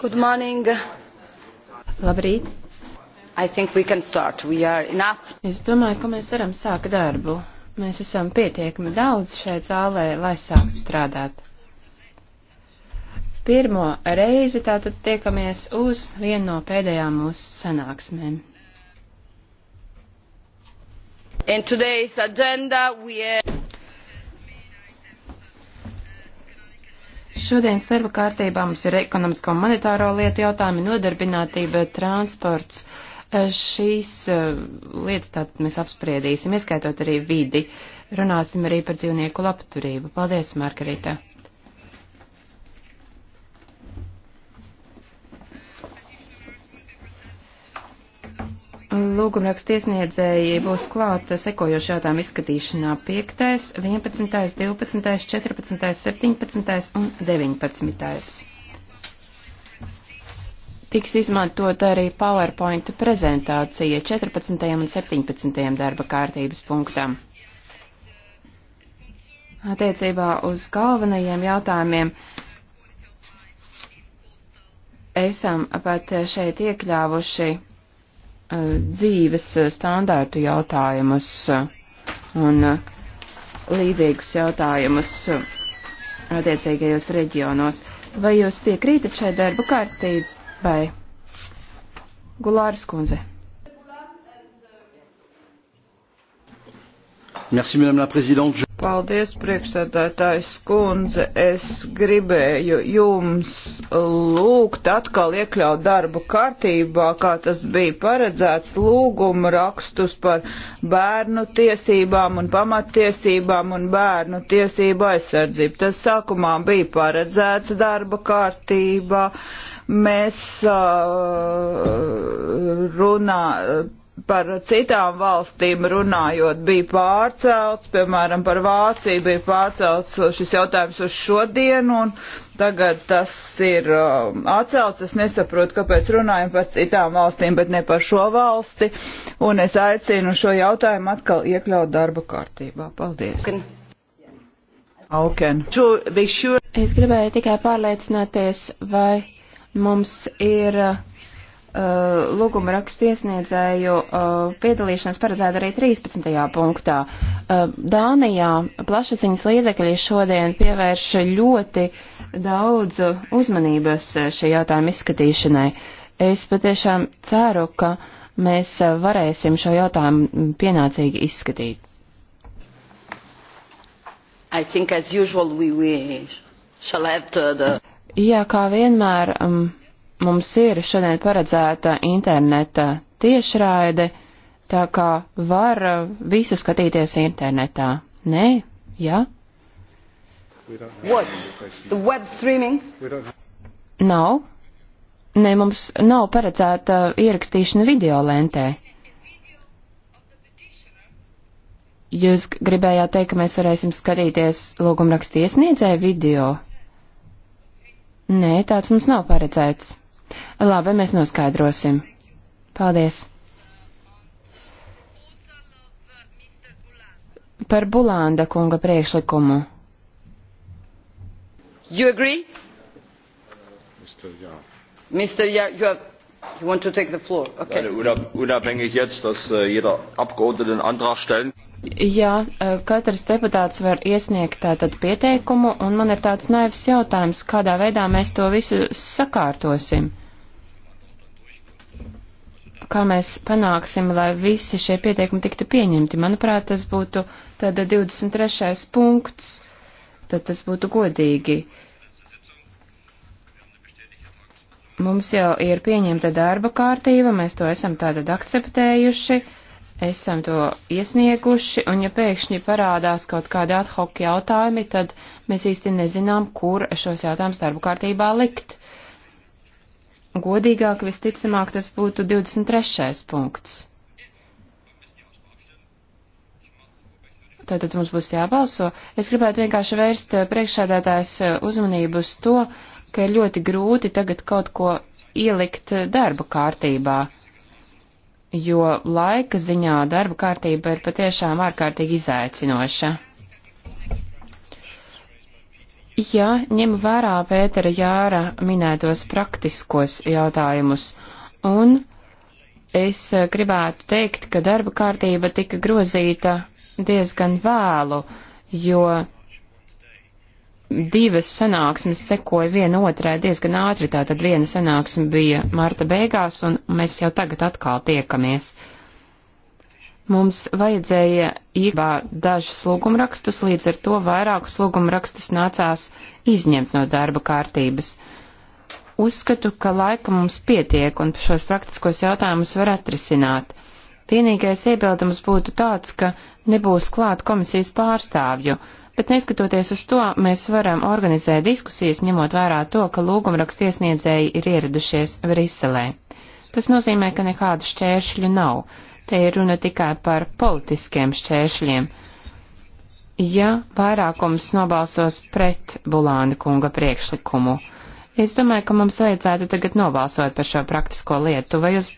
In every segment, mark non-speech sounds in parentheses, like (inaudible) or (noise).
Good morning. Labrīt. I think we can start. We are enough. Es domāju, ka mēs varam sākt darbu. Mēs esam pietiekami daudz šeit zālē, lai sāktu strādāt. Pirmo reizi tātad tiekamies uz vienu no pēdējām mūsu sanāksmēm. In today's agenda we have Šodienas darba kārtībā mums ir ekonomisko un monetāro lietu jautājumi, nodarbinātība, transports. Eh, šīs eh, lietas tātad mēs apspriedīsim, ieskaitot arī vidi. Runāsim arī par dzīvnieku labturību. Paldies, Margarita! lūgumraksta iesniedzēji būs klāt sekojošu jautājumu izskatīšanā 5., 11., 12., 14., 17. un 19. Tiks izmantot arī PowerPoint prezentācija 14. un 17. darba kārtības punktam. Attiecībā uz galvenajiem jautājumiem esam pat šeit iekļāvuši Eh, dzīves standārtu jautājumus un eh, līdzīgus jautājumus eh, attiecīgajos reģionos. Vai jūs piekrītat šai darba kārtībai? Gulāras kundze. Merci, Madame la Présidente. Paldies, priekšsēdētājs kundze. Es gribēju jums lūgt atkal iekļaut darbu kārtībā, kā tas bija paredzēts, lūgumu rakstus par bērnu tiesībām un pamattiesībām un bērnu tiesību aizsardzību. Tas sākumā bija paredzēts darba kārtībā. Mēs uh, runājam par citām valstīm runājot, bija pārcelts, piemēram, par Vāciju bija pārcelts šis jautājums uz šodienu, un tagad tas ir uh, atcelts. Es nesaprotu, kāpēc runājam par citām valstīm, bet ne par šo valsti, un es aicinu šo jautājumu atkal iekļaut darba kārtībā. Paldies! Auken. Okay. Es gribēju tikai pārliecināties, vai mums ir. Uh, Uh, lūguma rakstu iesniedzēju uh, piedalīšanās paredzēta arī 13. punktā. Uh, Dānijā plašsaziņas līdzekļi šodien pievērš ļoti daudz uzmanības šī jautājuma izskatīšanai. Es patiešām ceru, ka mēs varēsim šo jautājumu pienācīgi izskatīt. I think as usual we, we shall have the... Jā, kā vienmēr. Um, mums ir šodien paredzēta interneta tiešraide, tā kā var visu skatīties internetā. Nē, jā. What? Web streaming? Nav. Nē, mums nav paredzēta ierakstīšana video lentē. Jūs gribējāt teikt, ka mēs varēsim skatīties lūgumrakstu iesniedzēju video? Nē, tāds mums nav paredzēts. Labi, mēs noskaidrosim. Paldies. Par Bulanda kunga priekšlikumu. You agree? Mr. Ja. Mr. Ja, you, have, you want to take the floor. Okay. Ja, unabhängig jetzt, dass uh, jeder Abgeordnete einen Antrag stellen. Jā, äh, katrs deputāts var iesniegt tātad pieteikumu, un man ir tāds naivs jautājums, kādā veidā mēs to visu sakārtosim kā mēs panāksim, lai visi šie pieteikumi tiktu pieņemti. Manuprāt, tas būtu tāda 23. punkts, tad tas būtu godīgi. Mums jau ir pieņemta darba kārtība, mēs to esam tātad akceptējuši, esam to iesnieguši, un ja pēkšņi parādās kaut kādi ad hoc jautājumi, tad mēs īsti nezinām, kur šos jautājumus darba kārtībā likt godīgāk visticamāk tas būtu 23. punkts. Tātad mums būs jābalso. Es gribētu vienkārši vērst eh, priekšsēdētājs eh, uzmanību uz to, ka ir ļoti grūti tagad kaut ko ielikt eh, darba kārtībā, jo laika ziņā darba kārtība ir patiešām ārkārtīgi izaicinoša ja ņem vērā Pētera Jāra minētos praktiskos jautājumus, un es gribētu teikt, ka darba kārtība tika grozīta diezgan vēlu, jo divas sanāksmes sekoja viena otrai diezgan ātri, tātad viena sanāksme bija marta beigās, un mēs jau tagad atkal tiekamies. Uh, Mums vajadzēja iekvā dažus lūgumrakstus, līdz ar to vairākus lūgumrakstus nācās izņemt no darba kārtības. Uzskatu, ka laika mums pietiek un šos praktiskos jautājumus var atrisināt. Vienīgais iebildums būtu tāds, ka nebūs klāt komisijas pārstāvju, bet neskatoties uz to, mēs varam organizēt diskusijas, ņemot vērā to, ka lūgumrakstu iesniedzēji ir ieradušies Briselē. Tas nozīmē, ka nekādu šķēršļu nav Te ir runa tikai par politiskiem šķēršļiem. Ja vairākums nobalsos pret Bulāna kunga priekšlikumu, es domāju, ka mums vajadzētu tagad nobalsot par šo praktisko lietu. Vai jūs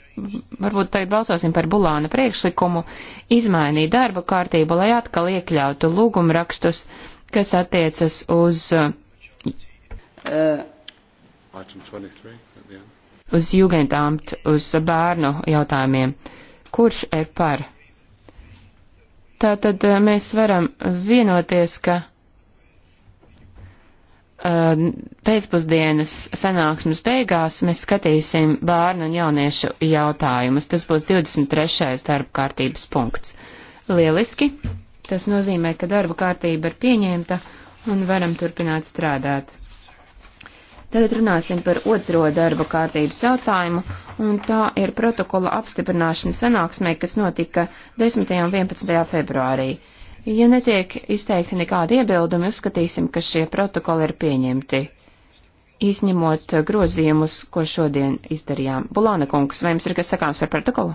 varbūt tagad balsosim par Bulāna priekšlikumu, izmainīt darba kārtību, lai atkal iekļautu lūgumrakstus, kas attiecas uz. Uh, uz jugendamt, uz bērnu jautājumiem. Kurš ir e par? Tātad e, mēs varam vienoties, ka uh, pēcpusdienas sanāksmes beigās mēs skatīsim bērnu un jauniešu jautājumus. Tas būs 23. darba kārtības punkts. Lieliski! Tas nozīmē, ka darba kārtība ir pieņemta un varam turpināt strādāt. Tagad runāsim par otro darba kārtības jautājumu, un tā ir protokola apstiprināšana sanāksmē, kas notika 10. un 11. februārī. Ja netiek izteikti nekādi iebildumi, uzskatīsim, ka šie protokoli ir pieņemti izņemot eh, grozījumus, ko šodien izdarījām. Bulāna kungs, vai jums ir kas sakāms par protokolu?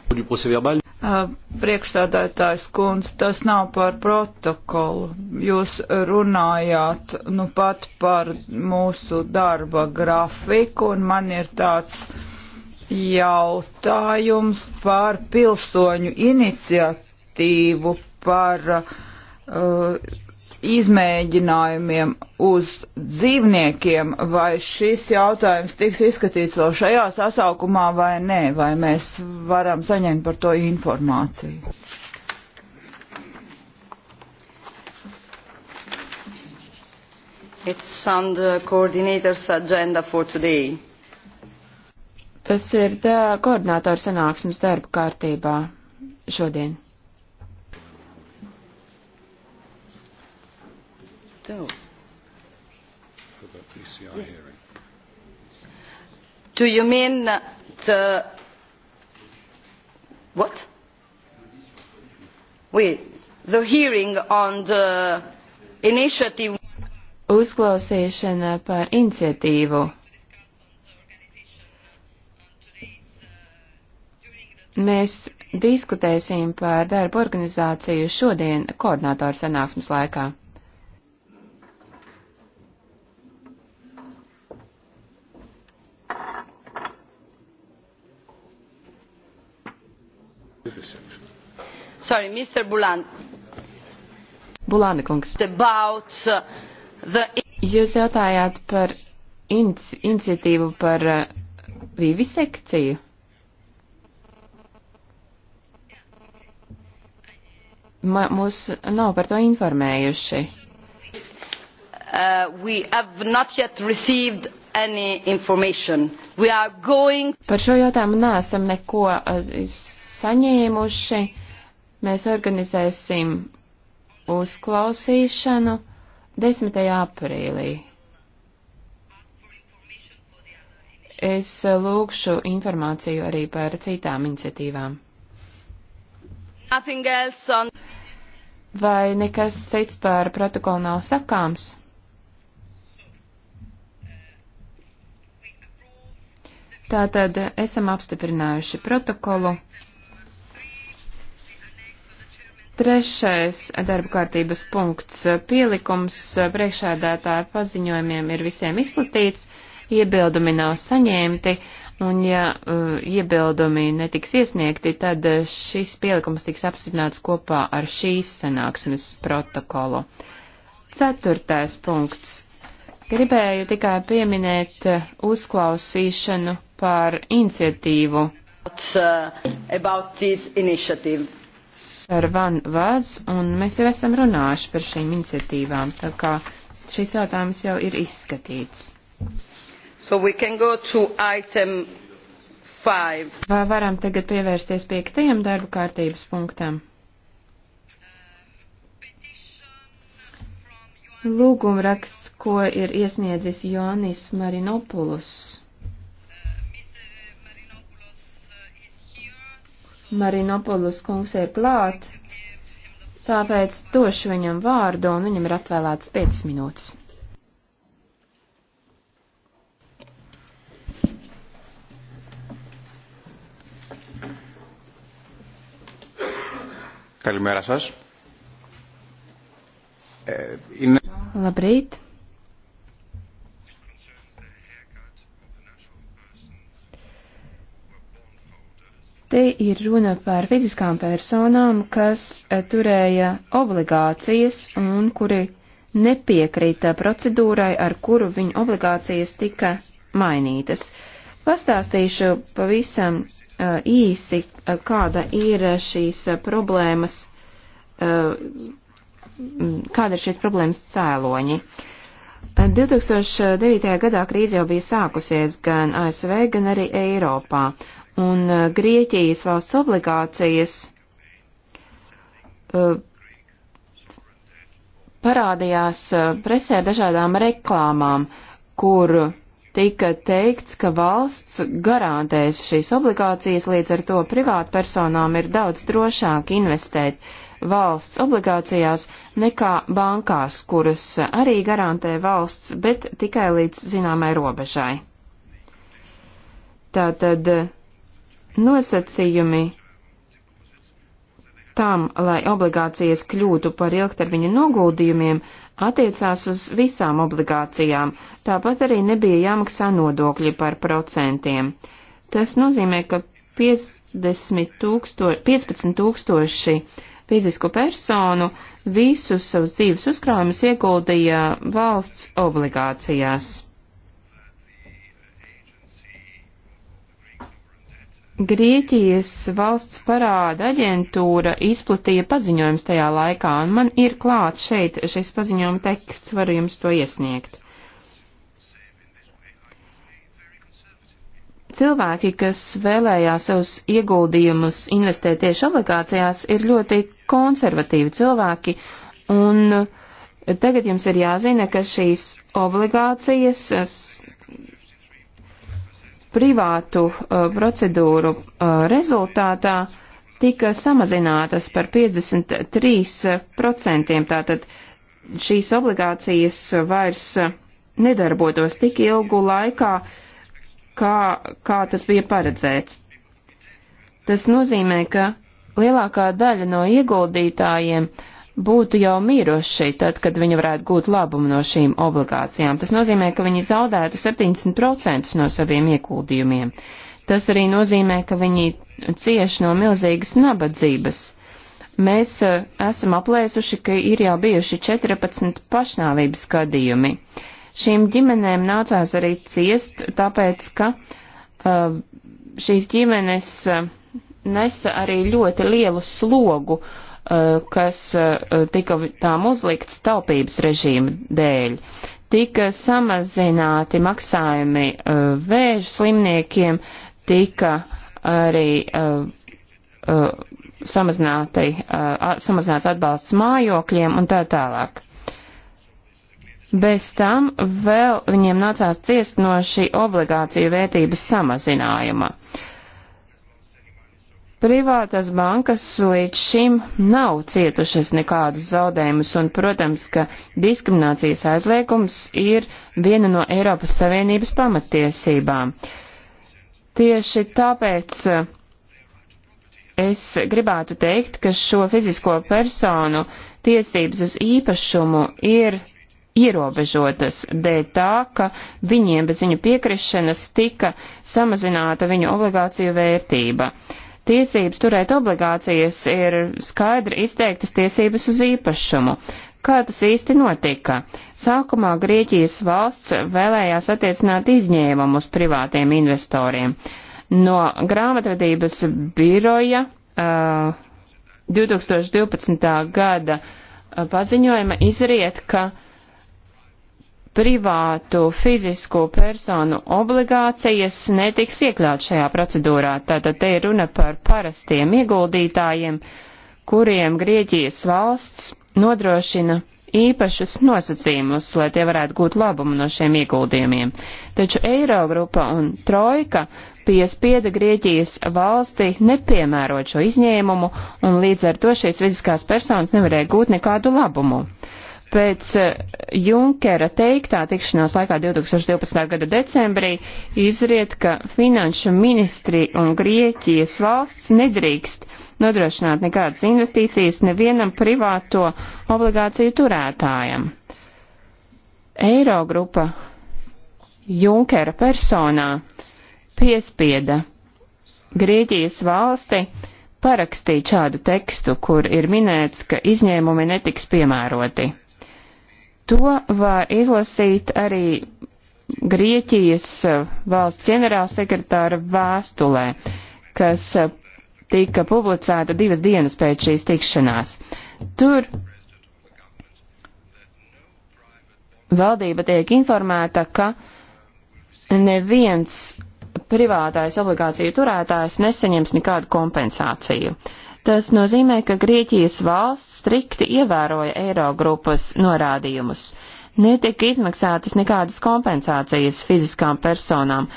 Priekšstādātājs kundze, tas nav par protokolu. Jūs runājāt nu pat par mūsu darba grafiku, un man ir tāds jautājums par pilsoņu iniciatīvu, par uh, izmēģinājumiem uz dzīvniekiem, vai šis jautājums tiks izskatīts vēl šajā sasaukumā vai nē, vai mēs varam saņemt par to informāciju. It's on the coordinator's agenda for today. Tas ir koordinātors sanāksmes darba kārtībā šodien. Tev. For the PCI e yeah. hearing. Do you mean the... What? Wait, the hearing on the initiative... Uzklausīšana par iniciatīvu. Mēs diskutēsim par darbu organizāciju šodien koordinātoru sanāksmes laikā. Sorry, Mr. Bulan. Bulāni kungs. About uh, the... Jūs jautājāt par inici iniciatīvu par uh, vivisekciju? Ma, mūs nav par to informējuši. Uh, going... Par šo jautājumu neesam neko uh, saņēmuši. Mēs organizēsim uzklausīšanu 10. aprīlī. Es lūkšu informāciju arī par citām iniciatīvām. On... Vai nekas cits par protokolu nav sakāms? Tātad esam apstiprinājuši protokolu. Trešais darba kārtības punkts - pielikums priekšādātāju paziņojumiem ir visiem izplatīts, iebildumi nav saņemti, un ja uh, iebildumi netiks iesniegti, tad šis pielikums tiks apstiprināts kopā ar šīs sanāksmes protokolu. Ceturtais punkts. Gribēju tikai pieminēt uzklausīšanu par iniciatīvu. About, uh, about this initiative ar Van Vaz, un mēs jau esam runājuši par šīm iniciatīvām, tā kā šīs jautājums jau ir izskatīts. So Vai varam tagad pievērsties piektajam darbu kārtības punktam? Lūgumraksts, ko ir iesniedzis Jonis Marinopulus. Marinopolis kungs ir klāt, tāpēc došu viņam vārdu, un viņam ir atvēlētas 5 minūtes. Καλημέρα σας. Ε, είναι... Λαμπρίτ. Te ir runa par fiziskām personām, kas eh, turēja obligācijas un kuri nepiekrīta procedūrai, ar kuru viņu obligācijas tika mainītas. Pastāstīšu pavisam eh, īsi, eh, kāda ir šīs problēmas, kāda ir šīs problēmas cēloņi. 2009. gadā krīze jau bija sākusies gan ASV, gan arī Eiropā, un uh, Grieķijas valsts obligācijas uh, parādījās uh, presē dažādām reklāmām, kur tika teikts, ka valsts garantēs šīs obligācijas, līdz ar to privātpersonām ir daudz drošāk investēt valsts obligācijās nekā bankās, kuras arī garantē valsts, bet tikai līdz zināmai robežai. Tātad nosacījumi tam, lai obligācijas kļūtu par ilgtermiņa noguldījumiem, attiecās uz visām obligācijām, tāpat arī nebija jāmaksā nodokļi par procentiem. Tas nozīmē, ka 000, 15 tūkstoši fizisku personu visus savus dzīves uzkrājumus ieguldīja valsts obligācijās. Grieķijas valsts parāda aģentūra izplatīja paziņojums tajā laikā, un man ir klāt šeit šis paziņojuma teksts, varu jums to iesniegt. Cilvēki, kas vēlējās savus ieguldījumus investēt tieši obligācijās, ir ļoti konservatīvi cilvēki, un tagad jums ir jāzina, ka šīs obligācijas privātu uh, procedūru uh, rezultātā tika samazinātas par 53%. Tātad šīs obligācijas vairs uh, nedarbotos tik ilgu laikā, kā, kā tas bija paredzēts. Tas nozīmē, ka lielākā daļa no ieguldītājiem uh, būtu jau miruši, tad, kad viņi varētu gūt labumu no šīm obligācijām. Tas nozīmē, ka viņi zaudētu 70% no saviem ieguldījumiem. Tas arī nozīmē, ka viņi cieš no milzīgas nabadzības. Mēs uh, esam aplēsuši, ka ir jau bijuši 14 pašnāvības gadījumi. Šīm ģimenēm nācās arī ciest, tāpēc, ka uh, šīs ģimenes uh, nesa arī ļoti lielu slogu uh, Eh, kas eh, tika tām uzlikts taupības režīma dēļ. Tika samazināti maksājumi eh, vēža slimniekiem, tika arī samazināti, samazināts atbalsts mājokļiem un tā tālāk. Bez tam vēl viņiem nācās ciest no šī obligāciju vērtības samazinājuma. Uh, Privātās bankas līdz šim nav cietušas nekādus zaudējumus, un, protams, ka diskriminācijas aizliegums ir viena no Eiropas Savienības pamatiesībām. Tieši tāpēc eh, es gribētu teikt, ka šo fizisko personu tiesības uz īpašumu ir ierobežotas dēļ tā, ka viņiem bez viņu piekrišanas tika samazināta viņu obligāciju vērtība. Uh, Tiesības turēt obligācijas ir skaidri izteiktas tiesības uz īpašumu. Kā tas īsti notika? Sākumā Grieķijas valsts vēlējās attiecināt izņēmumu uz privātiem investoriem. No grāmatvedības biroja uh, 2012. gada paziņojuma izriet, ka uh, privātu fizisko personu obligācijas netiks iekļaut šajā procedūrā. Tātad te ir runa par parastiem ieguldītājiem, kuriem Grieķijas valsts nodrošina īpašus nosacījumus, lai tie varētu gūt labumu no šiem ieguldījumiem. Taču Eirogrupa un Trojka piespieda Grieķijas valsti nepiemērot šo izņēmumu, un līdz ar to šīs fiziskās personas nevarēja gūt nekādu labumu. Uh, Pēc eh, Junkera teiktā tikšanās laikā 2012. gada decembrī izriet, ka finanšu ministri un Grieķijas valsts nedrīkst nodrošināt nekādas investīcijas nevienam privāto obligāciju turētājam. Eirogrupa Junkera personā piespieda Grieķijas valsti parakstīt šādu tekstu, kur ir minēts, ka izņēmumi netiks piemēroti. To var izlasīt arī Grieķijas eh, valsts ģenerālsekretāra vēstulē, kas eh, tika publicēta divas dienas pēc šīs tikšanās. Tur valdība tiek informēta, ka neviens privātais obligāciju turētājs nesaņems nekādu kompensāciju. Uh, Tas nozīmē, ka Grieķijas valsts strikti ievēroja Eirogrupas norādījumus. Netika izmaksātas nekādas kompensācijas fiziskām personām,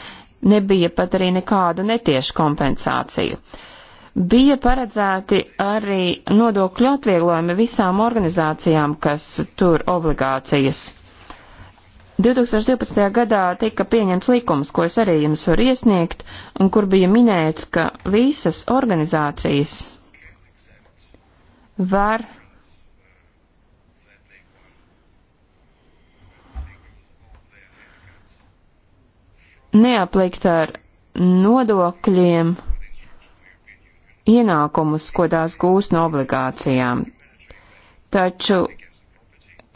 nebija pat arī nekādu netiešu kompensāciju. Bija paredzēti arī nodokļu atvieglojumi visām organizācijām, kas tur obligācijas 2012. gadā tika pieņemts likums, ko es arī jums varu iesniegt, un kur bija minēts, ka visas organizācijas, var neaplikt ar nodokļiem ienākumus, ko tās gūst no obligācijām. Taču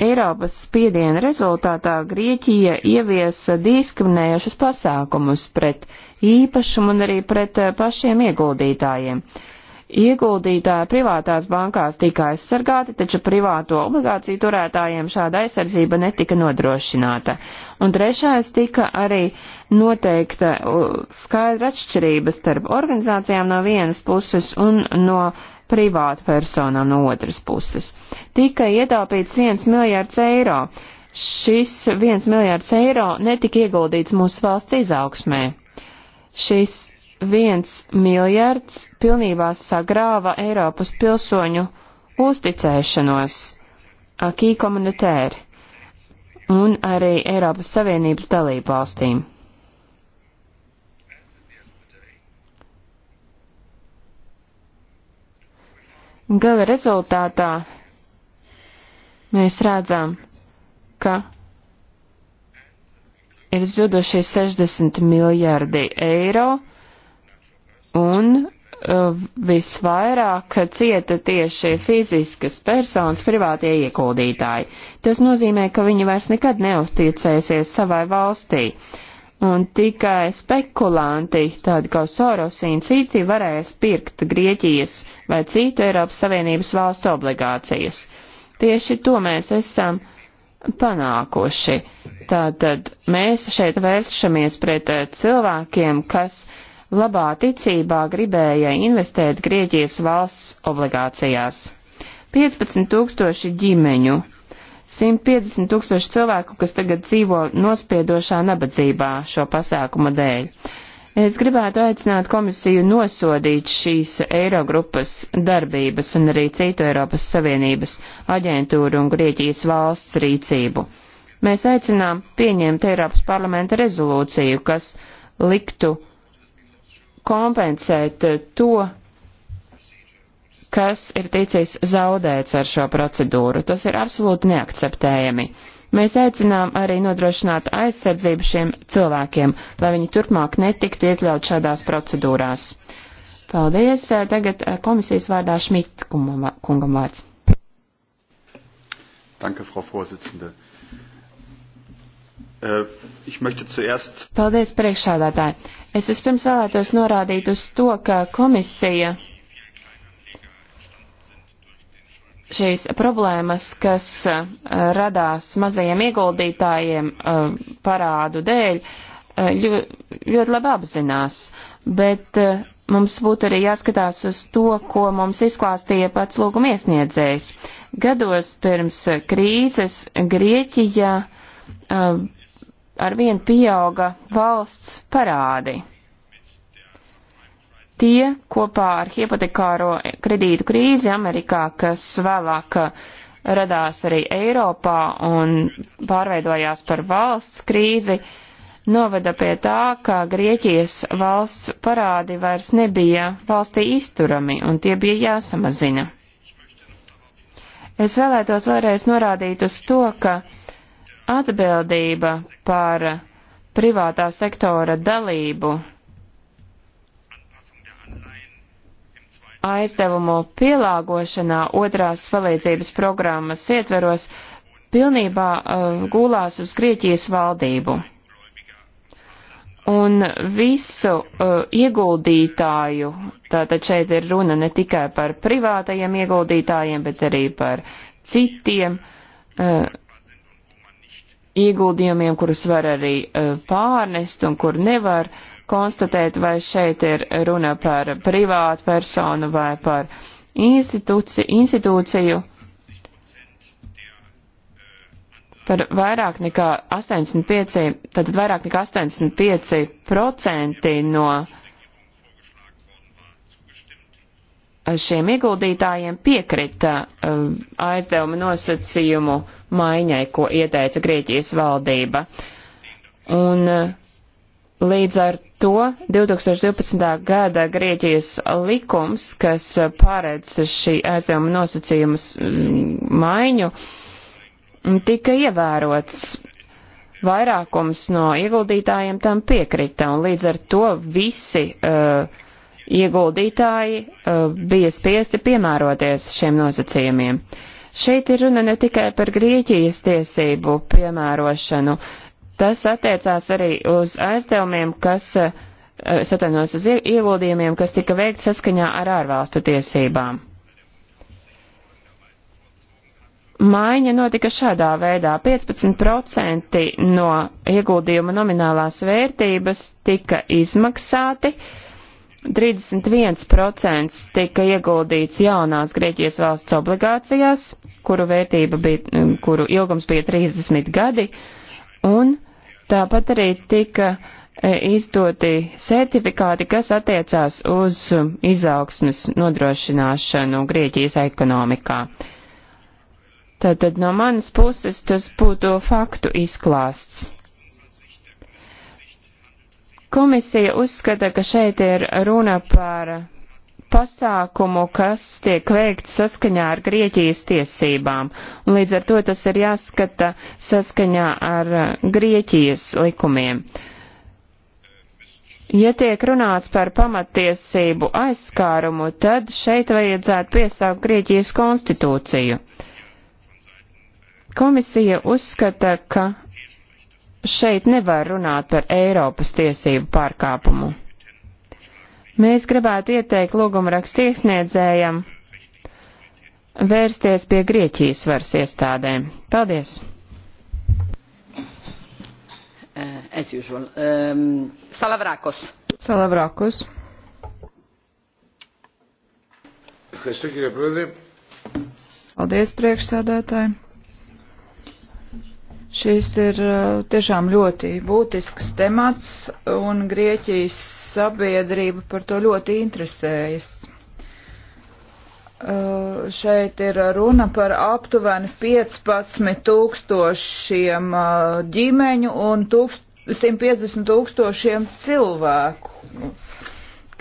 Eiropas spiediena rezultātā Grieķija ieviesa diskriminējušus pasākumus pret īpašumu un arī pret eh, pašiem ieguldītājiem. Uh, Ieguldītāji privātās bankās tika aizsargāti, taču privāto obligāciju turētājiem šāda aizsardzība netika nodrošināta. Un trešais tika arī noteikta skaidra atšķirība starp organizācijām no vienas puses un no privātu personām no otras puses. Tika ietaupīts viens miljārds eiro. Šis viens miljārds eiro netika ieguldīts mūsu valsts izaugsmē. Šis viens miljards pilnībā sagrāva Eiropas pilsoņu uzticēšanos akī komunitēri un arī Eiropas Savienības dalību valstīm. Gala rezultātā mēs redzam, ka ir zuduši 60 miljardi eiro, Un uh, visvairāk cieta tieši fiziskas personas privātie ieguldītāji. Tas nozīmē, ka viņi vairs nekad neusticēsies savai valstī. Un tikai spekulanti, tādi kā Soros un citi, varēs pirkt Grieķijas vai citu Eiropas Savienības valstu obligācijas. Tieši to mēs esam panākuši. Tātad mēs šeit vēršamies pret eh, cilvēkiem, kas uh, labā ticībā gribēja investēt Grieķijas valsts obligācijās. 15 tūkstoši ģimeņu, 150 tūkstoši cilvēku, kas tagad dzīvo nospiedošā nabadzībā šo pasākumu dēļ. Es gribētu aicināt komisiju nosodīt šīs Eirogrupas darbības un arī citu Eiropas Savienības aģentūru un Grieķijas valsts rīcību. Mēs aicinām pieņemt Eiropas parlamenta rezolūciju, kas liktu uh, kompensēt eh, to, kas ir ticis zaudēts ar šo procedūru. Tas ir absolūti neakceptējami. Mēs aicinām arī nodrošināt aizsardzību šiem cilvēkiem, lai viņi turpmāk netiktu iekļaut šādās procedūrās. Paldies. Eh, tagad eh, komisijas vārdā Šmit kungam vārds. Danke, Frau Vorsitzende. Äh, Paldies, priekšādātāji. Es vispirms vēlētos norādīt uz to, ka komisija šīs problēmas, kas äh, radās mazajiem ieguldītājiem äh, parādu dēļ, ļoti labi apzinās. Bet mums būtu arī jāskatās uz to, ko mums izklāstīja pats lūguma iesniedzējs. Gados pirms krīzes Grieķija uh, arvien pieauga valsts parādi. Tie kopā ar hipotekāro kredītu krīzi Amerikā, kas vēlāk radās arī Eiropā un pārveidojās par valsts krīzi, noveda pie tā, ka Grieķijas valsts parādi vairs nebija valstī izturami un tie bija jāsamazina. Es vēlētos vēlreiz norādīt uz to, ka atbildība par privātā sektora dalību aizdevumu pielāgošanā otrās palīdzības programmas ietveros pilnībā uh, gulās uz Grieķijas valdību. Un visu uh, ieguldītāju, tātad šeit ir runa ne tikai par privātajiem ieguldītājiem, bet arī par citiem, uh, ieguldījumiem, kurus var arī eh, pārnest un kur nevar konstatēt, vai šeit ir runa par privātu personu vai par institūci, institūciju. Par vairāk nekā 85, tātad vairāk nekā 85% no šiem ieguldītājiem piekrita um, aizdevuma nosacījumu maiņai, ko ieteica Grieķijas valdība. Un eh, līdz ar to 2012. gada Grieķijas likums, kas paredz šī aizdevuma nosacījumus mm, maiņu, tika ievērots. Vairākums no ieguldītājiem tam piekrita, un līdz ar to visi uh, Ieguldītāji uh, bija spiesti piemēroties šiem nosacījumiem. Šeit ir runa ne tikai par Grieķijas tiesību piemērošanu, tas attiecās arī uz aizdevumiem, kas, uh, es atvainos, uz ieguldījumiem, kas tika veikti saskaņā ar ārvalstu tiesībām. Maiņa notika šādā veidā. 15% no ieguldījuma nominālās vērtības tika izmaksāti, uh, 31% tika ieguldīts jaunās Grieķijas valsts obligācijās, kuru vērtība bija, mm, kuru ilgums bija 30 gadi, un tāpat arī tika e, izdoti certifikāti, kas attiecās uz izaugsmes nodrošināšanu Grieķijas ekonomikā. Tātad no manas puses tas būtu faktu izklāsts. Komisija uzskata, ka šeit ir runa par pasākumu, kas tiek veikts saskaņā ar Grieķijas tiesībām, un līdz ar to tas ir jāskata saskaņā ar uh, Grieķijas likumiem. Ja tiek runāts par pamatiesību aizskārumu, tad šeit vajadzētu piesaukt Grieķijas konstitūciju. Komisija uzskata, ka šeit nevar runāt par Eiropas tiesību pārkāpumu. Mēs gribētu ieteikt lūgumrakstu iesniedzējam vērsties pie Grieķijas varas iestādēm. Paldies! Eh, as usual. Um, Salavrakos. Salavrakos. Paldies, priekšsēdētāji. Šis ir tiešām ļoti būtisks temats, un Grieķijas sabiedrība par to ļoti interesējas. Šeit ir runa par aptuveni 15 tūkstošiem ģimeņu un 150 tūkstošiem cilvēku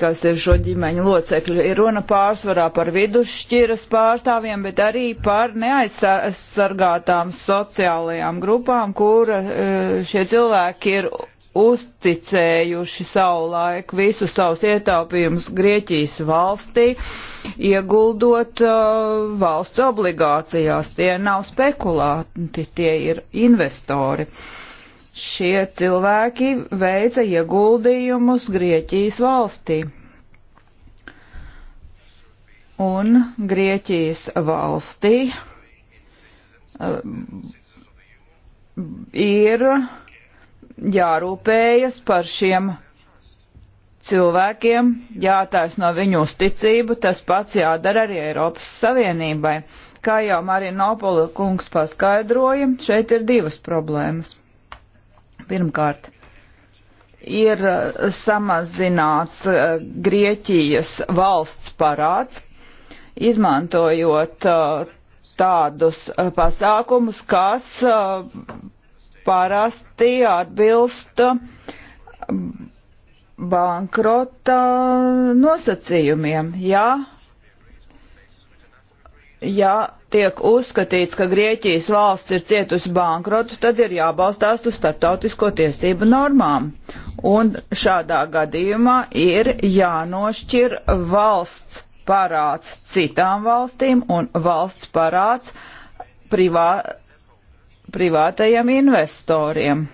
kas ir šo ģimeņu locekļi. Ir runa pārsvarā par vidusšķiras pārstāvjiem, bet arī par neaizsargātām sociālajām grupām, kur eh, šie cilvēki ir uzticējuši savulaik visu savus ietaupījumus Grieķijas valstī, ieguldot uh, valsts obligācijās. Tie nav spekulāti, tie ir investori. Uh, šie cilvēki veica ieguldījumus Grieķijas valstī. Un Grieķijas valstī eh, ir jārūpējas par šiem cilvēkiem, jātaisno viņu uzticību, tas pats jādara arī Eiropas Savienībai. Kā jau Marinopola kungs paskaidroja, šeit ir divas problēmas. Pirmkārt, ir eh, samazināts eh, Grieķijas valsts parāds, izmantojot eh, tādus pasākumus, kas parasti atbilst bankrota nosacījumiem. Ja ja tiek uzskatīts, ka Grieķijas valsts ir cietusi bankrotu, tad ir jābalstās uz starptautisko tiesību normām. Un šādā gadījumā ir jānošķir valsts parāds citām valstīm un valsts parāds privā, privātajiem investoriem.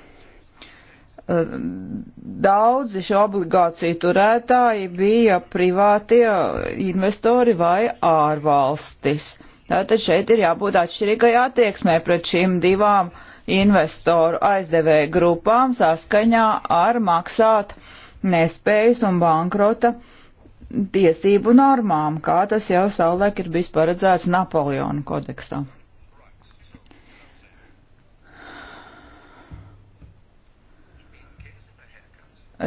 Eh, daudzi šo obligāciju turētāji bija privātie investori vai ārvalstis. Tātad šeit ir jābūt atšķirīgai attieksmē pret šīm divām investoru aizdevēju grupām saskaņā ar maksāt nespējas un bankrota tiesību normām, kā tas jau savulaik ir bijis paredzēts Napoleona kodeksā.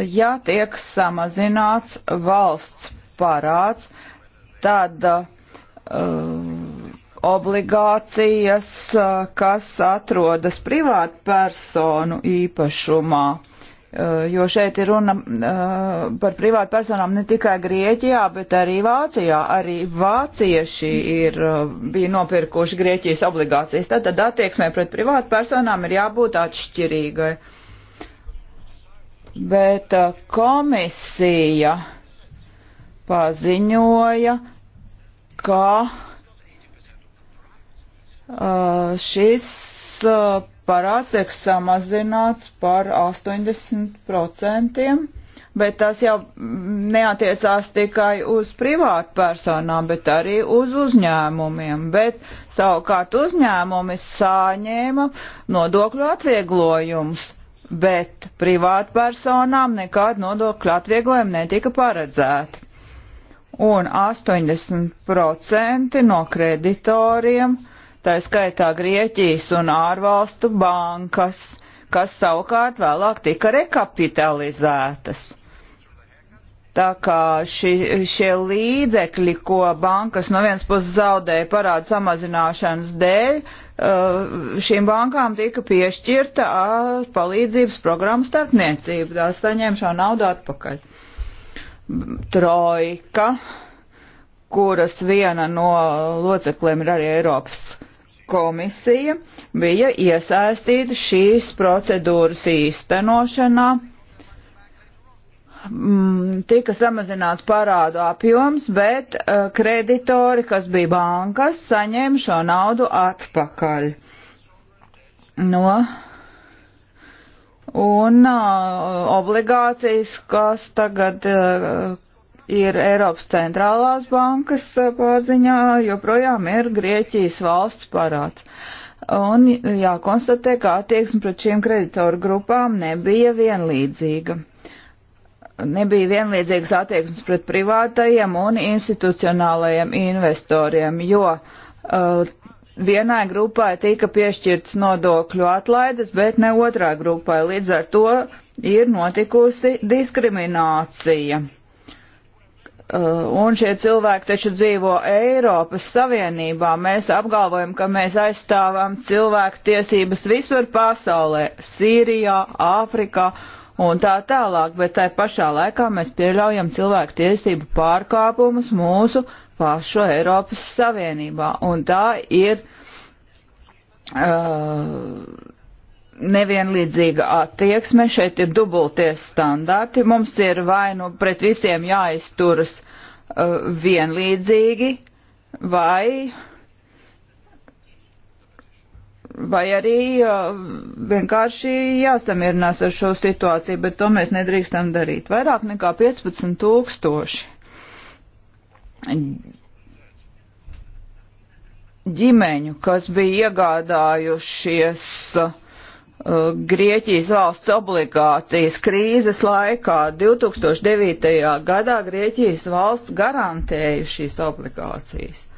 ja tiek samazināts valsts parāds, tad uh, obligācijas, uh, kas atrodas privātu personu īpašumā, uh, jo šeit ir runa uh, par privātu personām ne tikai Grieķijā, bet arī Vācijā. Arī vācieši ir, uh, bija nopirkuši Grieķijas obligācijas. Tad, tad attieksmē pret privātu personām ir jābūt atšķirīgai. Uh, bet uh, komisija paziņoja, ka uh, šis uh, parāds tiek samazināts par 80%, bet tas jau neatiecās tikai uz privātpersonām, bet arī uz uzņēmumiem. Bet savukārt uzņēmumi sāņēma nodokļu atvieglojumus bet privātpersonām nekāda nodokļa atvieglojuma netika paredzēta. Un 80% no kreditoriem, tā skaitā Grieķijas un ārvalstu bankas, kas savukārt vēlāk tika rekapitalizētas. Tā kā ši, šie līdzekļi, ko bankas no vienas puses zaudēja parādu samazināšanas dēļ, Eh, šīm bankām tika piešķirta eh, palīdzības programma starpniecība, tā saņēma šo naudu atpakaļ. Trojka, kuras viena no locekliem ir arī Eiropas komisija, bija iesaistīta šīs procedūras īstenošanā Mm, tika samazināts parādu apjoms, bet eh, kreditori, kas bija bankas, saņēma šo naudu atpakaļ. No un uh, obligācijas, kas tagad uh, ir Eiropas centrālās bankas uh, pārziņā, joprojām ir Grieķijas valsts parāds. Un jākonstatē, ka attieksme pret šiem kreditoru grupām nebija vienlīdzīga nebija vienlīdzīgas attieksmes pret privātajiem un institucionālajiem investoriem, jo uh, vienai grupai tika piešķirts nodokļu atlaides, bet ne otrai grupai. Līdz ar to ir notikusi diskriminācija. Uh, un šie cilvēki taču dzīvo Eiropas Savienībā. Mēs apgalvojam, ka mēs aizstāvam cilvēku tiesības visur pasaulē - Sīrijā, Āfrikā un tā tālāk, bet tai pašā laikā mēs pieļaujam cilvēku tiesību pārkāpumus mūsu pašu Eiropas Savienībā, un tā ir uh, nevienlīdzīga attieksme, šeit ir dubulties standarti, mums ir vai nu pret visiem jāizturas uh, vienlīdzīgi, vai uh, vai arī uh, vienkārši jāsamierinās ar šo situāciju, bet to mēs nedrīkstam darīt. Vairāk nekā 15 tūkstoši ģimeņu, kas bija iegādājušies uh, Grieķijas valsts obligācijas krīzes laikā 2009. gadā Grieķijas valsts garantēja šīs obligācijas.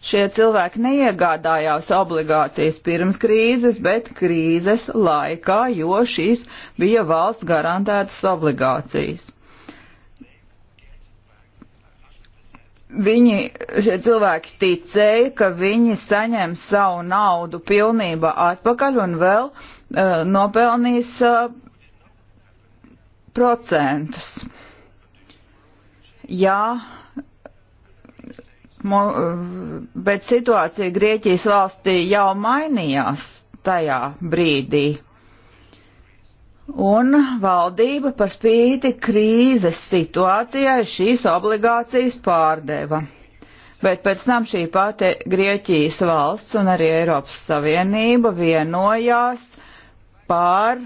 Šie cilvēki neiegādājās obligācijas pirms krīzes, bet krīzes laikā, jo šīs bija valsts garantētas obligācijas. Viņi, šie cilvēki ticēja, ka viņi saņem savu naudu pilnībā atpakaļ un vēl uh, nopelnīs uh, procentus. Jā, bet situācija Grieķijas valstī jau mainījās tajā brīdī. Un valdība par spīti krīzes situācijai šīs obligācijas pārdeva. Bet pēc tam šī pati Grieķijas valsts un arī Eiropas Savienība vienojās par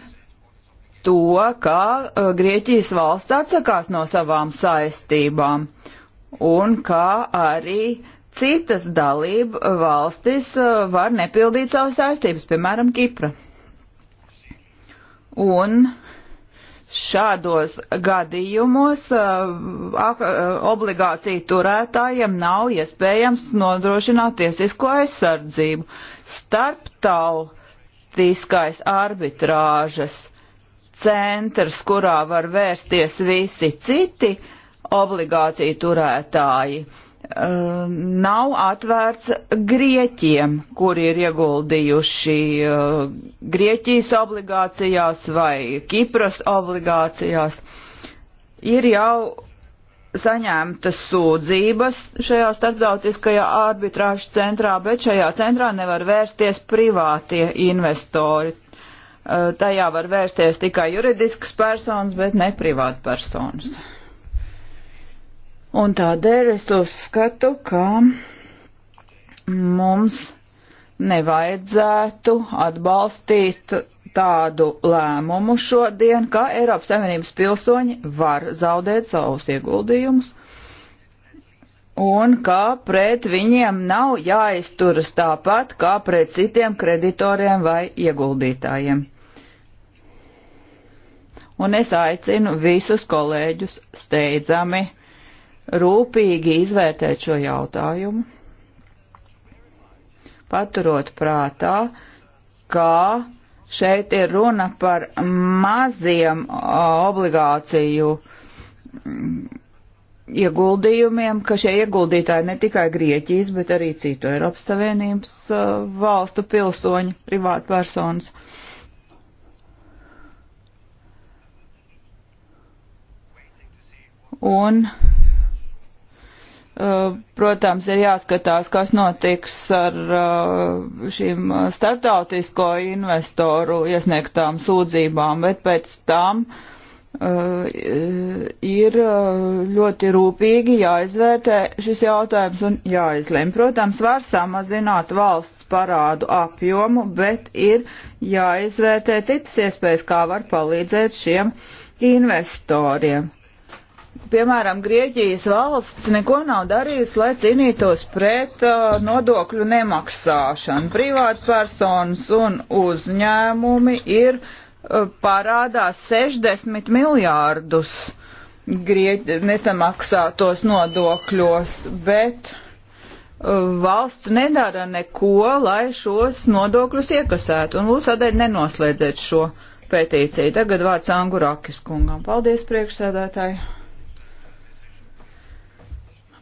to, kā uh, Grieķijas valsts atsakās no savām saistībām un kā arī citas dalību valstis uh, var nepildīt savas saistības, piemēram, Kipra. Un šādos gadījumos uh, uh, obligāciju turētājiem nav iespējams nodrošināt tiesisko aizsardzību. Starptautiskais arbitrāžas centrs, kurā var vērsties visi citi, uh, obligāciju turētāji uh, nav atvērts Grieķiem, kuri ir ieguldījuši uh, Grieķijas obligācijās vai Kipras obligācijās. Ir jau saņemtas sūdzības šajā starptautiskajā arbitrāžu centrā, bet šajā centrā nevar vērsties privātie investori. Uh, tajā var vērsties tikai juridiskas personas, bet ne privātpersonas. personas. Un tādēļ es uzskatu, ka mums nevajadzētu atbalstīt tādu lēmumu šodien, ka Eiropas Savienības pilsoņi var zaudēt savus ieguldījumus un ka pret viņiem nav jāizturas tāpat kā pret citiem kreditoriem vai ieguldītājiem. Un es aicinu visus kolēģus steidzami rūpīgi izvērtēt šo jautājumu, paturot prātā, kā šeit ir runa par maziem obligāciju mm, ieguldījumiem, ka šie ieguldītāji ne tikai Grieķijas, bet arī citu Eiropas Savienības valstu pilsoņi, privātpersonas. Un Eh, protams, ir jāskatās, kas notiks ar eh, šīm eh, starptautisko investoru iesniegtām sūdzībām, bet pēc tam ir ļoti rūpīgi jāizvērtē šis jautājums un jāizlem. Protams, var samazināt valsts parādu apjomu, bet ir jāizvērtē citas iespējas, kā var palīdzēt šiem investoriem piemēram, Grieķijas valsts neko nav darījusi, lai cīnītos pret uh, nodokļu nemaksāšanu. Privātpersonas un uzņēmumi ir uh, parādā 60 miljārdus Grieķi nesamaksātos nodokļos, bet uh, valsts nedara neko, lai šos nodokļus iekasētu, un lūdzu tādēļ nenoslēdziet šo pētīciju. Tagad vārds Angurakis kungam. Paldies, priekšsēdētāji!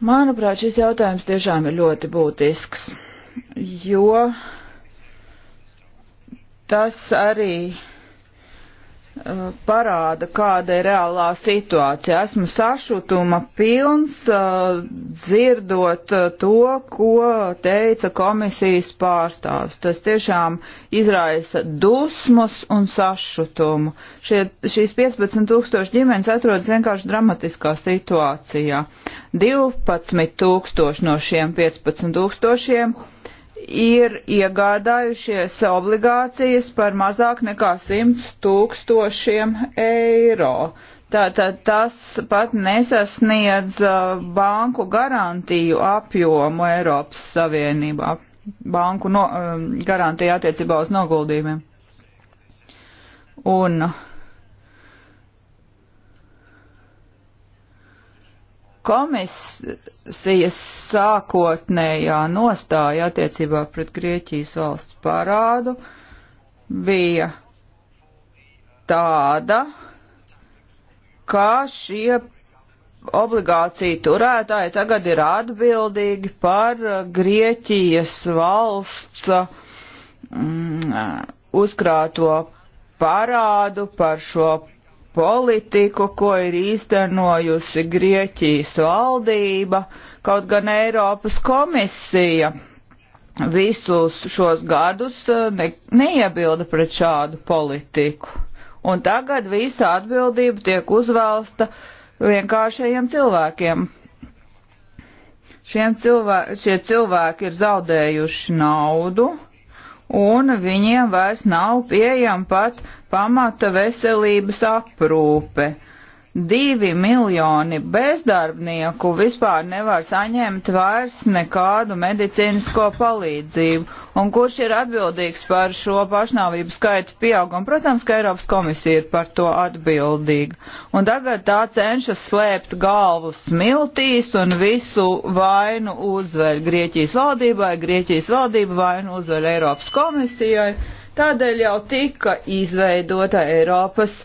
Manuprāt, šis jautājums tiešām ir ļoti būtisks, jo tas arī Eh, parāda, kāda ir reālā situācija. Esmu sašutuma pilns eh, dzirdot eh, to, ko teica komisijas pārstāvs. Tas tiešām izraisa dusmas un sašutumu. Šie, šīs 15 tūkstoši ģimenes atrodas vienkārši dramatiskā situācijā. 12 tūkstoši no šiem 15 tūkstošiem ir iegādājušies obligācijas par mazāk nekā 100 tūkstošiem eiro. Tātad tas pat nesasniedz uh, banku garantiju apjomu Eiropas Savienībā, banku no, um, garantiju attiecībā uz noguldījumiem. Un uh, komisijas sākotnējā nostāja attiecībā pret Grieķijas valsts parādu bija tāda, ka šie obligāciju turētāji tagad ir atbildīgi par Grieķijas valsts mm, uzkrāto parādu, par šo politiku, ko ir īstenojusi Grieķijas valdība, kaut gan Eiropas komisija visus šos gadus e, ne, neiebilda pret šādu politiku. Un tagad visa atbildība tiek uzvēlsta vienkāršajiem cilvēkiem. Šiem cilvē šie cilvēki ir zaudējuši naudu, un viņiem vairs nav pieejama pat pamata veselības aprūpe. Uh, divi miljoni bezdarbnieku vispār nevar saņemt vairs nekādu medicīnisko palīdzību. Un kurš ir atbildīgs par šo pašnāvību skaitu pieaugumu? Protams, ka Eiropas komisija ir par to atbildīga. Un tagad tā cenšas slēpt galvu smiltīs un visu vainu uzveļ Grieķijas valdībai, Grieķijas valdība vainu uzveļ Eiropas komisijai. Tādēļ jau tika izveidota Eiropas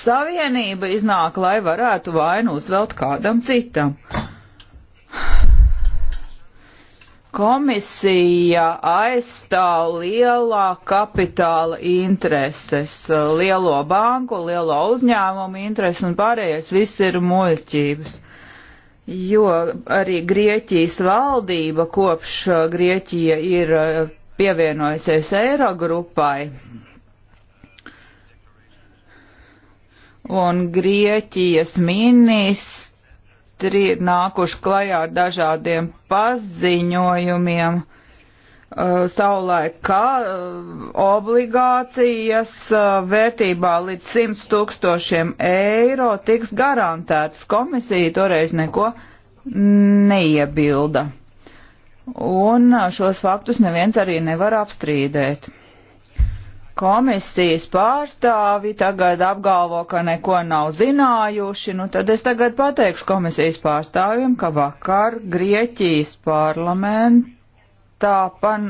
Savienība iznāk, lai varētu vainu uzvelt kādam citam. Komisija aizstāv lielā kapitāla intereses, lielo banku, lielo uzņēmumu intereses un pārējais viss ir muļķības jo arī Grieķijas valdība kopš Grieķija ir pievienojusies Eirogrupai, un Grieķijas ministri ir nākuši klajā ar dažādiem paziņojumiem. Uh, savulaik, ka uh, obligācijas uh, vērtībā līdz 100 tūkstošiem eiro tiks garantētas. Komisija toreiz neko neiebilda. Un uh, šos faktus neviens arī nevar apstrīdēt komisijas pārstāvi tagad apgalvo, ka neko nav zinājuši, nu tad es tagad pateikšu komisijas pārstāvjiem, ka vakar Grieķijas parlamentā pan,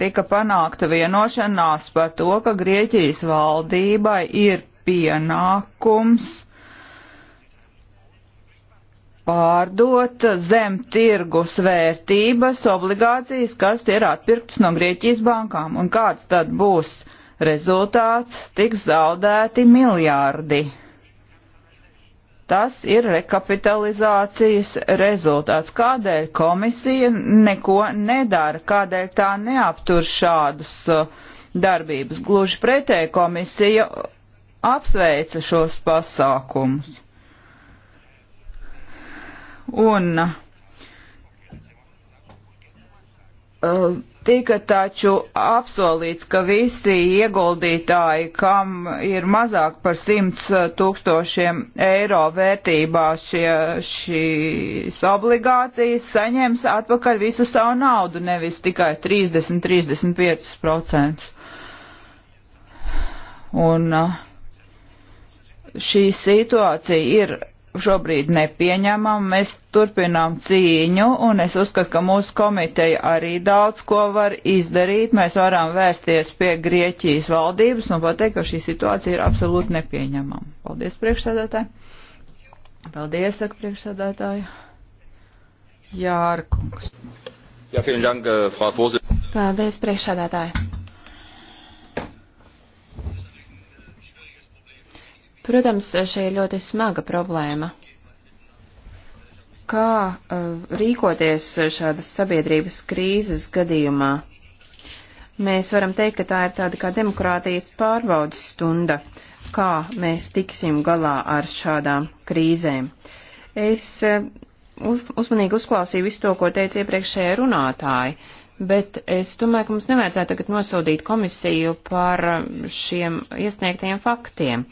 tika panākta vienošanās par to, ka Grieķijas valdībai ir pienākums pārdot zem tirgus vērtības obligācijas, kas ir atpirktas no Grieķijas bankām. Un kāds tad būs Rezultāts tiks zaudēti miljārdi. Tas ir rekapitalizācijas rezultāts. Kādēļ komisija neko nedara, kādēļ tā neaptur šādus uh, darbības? Gluži pretēji komisija apsveica šos pasākumus. Un uh, Tika taču apsolīts, ka visi ieguldītāji, kam ir mazāk par 100 eh, tūkstošiem eiro vērtībā šie, šīs obligācijas, saņems atpakaļ visu savu naudu, nevis tikai 30-35%. Un eh, šī situācija ir šobrīd nepieņemam. Mēs turpinām cīņu, un es uzskatu, ka mūsu komiteja arī daudz ko var izdarīt. Mēs varam vērsties pie Grieķijas valdības un pateikt, ka šī situācija ir absolūti nepieņemama. Paldies, priekšsēdētāji! Paldies, saka priekšsēdētāji! Jārkungs! Jā, vielen Dank, äh, Frau Vorsitz. Paldies, priekšsēdētāji! Protams, šī ir ļoti smaga problēma. Kā uh, rīkoties šādas sabiedrības krīzes gadījumā? Mēs varam teikt, ka tā ir tāda kā demokrātijas pārbaudas stunda, kā mēs tiksim galā ar šādām krīzēm. Es uh, uz, uzmanīgi uzklausīju visu to, ko teica iepriekšējie runātāji. Uh, bet es domāju, ka mums nevajadzētu tagad nosodīt komisiju par um, šiem iesniegtajiem faktiem.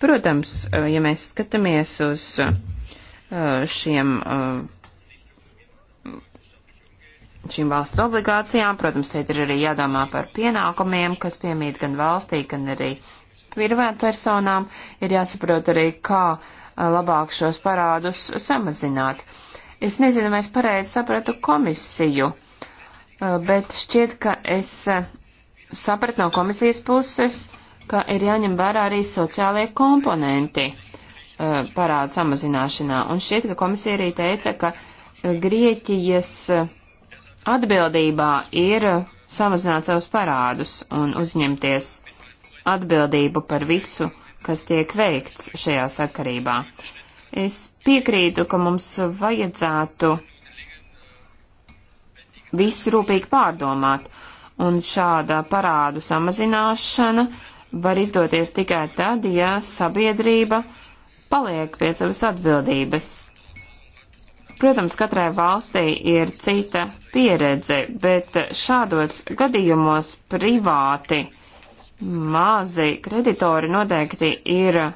Protams, uh, ja mēs skatāmies uz uh, šiem, uh, šīm valsts obligācijām, protams, šeit ir arī jādomā par pienākumiem, kas piemīt gan valstī, gan arī privātpersonām, ir jāsaprot arī, kā labāk šos parādus samazināt. Es nezinu, vai es pareizi sapratu komisiju Eh, bet šķiet, ka es eh, sapratu no komisijas puses, ka ir jāņem vērā arī sociālie komponenti eh, parādu samazināšanā. Un šķiet, ka komisija arī teica, ka Grieķijas atbildībā ir samazināt savus parādus un uzņemties atbildību par visu, kas tiek veikts šajā sakarībā. Es piekrītu, ka mums vajadzētu uh, visu rūpīgi pārdomāt, un šāda parādu samazināšana var izdoties tikai tad, ja sabiedrība paliek pie savas atbildības. Protams, katrai valstī ir cita pieredze, bet šādos gadījumos privāti mazi kreditori noteikti ir uh,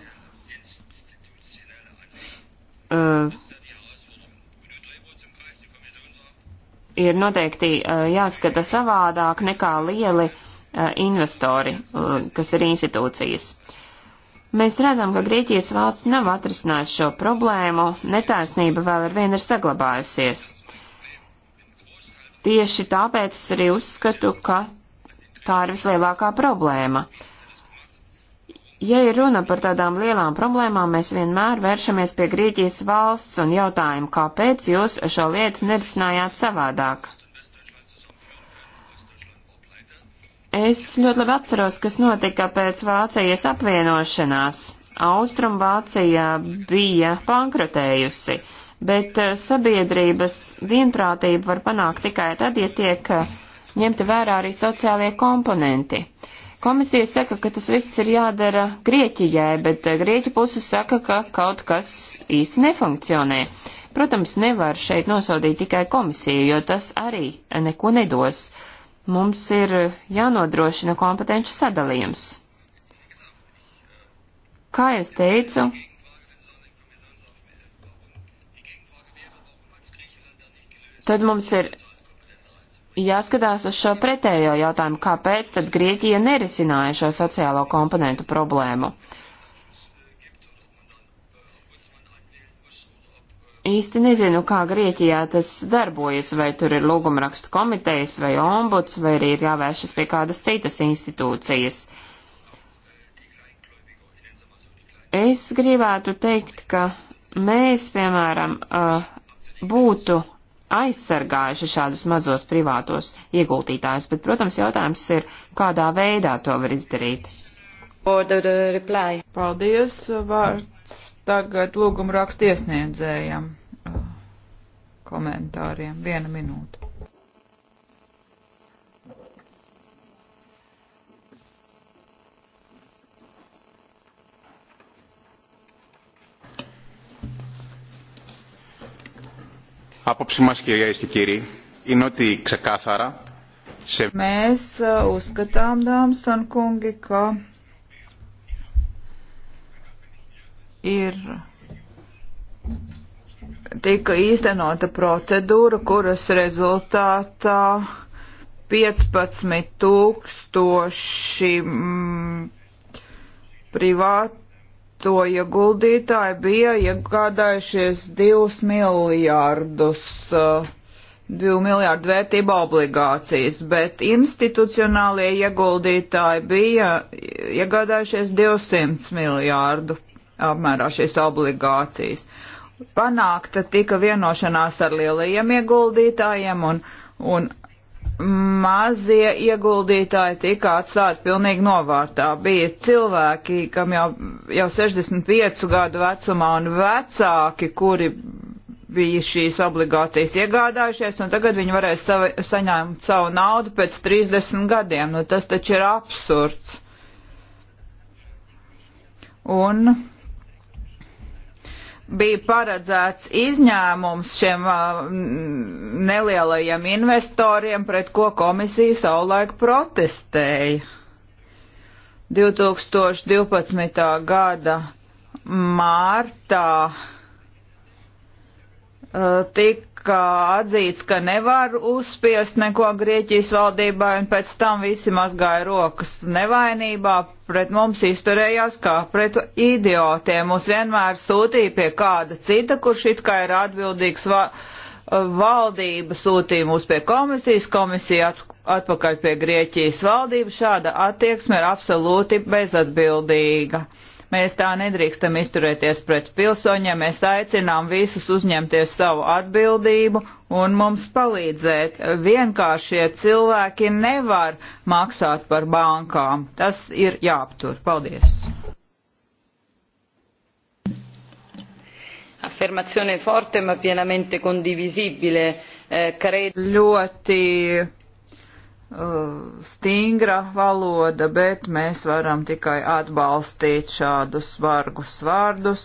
ir noteikti eh, jāskata savādāk nekā lieli eh, investori, eh, kas ir institūcijas. Mēs redzam, ka Grieķijas valsts nav atrisinājis šo problēmu, netaisnība vēl ar vienu ir saglabājusies. Tieši tāpēc es arī uzskatu, ka tā ir vislielākā problēma. Uh, Ja ir runa par tādām lielām problēmām, mēs vienmēr vēršamies pie Grieķijas valsts un jautājumu, kāpēc jūs šo lietu nerisinājāt savādāk. Es ļoti labi atceros, kas notika pēc Vācijas apvienošanās. Austrum Vācija bija bankrotējusi, bet eh, sabiedrības vienprātība var panākt tikai tad, ja tiek eh, ņemti vērā arī sociālie komponenti. Uh, Komisija saka, ka tas viss ir jādara Grieķijai, bet eh, Grieķu puse saka, ka kaut kas īsti nefunkcionē. Protams, nevar šeit nosodīt tikai komisiju, jo tas arī neko nedos. Mums ir jānodrošina kompetenci sadalījums. Kā es teicu, tad mums ir jāskatās uz šo pretējo jautājumu, kāpēc tad Grieķija nerisināja šo sociālo komponentu problēmu. Īsti nezinu, kā Grieķijā tas darbojas, vai tur ir lūgumrakstu komitejas vai ombuds, vai arī ir jāvēršas pie kādas citas institūcijas. Es gribētu teikt, ka mēs, piemēram, būtu aizsargājuši šādus mazos privātos ieguldītājus, bet, protams, jautājums ir, kādā veidā to var izdarīt. Paldies, vārds tagad lūguma rakstiesniedzējam uh, komentāriem. Viena minūte. Apopsi μας, κυρίες και κύριοι, είναι ότι ξεκάθαρα σε... Mēs uzskatām, dāmas un kungi, ka ir tika īstenota procedūra, kuras rezultātā 15 tūkstoši mm, privāti to ieguldītāji bija iegādājušies 2 miljārdus, 2 eh, miljārdu vērtība obligācijas, bet institucionālie ieguldītāji bija iegādājušies 200 miljārdu apmērā šīs obligācijas. Panākta tika vienošanās ar lielajiem ieguldītājiem un, un mazie ieguldītāji tika atstāti pilnīgi novārtā. Bija cilvēki, kam jau, jau 65 gadu vecumā un vecāki, kuri bija šīs obligācijas iegādājušies, un tagad viņi varēs savi, saņemt savu naudu pēc 30 gadiem. Nu, tas taču ir absurds. Un bija paredzēts izņēmums šiem nelielajiem investoriem, pret ko komisija savulaik protestēja. 2012. gada mārtā tik tika atzīts, ka nevar uzspiest neko Grieķijas valdībai, un pēc tam visi mazgāja rokas nevainībā, pret mums izturējās kā pret idiotiem. Mūs vienmēr sūtīja pie kāda cita, kurš it kā ir atbildīgs. Va valdība sūtīja mūs pie komisijas, komisija atpakaļ pie Grieķijas valdības. Šāda attieksme ir absolūti bezatbildīga. Mēs tā nedrīkstam izturēties pret pilsoņiem, mēs aicinām visus uzņemties savu atbildību un mums palīdzēt. Vienkāršie cilvēki nevar maksāt par bankām. Tas ir jāaptur. Paldies! Affermazione forte ma pienamente condivisibile. Eh, credo... Ļoti Uh, stingra valoda, bet mēs varam tikai atbalstīt šādus vargus vārdus.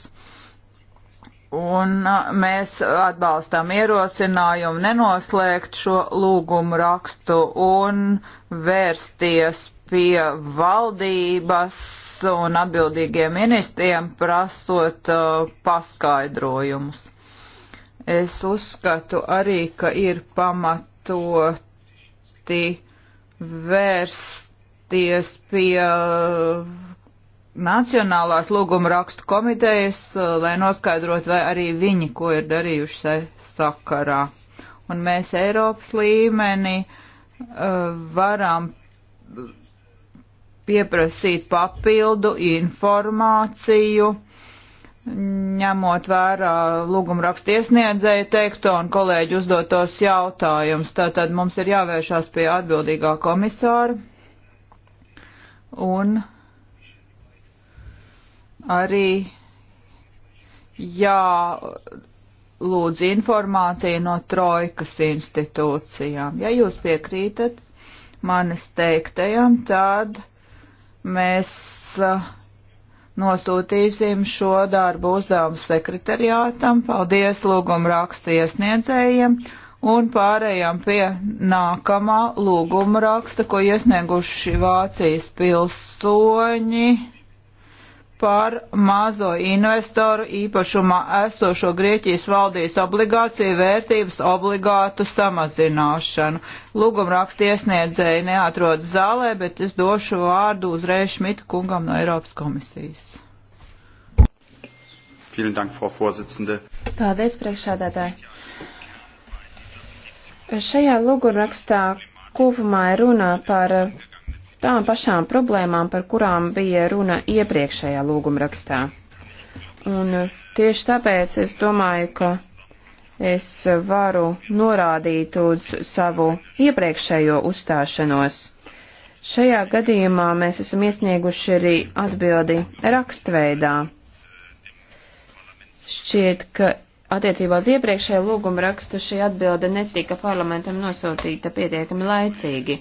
Un uh, mēs atbalstām ierosinājumu nenoslēgt šo lūgumu rakstu un vērsties pie valdības un atbildīgiem ministriem prasot uh, paskaidrojumus. Es uzskatu arī, ka ir pamatoti vērsties pie uh, Nacionālās lūguma rakstu komitejas, uh, lai noskaidrot, vai arī viņi, ko ir darījuši sai sakarā. Un mēs Eiropas līmenī uh, varam pieprasīt papildu informāciju ņemot vērā lūguma rakstu iesniedzēju teikto un kolēģi uzdotos jautājumus. Tātad mums ir jāvēršās pie atbildīgā komisāra un arī jālūdz informācija no trojkas institūcijām. Ja jūs piekrītat manis teiktajam, tad mēs uh, Nosūtīsim šo darbu uzdevumu sekretariātam, paldies lūgumu raksta iesniedzējiem un pārējām pie nākamā lūguma raksta, ko iesnieguši Vācijas pilsoņi par mazo investoru īpašumā esošo Grieķijas valdības obligāciju vērtības obligātu samazināšanu. Lūguma raksta iesniedzēji neatrod zālē, bet es došu vārdu uzreiz Šmita kungam no Eiropas komisijas. Dank, Paldies, priekšādātāji. Šajā lūgumrakstā kopumā ir runā par tām pašām problēmām, par kurām bija runa iepriekšējā lūgumrakstā. Un tieši tāpēc es domāju, ka es varu norādīt uz savu iepriekšējo uzstāšanos. Šajā gadījumā mēs esam iesnieguši arī atbildi rakstveidā. Šķiet, ka attiecībā uz iepriekšēju lūgumu rakstu šī atbilde netika parlamentam nosūtīta pietiekami laicīgi.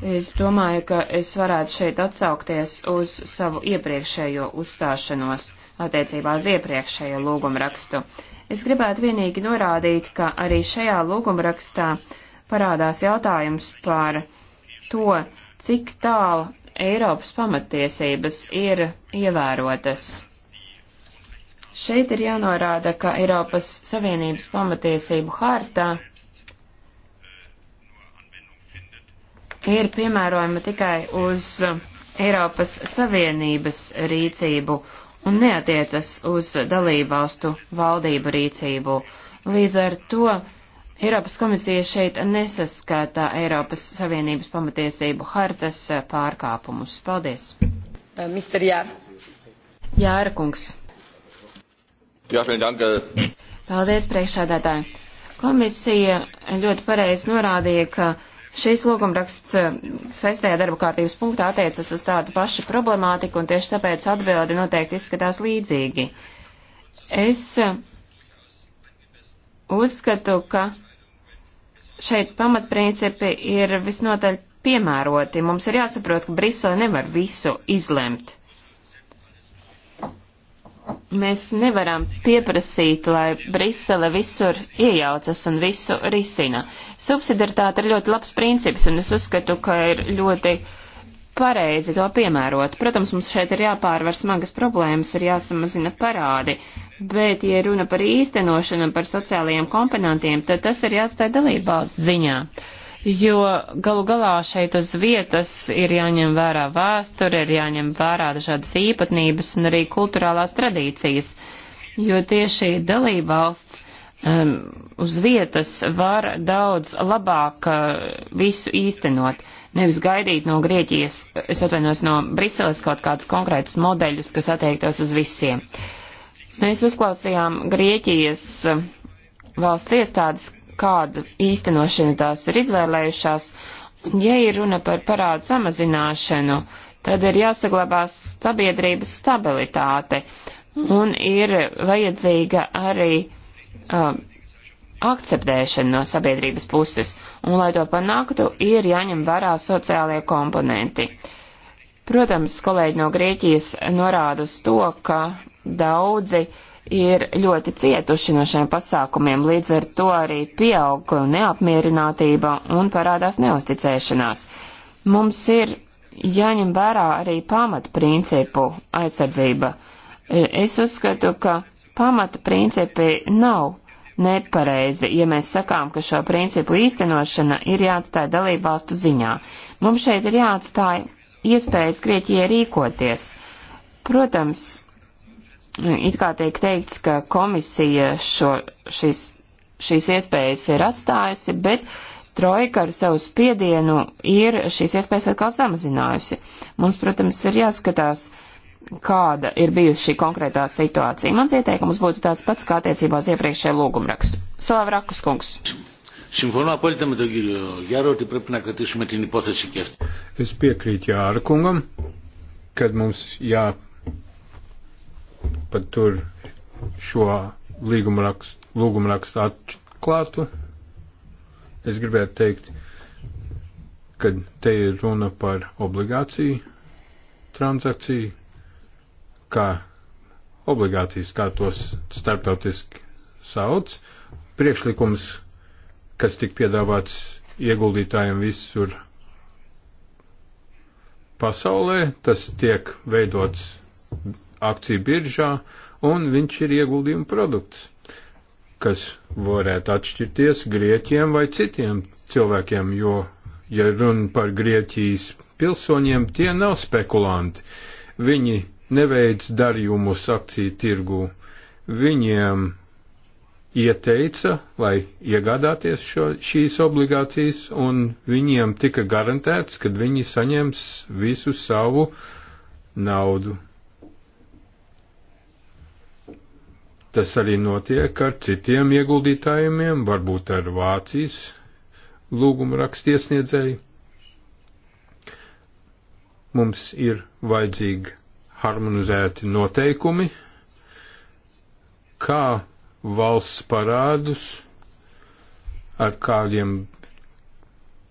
Es domāju, ka es varētu šeit atsaukties uz savu iepriekšējo uzstāšanos attiecībā uz iepriekšējo lūgumrakstu. Es gribētu vienīgi norādīt, ka arī šajā lūgumrakstā parādās jautājums par to, cik tālu Eiropas pamatiesības ir ievērotas. Šeit ir jānorāda, ka Eiropas Savienības pamatiesību hartā ka ir piemērojama tikai uz uh, Eiropas Savienības rīcību un neatiecas uz dalībvalstu valdību rīcību. Līdz ar to Eiropas komisija šeit nesaskata Eiropas Savienības pamatiesību hartas uh, pārkāpumus. Paldies! Uh, Mr. Jār. Jāra kungs. Jā, dank. Paldies, priekšsādātāji. Komisija ļoti pareizi norādīja, ka Šīs lūgumraksts eh, sestajā darba kārtības punktā attiecas uz tādu pašu problemātiku, un tieši tāpēc atbildi noteikti izskatās līdzīgi. Es eh, uzskatu, ka šeit pamatprincipi ir visnotaļ piemēroti. Mums ir jāsaprot, ka Brisele nevar visu izlemt mēs nevaram pieprasīt, lai Brisele visur iejaucas un visu risina. Subsidiaritāte ir ļoti labs princips, un es uzskatu, ka ir ļoti pareizi to piemērot. Protams, mums šeit ir jāpārvar smagas problēmas, ir jāsamazina parādi, bet, ja runa par īstenošanu un par sociālajiem komponentiem, tad tas ir jāatstāja dalībās ziņā. Uh, jo galu galā šeit uz vietas ir jāņem vērā vēsture, ir jāņem vērā dažādas īpatnības un arī kulturālās tradīcijas, jo tieši dalībvalsts um, uz vietas var daudz labāk uh, visu īstenot. Nevis gaidīt no Grieķijas, es atvainos no Briseles kaut kādus konkrētus modeļus, kas attiektos uz visiem. Mēs uzklausījām Grieķijas uh, valsts iestādes, kāda īstenošana tās ir izvēlējušās. Ja ir runa par parādu samazināšanu, tad ir jāsaglabās sabiedrības stabilitāte un ir vajadzīga arī uh, akceptēšana no sabiedrības puses. Un, lai to panāktu, ir jāņem vērā sociālie komponenti. Protams, kolēģi no Grieķijas norāda uz to, ka daudzi uh, ir ļoti cietuši no šiem pasākumiem, līdz ar to arī pieaug neapmierinātība un parādās neusticēšanās. Mums ir jāņem vērā arī pamatprincipu aizsardzība. Es uzskatu, ka pamatprincipi nav nepareizi, ja mēs sakām, ka šo principu īstenošana ir jāatstāja dalību valstu ziņā. Mums šeit ir jāatstāja iespējas Grieķijai rīkoties. Protams, it kā tiek teikts, ka komisija šo, šis, šīs iespējas ir atstājusi, bet trojka ar savu spiedienu ir šīs iespējas atkal samazinājusi. Mums, protams, ir jāskatās, kāda ir bijusi šī konkrētā situācija. Mans ieteikums būtu tāds pats kā attiecībā uz iepriekšēju lūgumrakstu. Slavrakus kungs. Συμφωνώ απόλυτα με τον κύριο Γιάρο ότι πρέπει να κρατήσουμε την υπόθεση και αυτή. Es piekrītu Jāra kungam, kad mums jā, pat tur šo līgumu rakstu, lūgumu rakstu atklātu. Es gribētu teikt, ka te ir runa par obligāciju transakciju, kā obligācijas, kā tos starptautiski sauc. Priekšlikums, kas tika piedāvāts ieguldītājiem visur pasaulē, tas tiek veidots akciju biržā, un viņš ir ieguldījuma produkts, kas varētu atšķirties grieķiem vai citiem cilvēkiem, jo, ja runa par Grieķijas pilsoņiem, tie nav spekulanti. Viņi neveic darījumus akciju tirgū. Viņiem ieteica, lai iegādāties šo, šīs obligācijas, un viņiem tika garantēts, ka viņi saņems visu savu naudu. Tas arī notiek ar citiem ieguldītājiem, varbūt ar Vācijas lūguma rakstiesniedzēju. Mums ir vajadzīgi harmonizēti noteikumi, kā valsts parādus, ar kādiem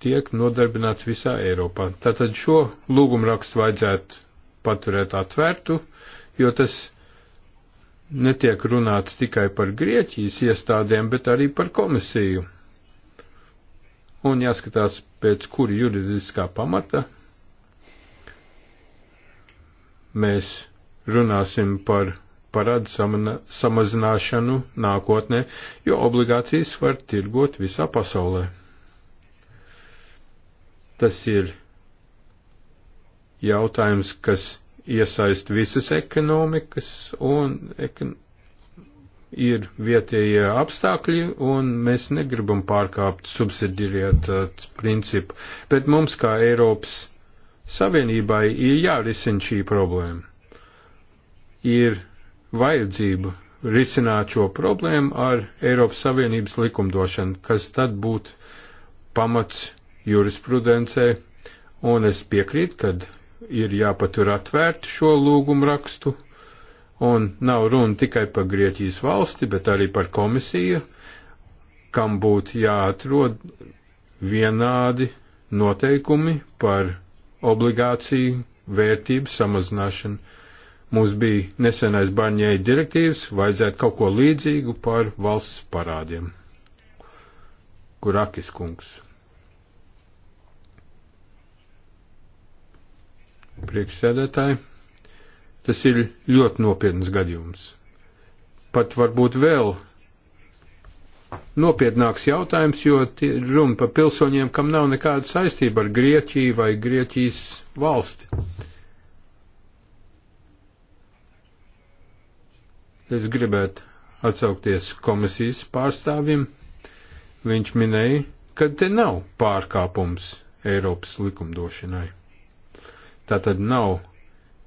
tiek nodarbināts visā Eiropā. Tātad šo lūgumrakstu vajadzētu paturēt atvērtu, jo tas netiek runāts tikai par Grieķijas iestādēm, bet arī par komisiju. Un jāskatās, pēc kura juridiskā pamata mēs runāsim par parādu samazināšanu nākotnē, jo obligācijas var tirgot visā pasaulē. Tas ir jautājums, kas iesaist visas ekonomikas un ekon ir vietējie apstākļi, un mēs negribam pārkāpt subsidiarietāts principu, bet mums kā Eiropas Savienībai ir jārisina šī problēma. Ir vajadzība risināt šo problēmu ar Eiropas Savienības likumdošanu, kas tad būtu pamats jurisprudencē, un es piekrītu, kad ir jāpatur atvērt šo lūgumu rakstu, un nav runa tikai par Grieķijas valsti, bet arī par komisiju, kam būtu jāatrod vienādi noteikumi par obligāciju vērtību samazināšanu. Mums bija nesenais barņēja direktīvas, vajadzētu kaut ko līdzīgu par valsts parādiem. Kurakis kungs. priekšsēdētāji. Tas ir ļoti nopietns gadījums. Pat varbūt vēl nopietnāks jautājums, jo runa par pilsoņiem, kam nav nekāda saistība ar Grieķiju vai Grieķijas valsti. Es gribētu atsaukties komisijas pārstāvjim. Viņš minēja, ka te nav pārkāpums Eiropas likumdošanai. Tā tad nav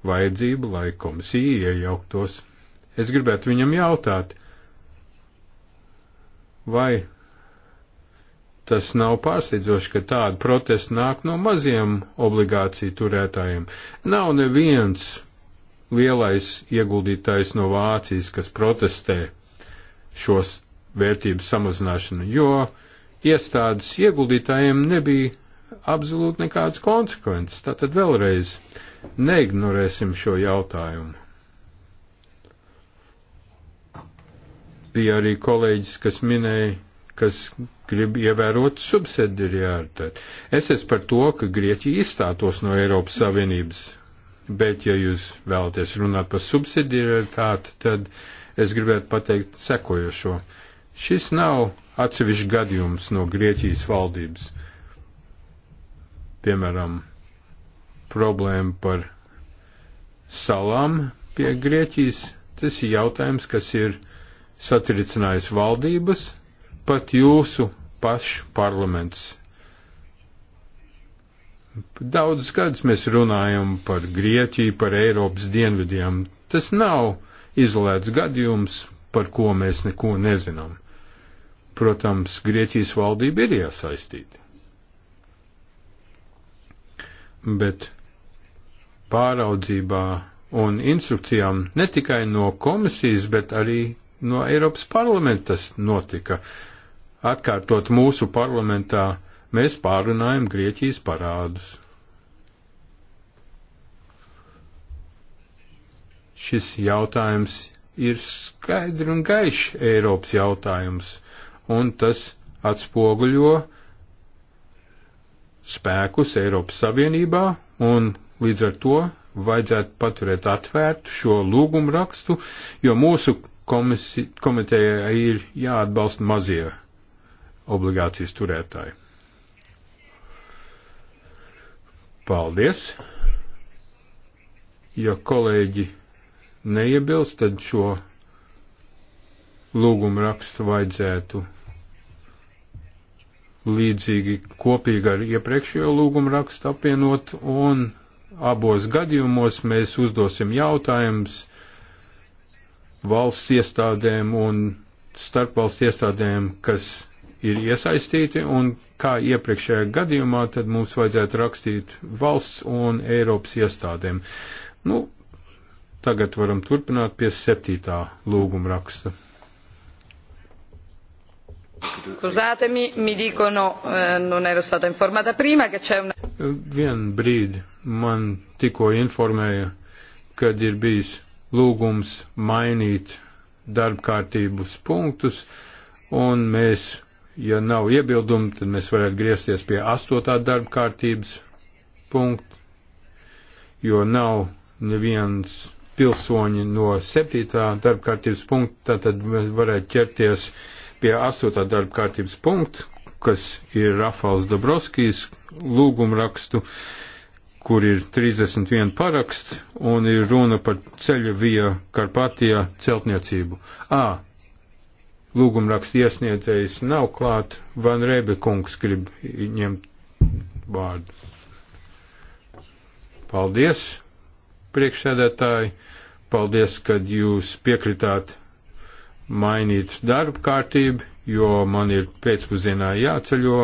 vajadzību, lai komisija iejauktos. Es gribētu viņam jautāt, vai tas nav pārsteidzoši, ka tāda protesta nāk no maziem obligāciju turētājiem. Nav neviens lielais ieguldītājs no Vācijas, kas protestē šos vērtības samazināšanu, jo iestādes ieguldītājiem nebija absolūti nekādas konsekvences. Tātad vēlreiz neignorēsim šo jautājumu. Bija arī kolēģis, kas minēja, kas grib ievērot subsidiaritāti. Es esmu par to, ka Grieķija izstātos no Eiropas Savienības, bet ja jūs vēlaties runāt par subsidiaritāti, tad es gribētu pateikt sekojošo. Šis nav atsevišķi gadījums no Grieķijas valdības. Uh, piemēram, problēma par salām pie Grieķijas. Tas ir jautājums, kas ir satricinājis valdības, pat jūsu pašu parlaments. Daudzus gadus mēs runājam par Grieķiju, par Eiropas dienvidiem. Tas nav izolēts gadījums, par ko mēs neko nezinām. Protams, Grieķijas valdība ir iesaistīta bet pāraudzībā un instrukcijām ne tikai no komisijas, bet arī no Eiropas parlamenta tas notika. Atkārtot mūsu parlamentā, mēs pārunājam Grieķijas parādus. Šis jautājums ir skaidri un gaiši Eiropas jautājums, un tas atspoguļo spēkus Eiropas Savienībā, un līdz ar to vajadzētu paturēt atvērtu šo lūgumu rakstu, jo mūsu komisi, komitejai ir jāatbalsta mazie obligācijas turētāji. Paldies! Ja kolēģi neiebilst, tad šo lūgumu rakstu vajadzētu līdzīgi kopīgi ar iepriekšējo lūgumu rakstu apvienot, un abos gadījumos mēs uzdosim jautājumus valsts iestādēm un starpvalsts iestādēm, kas ir iesaistīti, un kā iepriekšējā gadījumā, tad mums vajadzētu rakstīt valsts un Eiropas iestādēm. Nu, tagad varam turpināt pie septītā lūguma raksta. Scusatemi, mi dicono, eh, non ero stata informata prima, ka c'è una... Vien brīdi man tikko informēja, kad ir bijis lūgums mainīt darbkārtības punktus, un mēs, ja nav iebildumi, tad mēs varētu griezties pie astotā darbkārtības punkta, jo nav neviens pilsoņi no septītā darbkārtības punkta, tad mēs varētu ķerties uh, pie astotā darba kārtības punkta, kas ir Rafals Dobrovskijs lūgumrakstu, kur ir 31 paraksts un ir runa par ceļu via Karpatijā celtniecību. Ā, lūgumrakstu iesniedzējs nav klāt, Van Rebekungs grib ņemt vārdu. Paldies, priekšsēdētāji, paldies, kad jūs piekritāt mainīt darba kārtību, jo man ir pēcpusdienā jāceļo.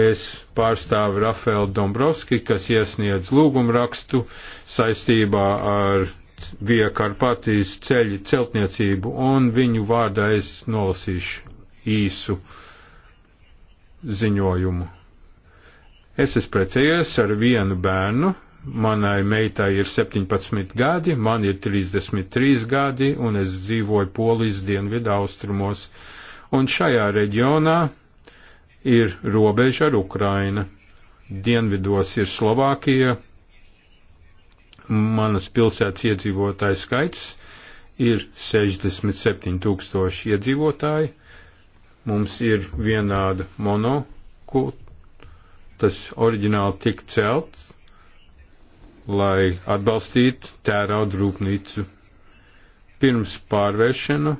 Es pārstāvu Rafaelu Dombrovski, kas iesniedz lūgumu rakstu saistībā ar Viekarpatijas ceļu celtniecību, un viņu vārdā es nolasīšu īsu ziņojumu. Es esmu precējies ar vienu bērnu, Manai meitai ir 17 gadi, man ir 33 gadi, un es dzīvoju Polijas dienvidu austrumos. Un šajā reģionā ir robeža ar Ukraina. Dienvidos ir Slovākija. Manas pilsētas iedzīvotāju skaits ir 67 tūkstoši iedzīvotāji. Mums ir vienāda monokultūra. Tas oriģināli tika celts lai atbalstītu tērauda rūpnīcu. Pirms pārvēršanu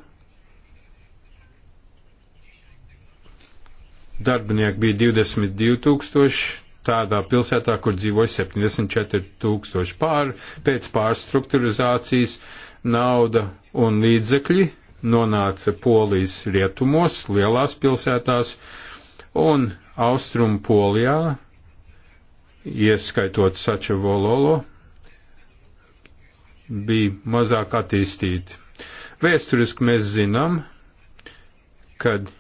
darbinieki bija 22 tūkstoši, tādā pilsētā, kur dzīvoja 74 tūkstoši pār, pēc pārstrukturizācijas nauda un līdzekļi nonāca Polijas rietumos, lielās pilsētās, un austrumu Polijā ieskaitot Sača Vololo, bija mazāk attīstīti. Vēsturiski mēs zinām, kad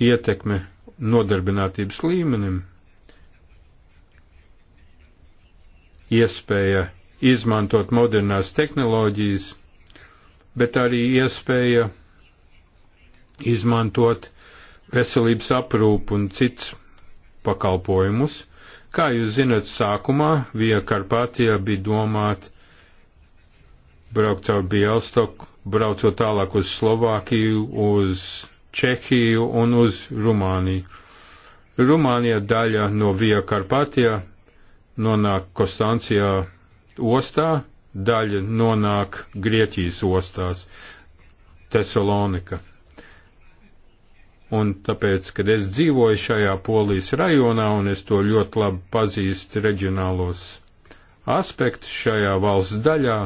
ietekme nodarbinātības līmenim, iespēja izmantot modernās tehnoloģijas, bet arī iespēja izmantot veselības aprūpu un cits pakalpojumus Kā jūs zinat, sākumā Vija Karpātijā bija domāt braukt caur Bielstoku, braucot tālāk uz Slovākiju, uz Čehiju un uz Rumāniju. Rumānija daļa no Vija Karpātijā nonāk Konstancijā ostā, daļa nonāk Grieķijas ostās, Tesalonika un tāpēc, kad es dzīvoju šajā polijas rajonā un es to ļoti labi pazīstu reģionālos aspektus šajā valsts daļā,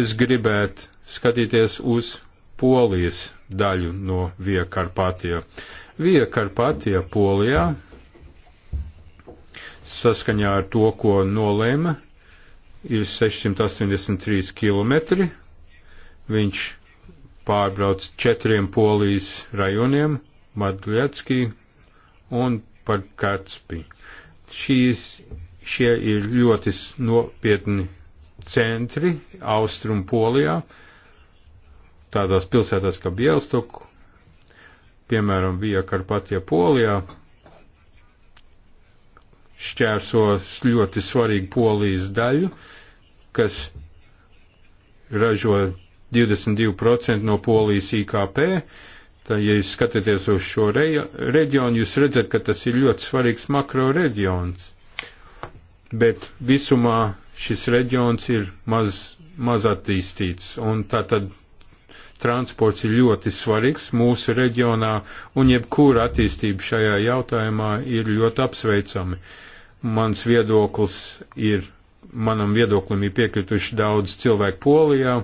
es gribētu skatīties uz polijas daļu no Viekarpatija. Viekarpatija polijā saskaņā ar to, ko nolēma, ir 683 km. Viņš pārbrauc četriem polijas rajoniem Madgliecki un par Kartspi. Šīs, šie ir ļoti nopietni centri Austrum Polijā, tādās pilsētās kā Bielstoku, piemēram, Vija Karpatie Polijā, šķērsos ļoti svarīgu polijas daļu, kas ražo 22% no polijas IKP, Tā, ja jūs skatāties uz šo rejo, reģionu, jūs redzat, ka tas ir ļoti svarīgs makro reģions. Bet visumā šis reģions ir maz, maz attīstīts, un tā tad transports ir ļoti svarīgs mūsu reģionā, un jebkura attīstība šajā jautājumā ir ļoti apsveicami. Mans viedoklis ir, manam viedoklim ir piekrituši daudz cilvēku Polijā,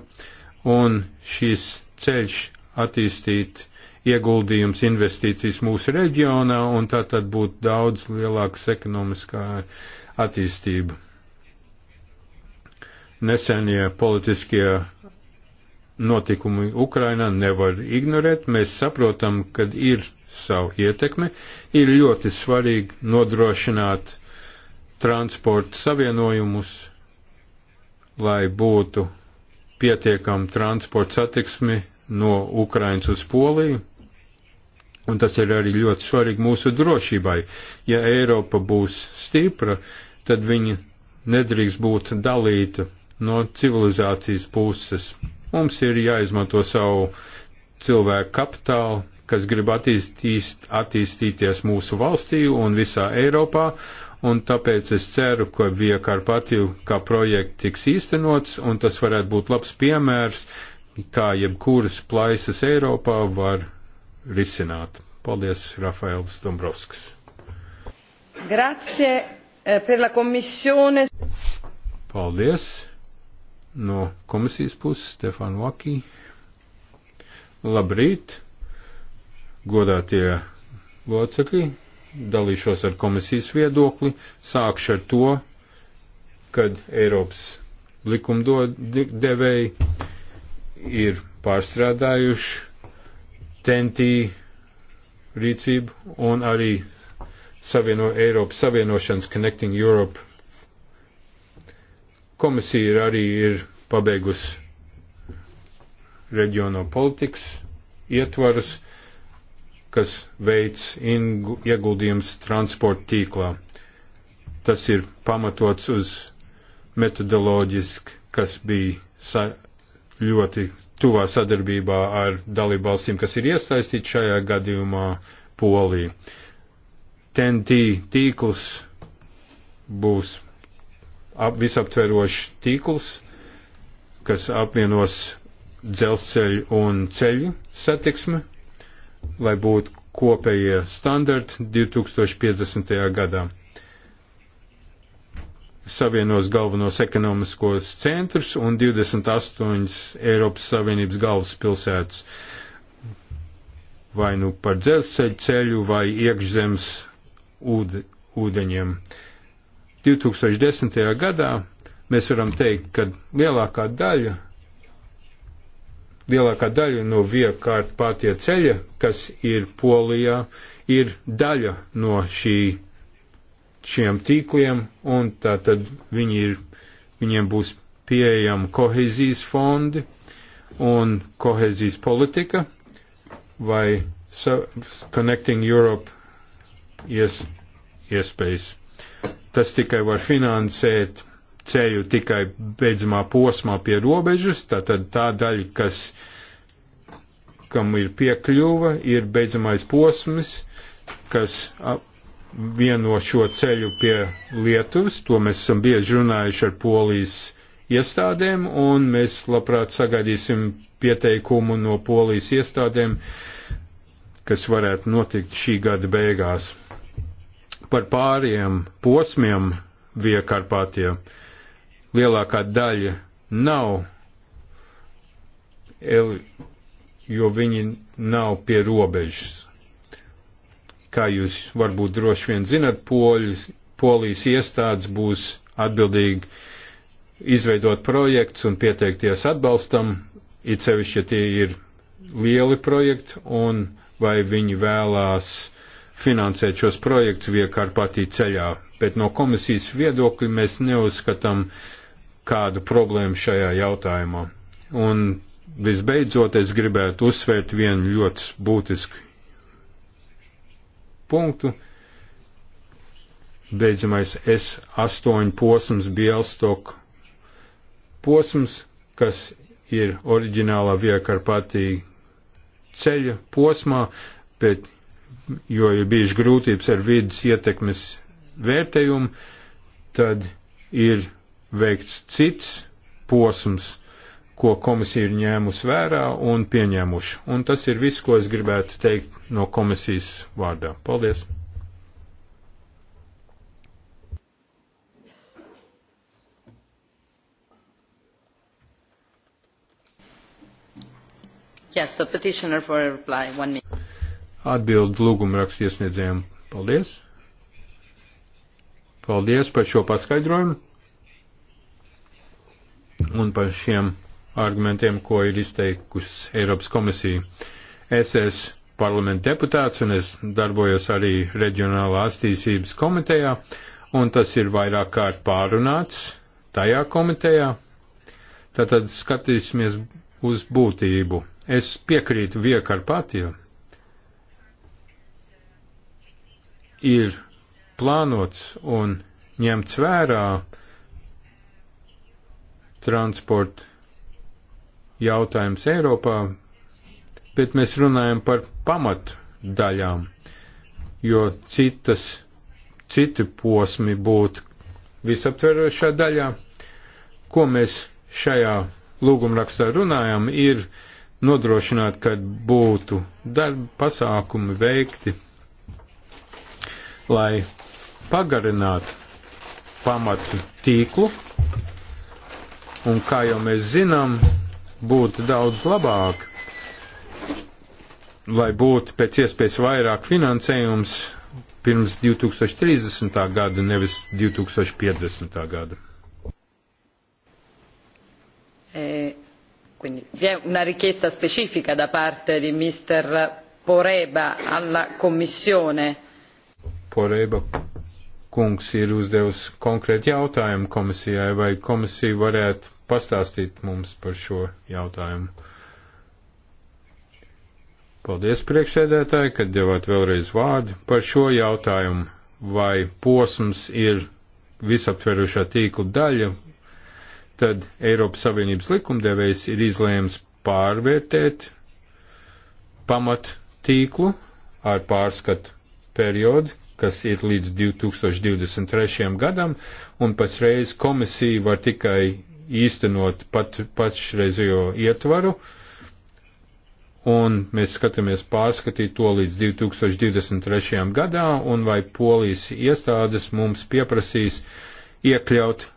un šis ceļš attīstīt ieguldījums investīcijas mūsu reģionā, un tā tad būtu daudz lielākas ekonomiskā attīstība. Nesenie politiskie notikumi Ukrainā nevar ignorēt, mēs saprotam, kad ir savu ietekmi, ir ļoti svarīgi nodrošināt transporta savienojumus, lai būtu pietiekama transporta satiksmi no Ukrainas uz Poliju, Un tas ir arī ļoti svarīgi mūsu drošībai. Ja Eiropa būs stipra, tad viņa nedrīkst būt dalīta no civilizācijas puses. Mums ir jāizmanto savu cilvēku kapitālu, kas grib attīstīst, attīstīties mūsu valstī un visā Eiropā, un tāpēc es ceru, ka Viekarpatiju kā projekts tiks īstenots, un tas varētu būt labs piemērs, kā jebkuras plaisas Eiropā var risināt. Paldies, Rafaels Dombrovskis. Grazie eh, per la komisione. Paldies. No komisijas puses Stefan Vakī. Labrīt, godātie locekļi, dalīšos ar komisijas viedokli, sākšu ar to, kad Eiropas likumdevēji ir pārstrādājuši TNT rīcību un arī savieno Eiropas Savienošanas Connecting Europe. Komisija ir arī ir pabeigusi reģiono politikas ietvarus, kas veids ieguldījums transporta tīklā. Tas ir pamatots uz metodoloģiski, kas bija ļoti tuvā sadarbībā ar dalībvalstīm, kas ir iesaistīti šajā gadījumā Polija. TNT tīkls būs ap, visaptverošs tīkls, kas apvienos dzelzceļu un ceļu satiksmi, lai būtu kopējie standarti 2050. gadā savienos galvenos ekonomiskos centrus un 28 Eiropas Savienības galvaspilsētas vai nu par dzelzceļu ceļu vai iekšzemes ūde, ūdeņiem. 2010. gadā mēs varam teikt, ka lielākā daļa, lielākā daļa no viekārt pātie ceļa, kas ir Polijā, ir daļa no šī šiem tīkliem, un tā tad viņi ir, viņiem būs pieejama kohezijas fondi un kohezijas politika vai Connecting Europe ies, iespējas. Tas tikai var finansēt ceļu tikai beidzamā posmā pie robežas, tātad tā daļa, kas, kam ir piekļuva, ir beidzamais posms, kas vienošo ceļu pie Lietuvas, to mēs esam bieži runājuši ar polijas iestādēm, un mēs labprāt sagaidīsim pieteikumu no polijas iestādēm, kas varētu notikt šī gada beigās. Par pāriem posmiem Viekarpātie lielākā daļa nav, jo viņi nav pie robežas Kā jūs varbūt droši vien zinat, poļus, polijas iestādes būs atbildīgi izveidot projekts un pieteikties atbalstam, it sevišķi, ja tie ir lieli projekti un vai viņi vēlās finansēt šos projektus viekārpatī ceļā. Bet no komisijas viedokļa mēs neuzskatām kādu problēmu šajā jautājumā. Un visbeidzot, es gribētu uzsvērt vienu ļoti būtisku punktu. Beidzamais S8 posms Bielstok posms, kas ir oriģinālā viekarpatī ceļa posmā, bet jo ir bijuši grūtības ar vidas ietekmes vērtējumu, tad ir veikts cits posms ko komisija ir ņēmusi vērā un pieņēmuši. Un tas ir viss, ko es gribētu teikt no komisijas vārdā. Paldies! Yes, the petitioner for a reply. One minute. Atbild lūgumu rakstu iesniedzējiem. Paldies. Paldies par šo paskaidrojumu un par šiem argumentiem, ko ir izteikusi Eiropas komisija. Es esmu parlamenta deputāts un es darbojos arī reģionālā attīstības komitejā, un tas ir vairāk kārt pārunāts tajā komitejā. Tātad skatīsimies uz būtību. Es piekrītu viekarpatiju. Ir plānots un ņemts vērā transporta jautājums Eiropā, bet mēs runājam par pamatu daļām, jo citas, citi posmi būtu visaptverošā daļā. Ko mēs šajā lūgumrakstā runājam, ir nodrošināt, ka būtu darba pasākumi veikti, lai pagarinātu pamatu tīklu, un kā jau mēs zinām, būtu daudz labāk, lai būtu pēc iespējas vairāk finansējums pirms 2030. gada, nevis 2050. gada. E, quindi vi è una richiesta specifica da parte di Mr. Poreba alla Commissione. Poreba kungs ir uzdevusi konkrēti jautājumu komisijai, vai komisija varētu pastāstīt mums par šo jautājumu. Paldies priekšsēdētāji, kad devāt vēlreiz vārdu par šo jautājumu, vai posms ir visaptverušā tīkla daļa, tad Eiropas Savienības likumdevējs ir izlēms pārvērtēt pamat tīklu ar pārskatu periodu, kas ir līdz 2023. gadam, un pēc reiz komisija var tikai īstenot pat pašreizējo ietvaru, un mēs skatāmies pārskatīt to līdz 2023. gadā, un vai polijas iestādes mums pieprasīs iekļaut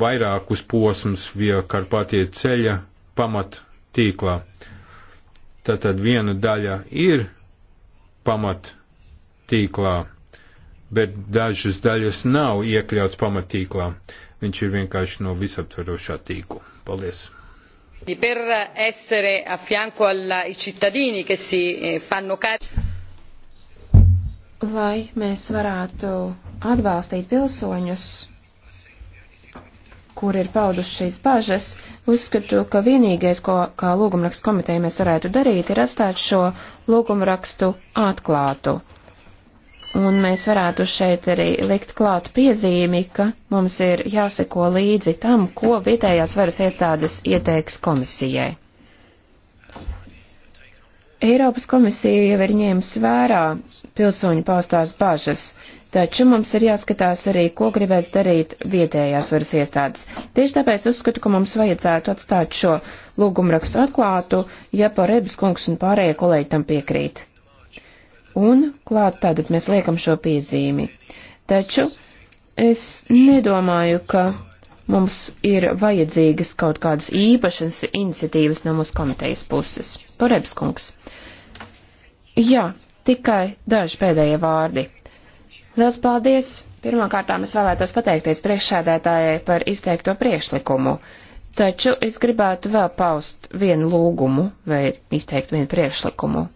vairākus posmus viekarpatie ceļa pamat tīklā. Tātad viena daļa ir pamat tīklā, bet dažas daļas nav iekļauts pamatīklā viņš ir vienkārši no visaptverošā tīkla. Paldies! Per essere a fianco ai cittadini che si eh, fanno carico. Lai mēs varētu atbalstīt pilsoņus, kur ir pauduši šīs bažas, uzskatu, ka vienīgais, ko kā lūgumrakstu komiteja mēs varētu darīt, ir atstāt šo lūgumrakstu atklātu. Un mēs varētu šeit arī likt klāt piezīmi, ka mums ir jāseko līdzi tam, ko vietējās varas iestādes ieteiks komisijai. Eiropas komisija jau ir ņēmusi vērā pilsoņu paustās bažas, taču mums ir jāskatās arī, ko gribēs darīt vietējās varas iestādes. Tieši tāpēc uzskatu, ka mums vajadzētu atstāt šo lūgumrakstu atklātu, ja par Rebus kungs un pārējie kolēģi tam piekrīt. Un klāt tātad mēs liekam šo piezīmi. Taču es nedomāju, ka mums ir vajadzīgas kaut kādas īpašas iniciatīvas no mūsu komitejas puses. Porebskungs. Jā, tikai daži pēdējie vārdi. Liels paldies! Pirmkārtām es vēlētos pateikties priekšsēdētājai par izteikto priekšlikumu, taču es gribētu vēl paust vienu lūgumu vai izteikt vienu priekšlikumu.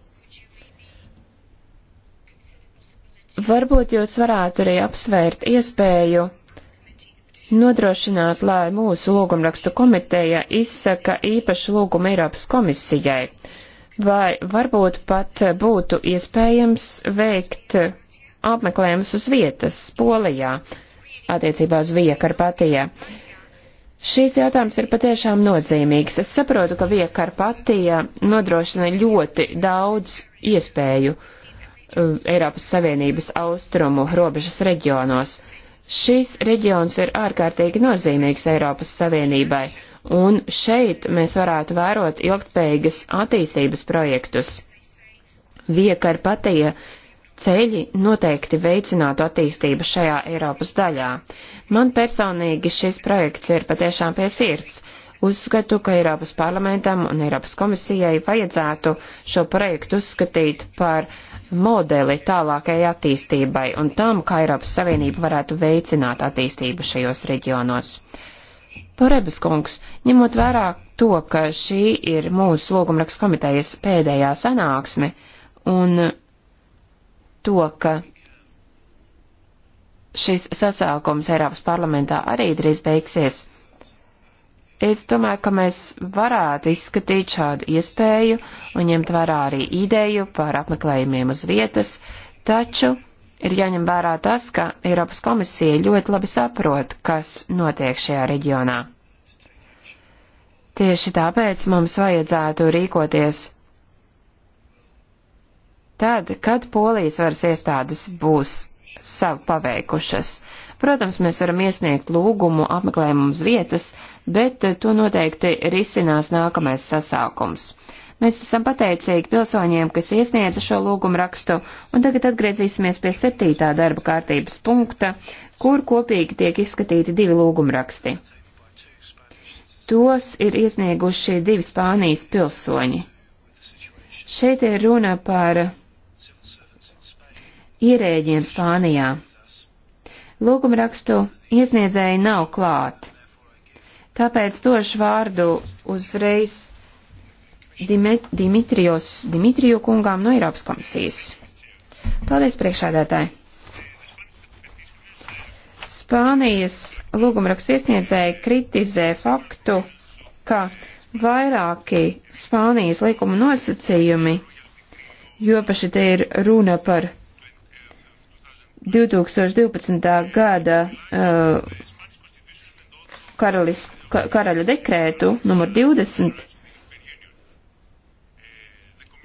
Varbūt jūs varētu arī apsvērt iespēju nodrošināt, lai mūsu lūgumrakstu komiteja izsaka īpašu lūgumu Eiropas komisijai, vai varbūt pat būtu iespējams veikt apmeklējums uz vietas Polijā attiecībā uz Viekarpatijā. Šīs jautājums ir patiešām nozīmīgs. Es saprotu, ka Viekarpatija nodrošina ļoti daudz iespēju Uh, Eiropas Savienības austrumu robežas reģionos. Šis reģions ir ārkārtīgi nozīmīgs Eiropas Savienībai, un šeit mēs varētu vērot ilgtspējīgas attīstības projektus. Viekarpatija ceļi noteikti veicinātu attīstību šajā Eiropas daļā. Man personīgi šis projekts ir patiešām pie sirds. Uzskatu, ka Eiropas parlamentam un Eiropas komisijai vajadzētu šo projektu uzskatīt par modeli tālākajai attīstībai un tam, kā Eiropas Savienība varētu veicināt attīstību šajos reģionos. Porebas kungs, ņemot vērā to, ka šī ir mūsu lūgumraksts komitejas pēdējā sanāksme un to, ka šis sasākums Eiropas parlamentā arī drīz beigsies, Es domāju, ka mēs varētu izskatīt šādu iespēju un ņemt vērā arī ideju par apmeklējumiem uz vietas, taču ir jāņem vērā tas, ka Eiropas komisija ļoti labi saprot, kas notiek šajā reģionā. Tieši tāpēc mums vajadzētu rīkoties tad, kad polijas varas iestādes būs savu paveikušas. Protams, mēs varam iesniegt lūgumu apmeklējumu uz vietas, bet eh, to noteikti risinās nākamais sasākums. Mēs esam pateicīgi pilsoņiem, kas iesniedza šo lūgumu rakstu, un tagad atgriezīsimies pie septītā darba kārtības punkta, kur kopīgi tiek izskatīti divi lūgumu raksti. Tos ir iesnieguši divi Spānijas pilsoņi. Šeit ir runa par ierēģiem Spānijā. Lūgumrakstu iesniedzēji nav klāt. Tāpēc došu vārdu uzreiz Dimet Dimitrijos Dimitriju kungām no Eiropas komisijas. Paldies priekšādātāji! Spānijas lūgumraksts iesniedzēji kritizē faktu, ka vairāki Spānijas likuma nosacījumi, jo paši te ir runa par 2012. gada uh, karalis, karaļa dekrētu numur 20,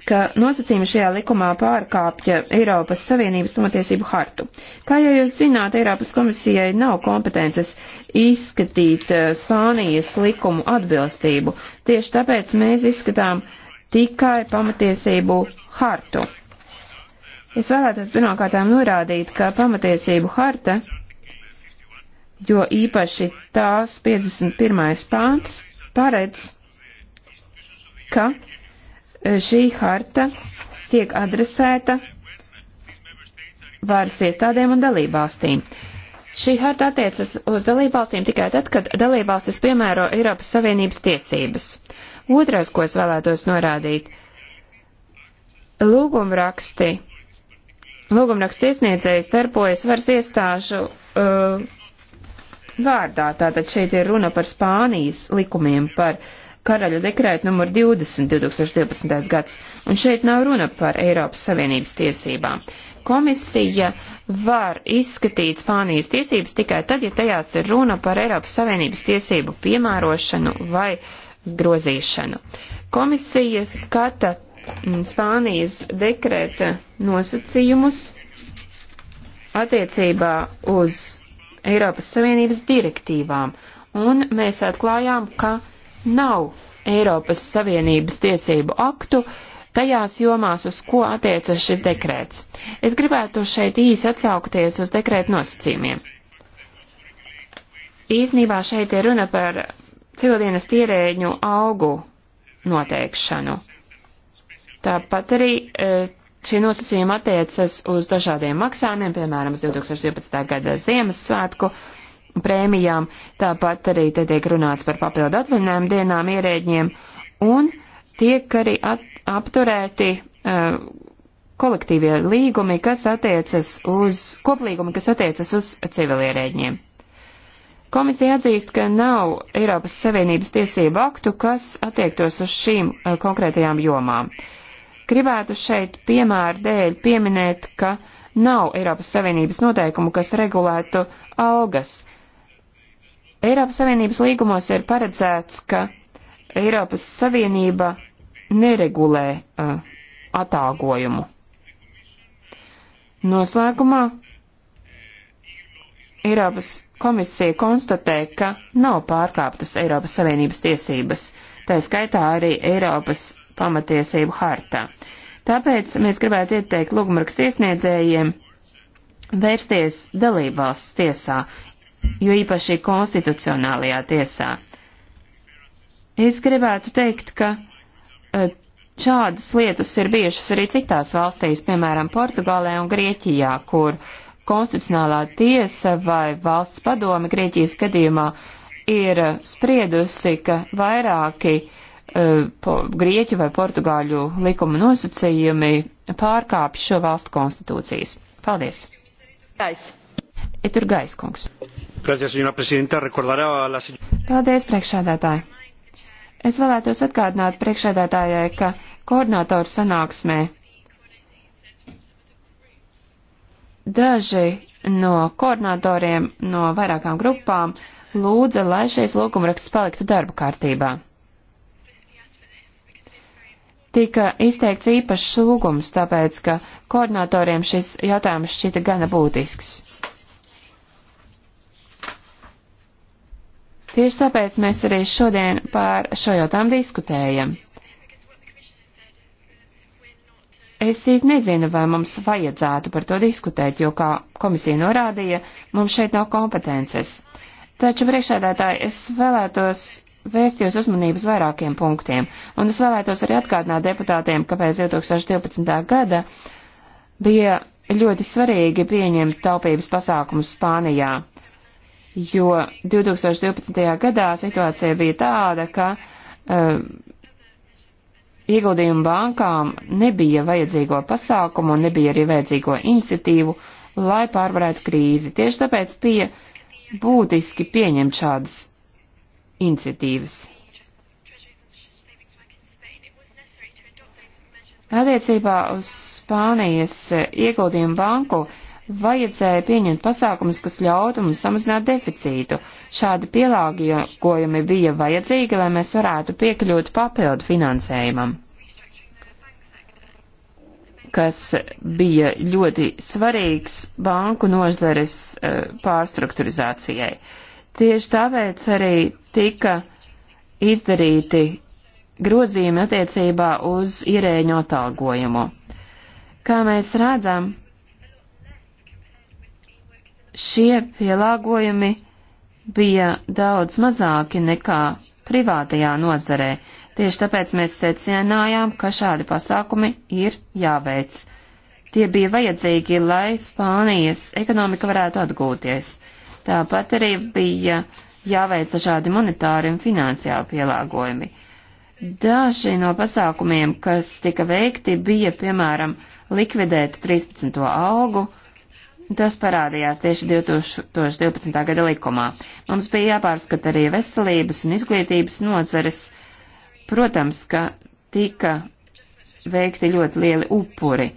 ka nosacījumi šajā likumā pārkāpja Eiropas Savienības pamatiesību hartu. Kā jau jūs zināt, Eiropas komisijai nav kompetences izskatīt eh, Spānijas likumu atbilstību. Tieši tāpēc mēs izskatām tikai pamatiesību hartu. Es vēlētos pirmkārtām norādīt, ka pamatiesību harta jo īpaši tās 51. pāns paredz, ka e, šī harta tiek adresēta varas iestādēm un dalībvalstīm. Šī harta attiecas uz dalībvalstīm tikai tad, kad dalībvalstis piemēro Eiropas Savienības tiesības. Otrais, ko es vēlētos norādīt, lūgumraksti. Lūgumraksti iesniedzēji starpojas varas iestāžu uh, vārdā. Tātad šeit ir runa par Spānijas likumiem, par karaļa dekrētu numur 20 2012. gads, un šeit nav runa par Eiropas Savienības tiesībām. Komisija var izskatīt Spānijas tiesības tikai tad, ja tajās ir runa par Eiropas Savienības tiesību piemērošanu vai grozīšanu. Komisija skata Spānijas dekrēta nosacījumus attiecībā uz Eiropas Savienības direktīvām, un mēs atklājām, ka nav Eiropas Savienības tiesību aktu tajās jomās, uz ko attiecas šis dekrēts. Es gribētu šeit īsi atsaukties uz dekrēta nosacījumiem. Īsnībā šeit ir runa par civildienas ierēģu augu noteikšanu. Tāpat arī e, Šie nosacījumi attiecas uz dažādiem maksājumiem, piemēram, uz 2012. gada Ziemassvētku prēmijām, tāpat arī te tiek runāts par papildu atvaļinājumu dienām ierēģiem, un tiek arī at, apturēti uh, kolektīvie līgumi, kas attiecas uz, koplīgumi, kas attiecas uz civilierēģiem. Komisija atzīst, ka nav Eiropas Savienības tiesību aktu, kas attiektos uz šīm uh, konkrētajām jomām. Uh, Gribētu šeit piemēru dēļ pieminēt, ka nav Eiropas Savienības noteikumu, kas regulētu algas. Eiropas Savienības līgumos ir paredzēts, ka Eiropas Savienība neregulē uh, atāgojumu. Noslēgumā Eiropas komisija konstatē, ka nav pārkāptas Eiropas Savienības tiesības, tā skaitā arī Eiropas pamatiesību hartā. Tāpēc mēs gribētu ieteikt lūgumrakstu iesniedzējiem vērsties dalībvalsts tiesā, jo īpaši konstitucionālajā tiesā. Es gribētu teikt, ka eh, šādas lietas ir bijušas arī citās valstīs, piemēram, Portugālē un Grieķijā, kur konstitucionālā tiesa vai valsts padome Grieķijas gadījumā ir spriedusi, ka vairāki uh, Eh, po, grieķu vai portugāļu likuma nosacījumi pārkāpj šo valstu konstitūcijas. Paldies! Gais. Etur Gais, kungs. Gracias, señora presidenta. Recordará a la Paldies, priekšādātāji. Es vēlētos atgādināt priekšādātājai, ka koordinātoru sanāksmē daži no koordinātoriem no vairākām grupām lūdza, lai šīs lūgumraksts paliktu darba kārtībā tika izteikts īpašs lūgums, tāpēc, ka koordinatoriem šis jautājums šķita gana būtisks. Tieši tāpēc mēs arī šodien par šo jautājumu diskutējam. Es īsti nezinu, vai mums vajadzētu par to diskutēt, jo, kā komisija norādīja, mums šeit nav kompetences. Taču, priekšēdētāji, es vēlētos vērst jūs uzmanības vairākiem punktiem, un es vēlētos arī atgādināt deputātiem, ka pēc 2012. gada bija ļoti svarīgi pieņemt taupības pasākumus Spānijā, jo 2012. gadā situācija bija tāda, ka uh, ieguldījumu bankām nebija vajadzīgo pasākumu un nebija arī vajadzīgo iniciatīvu, lai pārvarētu krīzi. Tieši tāpēc bija būtiski pieņemt šādas iniciatīvas. Attiecībā uz Spānijas ieguldījumu banku vajadzēja pieņemt pasākumus, kas ļautu mums samazināt deficītu. Šādi pielāgojumi bija vajadzīgi, lai mēs varētu piekļūt papildu finansējumam, kas bija ļoti svarīgs banku nozares eh, pārstrukturizācijai. Uh, Tieši tāpēc arī tika izdarīti grozījumi attiecībā uz ierēņu atalgojumu. Kā mēs redzam, šie pielāgojumi bija daudz mazāki nekā privātajā nozarē. Tieši tāpēc mēs secinājām, ka šādi pasākumi ir jāveic. Tie bija vajadzīgi, lai Spānijas ekonomika varētu atgūties. Tāpat arī bija jāveic dažādi monetāri un finansiāli pielāgojumi. Daži no pasākumiem, kas tika veikti, bija, piemēram, likvidēt 13. algu, Tas parādījās tieši 2012. gada likumā. Mums bija jāpārskata arī veselības un izglītības nozares. Protams, ka tika veikti ļoti lieli upuri,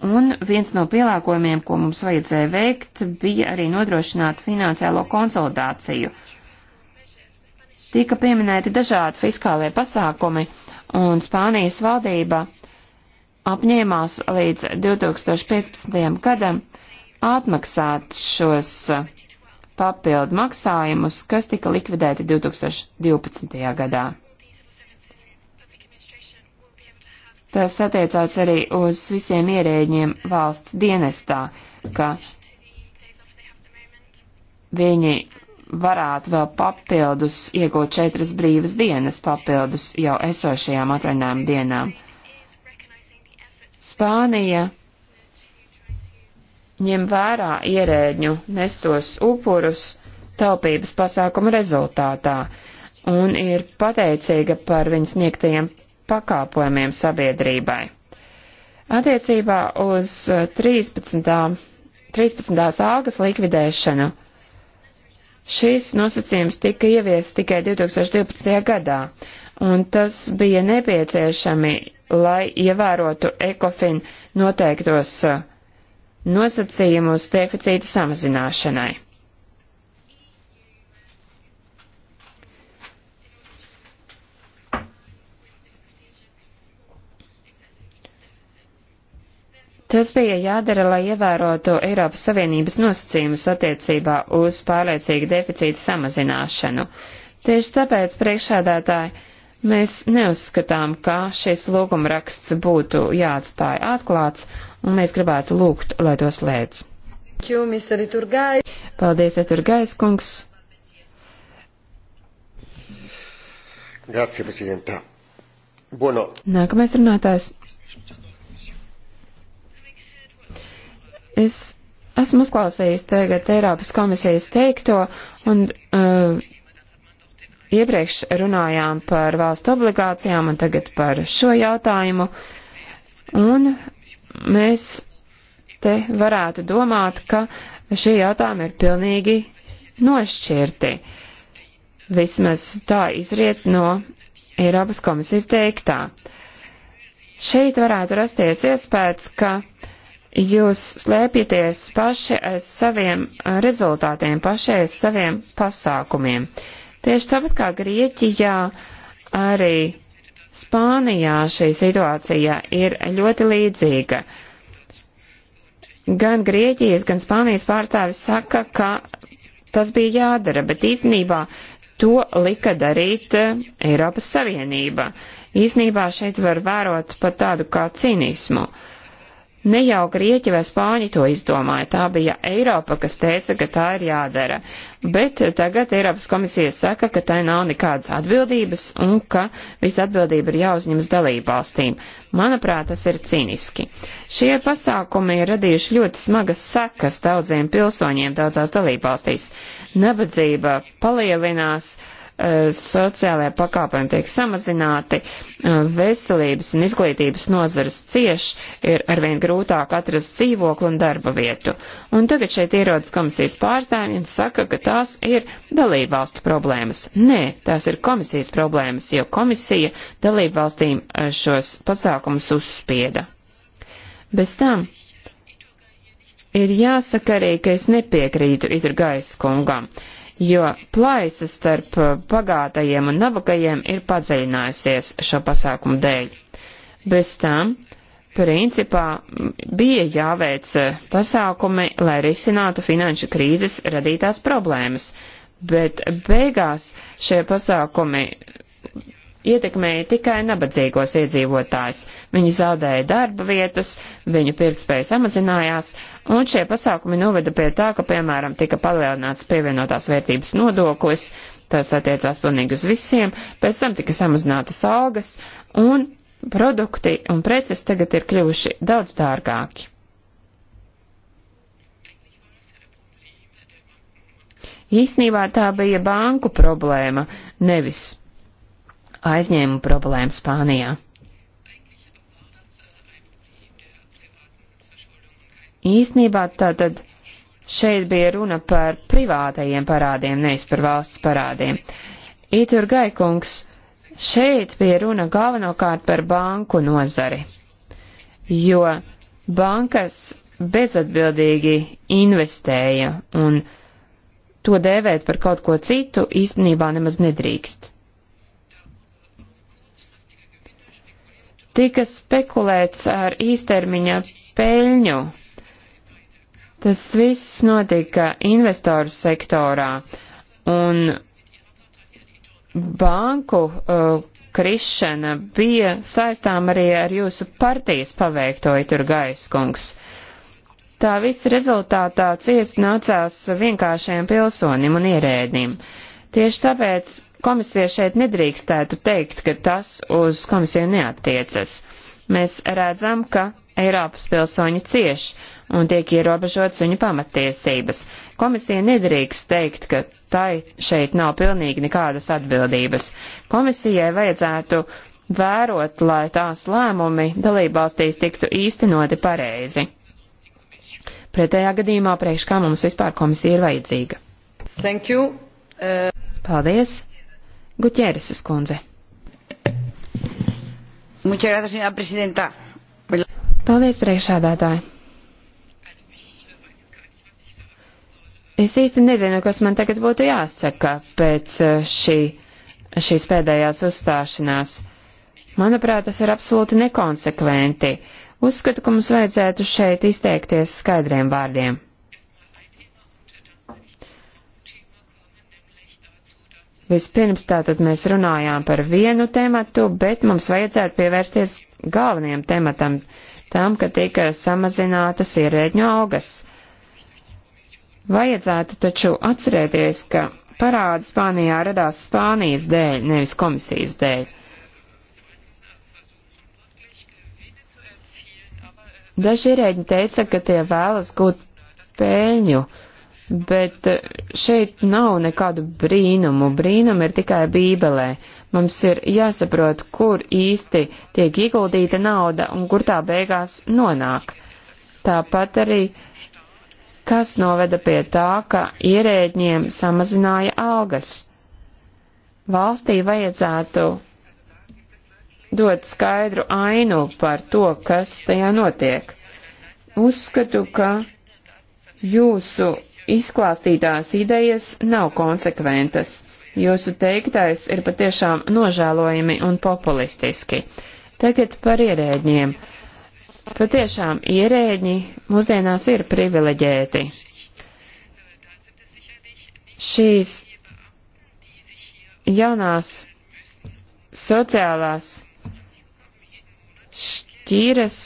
Un viens no pielāgojumiem, ko mums vajadzēja veikt, bija arī nodrošināt finansiālo konsolidāciju. Tika pieminēti dažādi fiskālie pasākumi, un Spānijas valdība apņēmās līdz 2015. gadam atmaksāt šos papildu maksājumus, kas tika likvidēti 2012. gadā. Tas attiecās arī uz visiem ierēģiem valsts dienestā, ka viņi varētu vēl papildus iegūt četras brīvas dienas papildus jau esošajām atvaļinājuma dienām. Spānija ņem vērā ierēģu nestos upurus taupības pasākumu rezultātā un ir pateicīga par viņas sniegtajiem pakāpojumiem sabiedrībai. Attiecībā uz 13. 13. algas likvidēšanu šīs nosacījums tika ieviests tikai 2012. gadā, un tas bija nepieciešami, lai ievērotu ECOFIN noteiktos uh, nosacījumus deficīta samazināšanai. Tas bija jādara, lai ievērotu Eiropas Savienības nosacījumus attiecībā uz pārliecīgu deficīta samazināšanu. Tieši tāpēc, priekšādātāji, mēs neuzskatām, ka šis lūgumraksts būtu jāatstāja atklāts, un mēs gribētu lūgt, lai to slēdz. Paldies, Eturgais kungs! Grazie, Presidenta. Bueno. Nākamais runātājs. Es esmu uzklausījis tagad Eiropas komisijas teikto un uh, iepriekš runājām par valstu obligācijām un tagad par šo jautājumu. Un mēs te varētu domāt, ka šie jautājumi ir pilnīgi nošķirti. Vismaz tā izriet no Eiropas komisijas teiktā. Šeit varētu rasties iespējas, ka Jūs slēpjaties paši aiz saviem rezultātiem, paši aiz saviem pasākumiem. Tieši tāpat kā Grieķijā, arī Spānijā šī situācija ir ļoti līdzīga. Gan Grieķijas, gan Spānijas pārstāvis saka, ka tas bija jādara, bet īstenībā to lika darīt eh, Eiropas Savienība. Īsnībā šeit var vērot pat tādu kā cinismu. Uh, Ne jau Grieķi vai Spāņi to izdomāja, tā bija Eiropa, kas teica, ka tā ir jādara. Bet tagad Eiropas komisija saka, ka tai nav nekādas atbildības un ka visa atbildība ir jāuzņemas dalībvalstīm. Manuprāt, tas ir cīniski. Šie pasākumi ir radījuši ļoti smagas sekas daudziem pilsoņiem daudzās dalībvalstīs. Nabadzība palielinās Eh, sociālajā pakāpēm tiek samazināti, eh, veselības un izglītības nozares cieš, ir arvien grūtāk atrast dzīvokli un darba vietu. Un tagad šeit ierodas komisijas pārstāvji un saka, ka tās ir dalībvalstu problēmas. Nē, tās ir komisijas problēmas, jo komisija dalībvalstīm eh, šos pasākumus uzspieda. Bez tam ir jāsaka arī, ka es nepiekrītu Itrgais kungam. Uh, jo plaisa starp pagātajiem uh, un nabagajiem ir padziļinājusies šo pasākumu dēļ. Bez tam, principā, bija jāveic uh, pasākumi, lai risinātu finanšu krīzes radītās problēmas, bet beigās šie pasākumi ietekmēja tikai nabadzīgos iedzīvotājus. Viņi zaudēja darba vietas, viņu pirktspēja samazinājās, un šie pasākumi noveda pie tā, ka, piemēram, tika palielināts pievienotās vērtības nodoklis, tas attiecās pilnīgi uz visiem, pēc tam tika samazinātas algas, un produkti un preces tagad ir kļuvuši daudz dārgāki. Īsnībā tā bija banku problēma, nevis aizņēmumu problēmu Spānijā. Īsnībā tātad šeit bija runa par privātajiem parādiem, nevis par valsts parādiem. Itur Gaikungs, šeit bija runa galvenokārt par banku nozari, jo bankas bezatbildīgi investēja un to dēvēt par kaut ko citu īstenībā nemaz nedrīkst. tika spekulēts ar īstermiņa peļņu. Tas viss notika investoru sektorā, un banku uh, krišana bija saistām arī ar jūsu partijas paveikto, ja tur gaiskungs. Tā viss rezultātā ciest nācās vienkāršiem pilsonim un ierēdnim. Tieši tāpēc Komisija šeit nedrīkstētu teikt, ka tas uz komisiju neatiecas. Mēs redzam, ka Eiropas pilsoņi cieš un tiek ierobežots viņu pamatiesības. Komisija nedrīkst teikt, ka tai šeit nav pilnīgi nekādas atbildības. Komisijai vajadzētu vērot, lai tās lēmumi dalībvalstīs tiktu īstenoti pareizi. Pretējā gadījumā priekš kā mums vispār komisija ir vajadzīga. Thank you. Uh... Paldies. Guķērises kundze. Paldies, priekšādātāji. Es īsti nezinu, kas man tagad būtu jāsaka pēc eh, šī, šīs pēdējās uzstāšanās. Manuprāt, tas ir absolūti nekonsekventi. Uzskatu, ka mums vajadzētu šeit izteikties skaidriem vārdiem. Vispirms tātad mēs runājām par vienu tematu, bet mums vajadzētu pievērsties galvenajam tematam, tam, ka tika samazinātas ierēģņu algas. Vajadzētu taču atcerēties, ka parādi Spānijā radās Spānijas dēļ, nevis komisijas dēļ. Daži ierēģi teica, ka tie vēlas gūt pēļņu, Bet eh, šeit nav nekādu brīnumu. Brīnumi ir tikai Bībelē. Mums ir jāsaprot, kur īsti tiek ieguldīta nauda un kur tā beigās nonāk. Tāpat arī, kas noveda pie tā, ka ierēģiem samazināja algas. Valstī vajadzētu dot skaidru ainu par to, kas tajā notiek. Uzskatu, ka jūsu Izklāstītās idejas nav konsekventas. Jūsu teiktais ir patiešām nožēlojami un populistiski. Tagad par ierēģiem. Patiešām ierēģi mūsdienās ir privileģēti. Šīs jaunās sociālās šķīras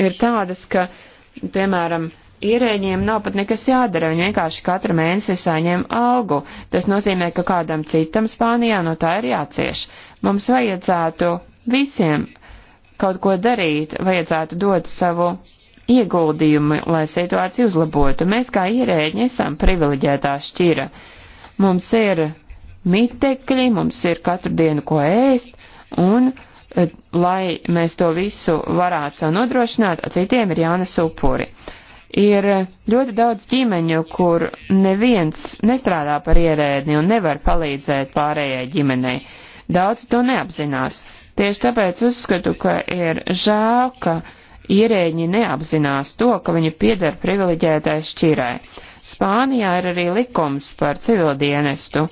ir tādas, ka, piemēram, ierēģiem nav pat nekas jādara, viņi vienkārši katru mēnesi saņem algu. Tas nozīmē, ka kādam citam Spānijā no tā ir jācieš. Mums vajadzētu visiem kaut ko darīt, vajadzētu dot savu ieguldījumu, lai situāciju uzlabotu. Mēs kā ierēģi esam privileģētā šķira. Mums ir mitekļi, mums ir katru dienu ko ēst, un lai mēs to visu varētu sev nodrošināt, citiem ir jānes upuri. Ir ļoti daudz ģimeņu, kur neviens nestrādā par ierēdni un nevar palīdzēt pārējai ģimenei. Daudz to neapzinās. Tieši tāpēc uzskatu, ka ir žēl, ka ierēģi neapzinās to, ka viņi pieder privileģētai šķirai. Spānijā ir arī likums par civildienestu.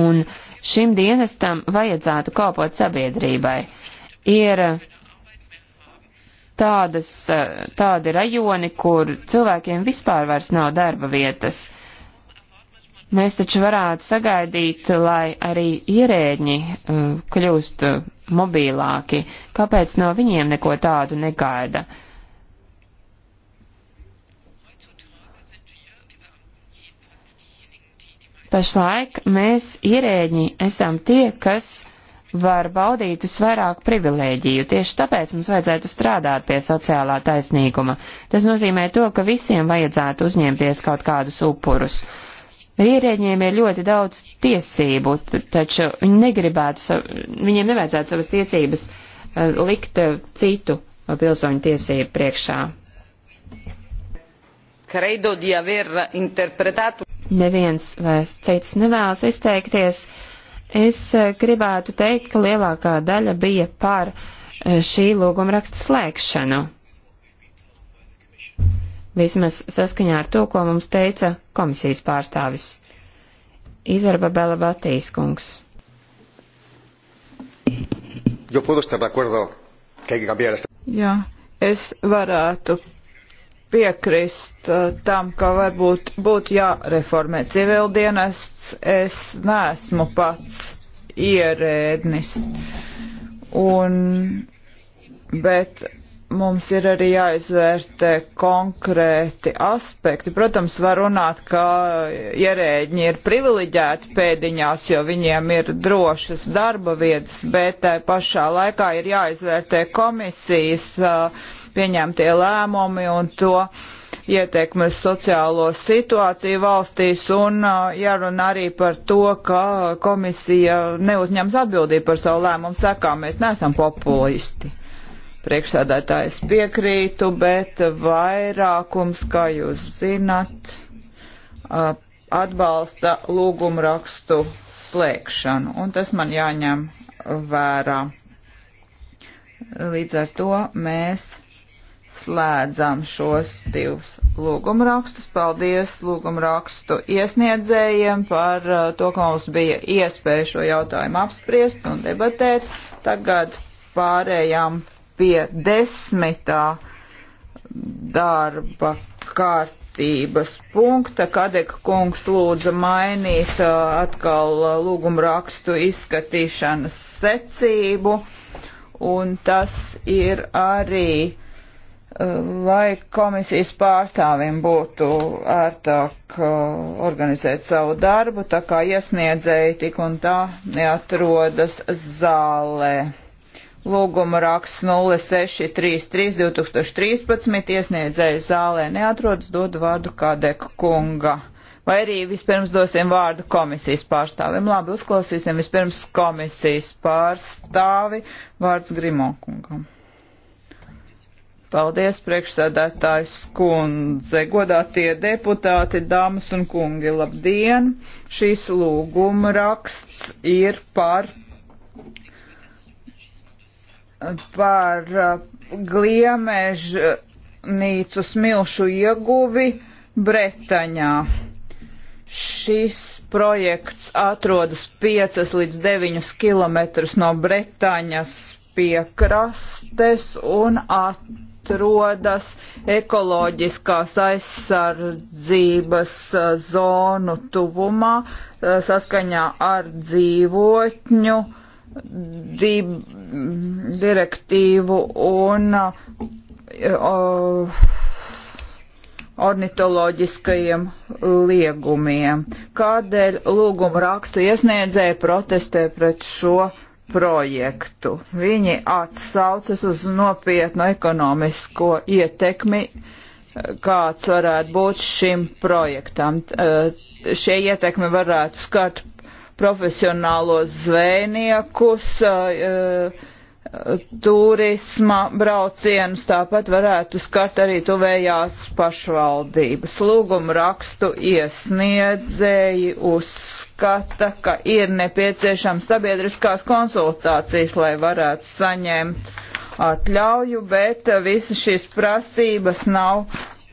Un uh, Šim dienestam vajadzētu kalpot sabiedrībai. Ir tādas, tādi rajoni, kur cilvēkiem vispār vairs nav darba vietas. Mēs taču varētu sagaidīt, lai arī ierēģi uh, kļūst uh, mobilāki. Kāpēc no viņiem neko tādu negaida? Pašlaik mēs ierēģi esam tie, kas var baudīt visvairāk privilēģiju. Tieši tāpēc mums vajadzētu strādāt pie sociālā taisnīguma. Tas nozīmē to, ka visiem vajadzētu uzņemties kaut kādus upurus. Ierēģiem ir ļoti daudz tiesību, taču viņi negribētu, viņiem nevajadzētu savas tiesības e, likt e, citu e, pilsoņu tiesību priekšā. Credo di aver interpretato neviens vairs cits nevēlas izteikties. Es eh, gribētu teikt, ka lielākā daļa bija par eh, šī lūgumraksta slēgšanu. Vismaz saskaņā ar to, ko mums teica komisijas pārstāvis. Izarba Bela Batīs kungs. Jā, es varētu piekrist uh, tam, ka varbūt būtu jāreformē civildienests. Es neesmu pats ierēdnis. Un, bet mums ir arī jāizvērtē konkrēti aspekti. Protams, var runāt, ka ierēģi ir privileģēti pēdiņās, jo viņiem ir drošas darba vietas, bet tai pašā laikā ir jāizvērtē komisijas uh, pieņemtie lēmumi un to ietekmes sociālo situāciju valstīs un jārunā arī par to, ka komisija neuzņems atbildību par savu lēmumu sekām. Mēs neesam populisti. Priekšsēdētājs piekrītu, bet vairākums, kā jūs zinat, atbalsta lūgumu rakstu slēgšanu, un tas man jāņem vērā. Līdz ar to mēs slēdzam šos divus lūgumrakstus. Paldies lūgumrakstu iesniedzējiem par uh, to, ka mums bija iespēja šo jautājumu apspriest un debatēt. Tagad pārējām pie desmitā darba kārtības punkta. Kadeka kungs lūdza mainīt uh, atkal uh, lūgumrakstu izskatīšanas secību. Un tas ir arī uh, lai komisijas pārstāvim būtu ērtāk uh, organizēt savu darbu, tā kā iesniedzēji tik un tā neatrodas zālē. Lūguma raksts 0633 2013 iesniedzēji zālē neatrodas, dodu vārdu Kadeka kunga. Vai arī vispirms dosim vārdu komisijas pārstāvim. Labi, uzklausīsim vispirms komisijas pārstāvi vārds Grimokungam. Paldies, priekšsēdētājs kundze, godātie deputāti, dāmas un kungi, labdien! Šīs lūguma raksts ir par, par uh, gliemežnīcu smilšu ieguvi Bretaņā. Šis projekts atrodas 5 līdz 9 km no Bretaņas piekrastes un at atrodas ekoloģiskās aizsardzības eh, zonu tuvumā eh, saskaņā ar dzīvotņu di direktīvu un uh, ornitoloģiskajiem liegumiem. Kādēļ lūguma rakstu iesniedzēja protestē pret šo projektu. Viņi atsaucas uz nopietnu ekonomisko ietekmi, kāds varētu būt šim projektam. Eh, šie ietekmi varētu skart profesionālos zvejniekus, eh, turisma braucienus, tāpat varētu skart arī tuvējās pašvaldības. Lūgumu rakstu iesniedzēji uz uzskata, ka ir nepieciešams sabiedriskās konsultācijas, lai varētu saņemt atļauju, bet visas šīs prasības nav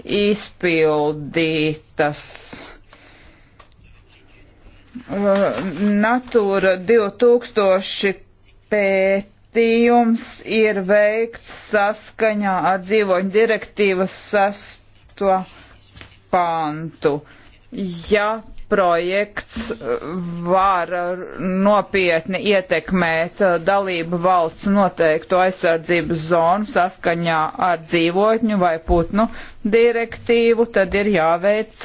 izpildītas. Natūra 2000 pētījums ir veikts saskaņā ar dzīvoņu direktīvas sesto pantu. Ja projekts eh, var eh, nopietni ietekmēt eh, dalību valsts noteikto aizsardzības zonu saskaņā ar dzīvotņu vai putnu direktīvu, tad ir jāveic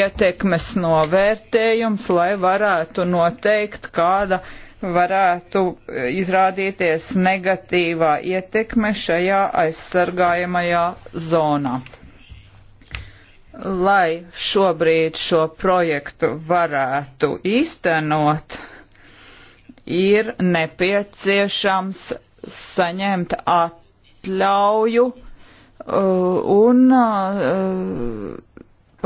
ietekmes novērtējums, lai varētu noteikt, kāda varētu izrādīties negatīvā ietekme šajā aizsargājamajā zonā lai šobrīd šo projektu varētu īstenot, ir nepieciešams saņemt atļauju uh, un uh,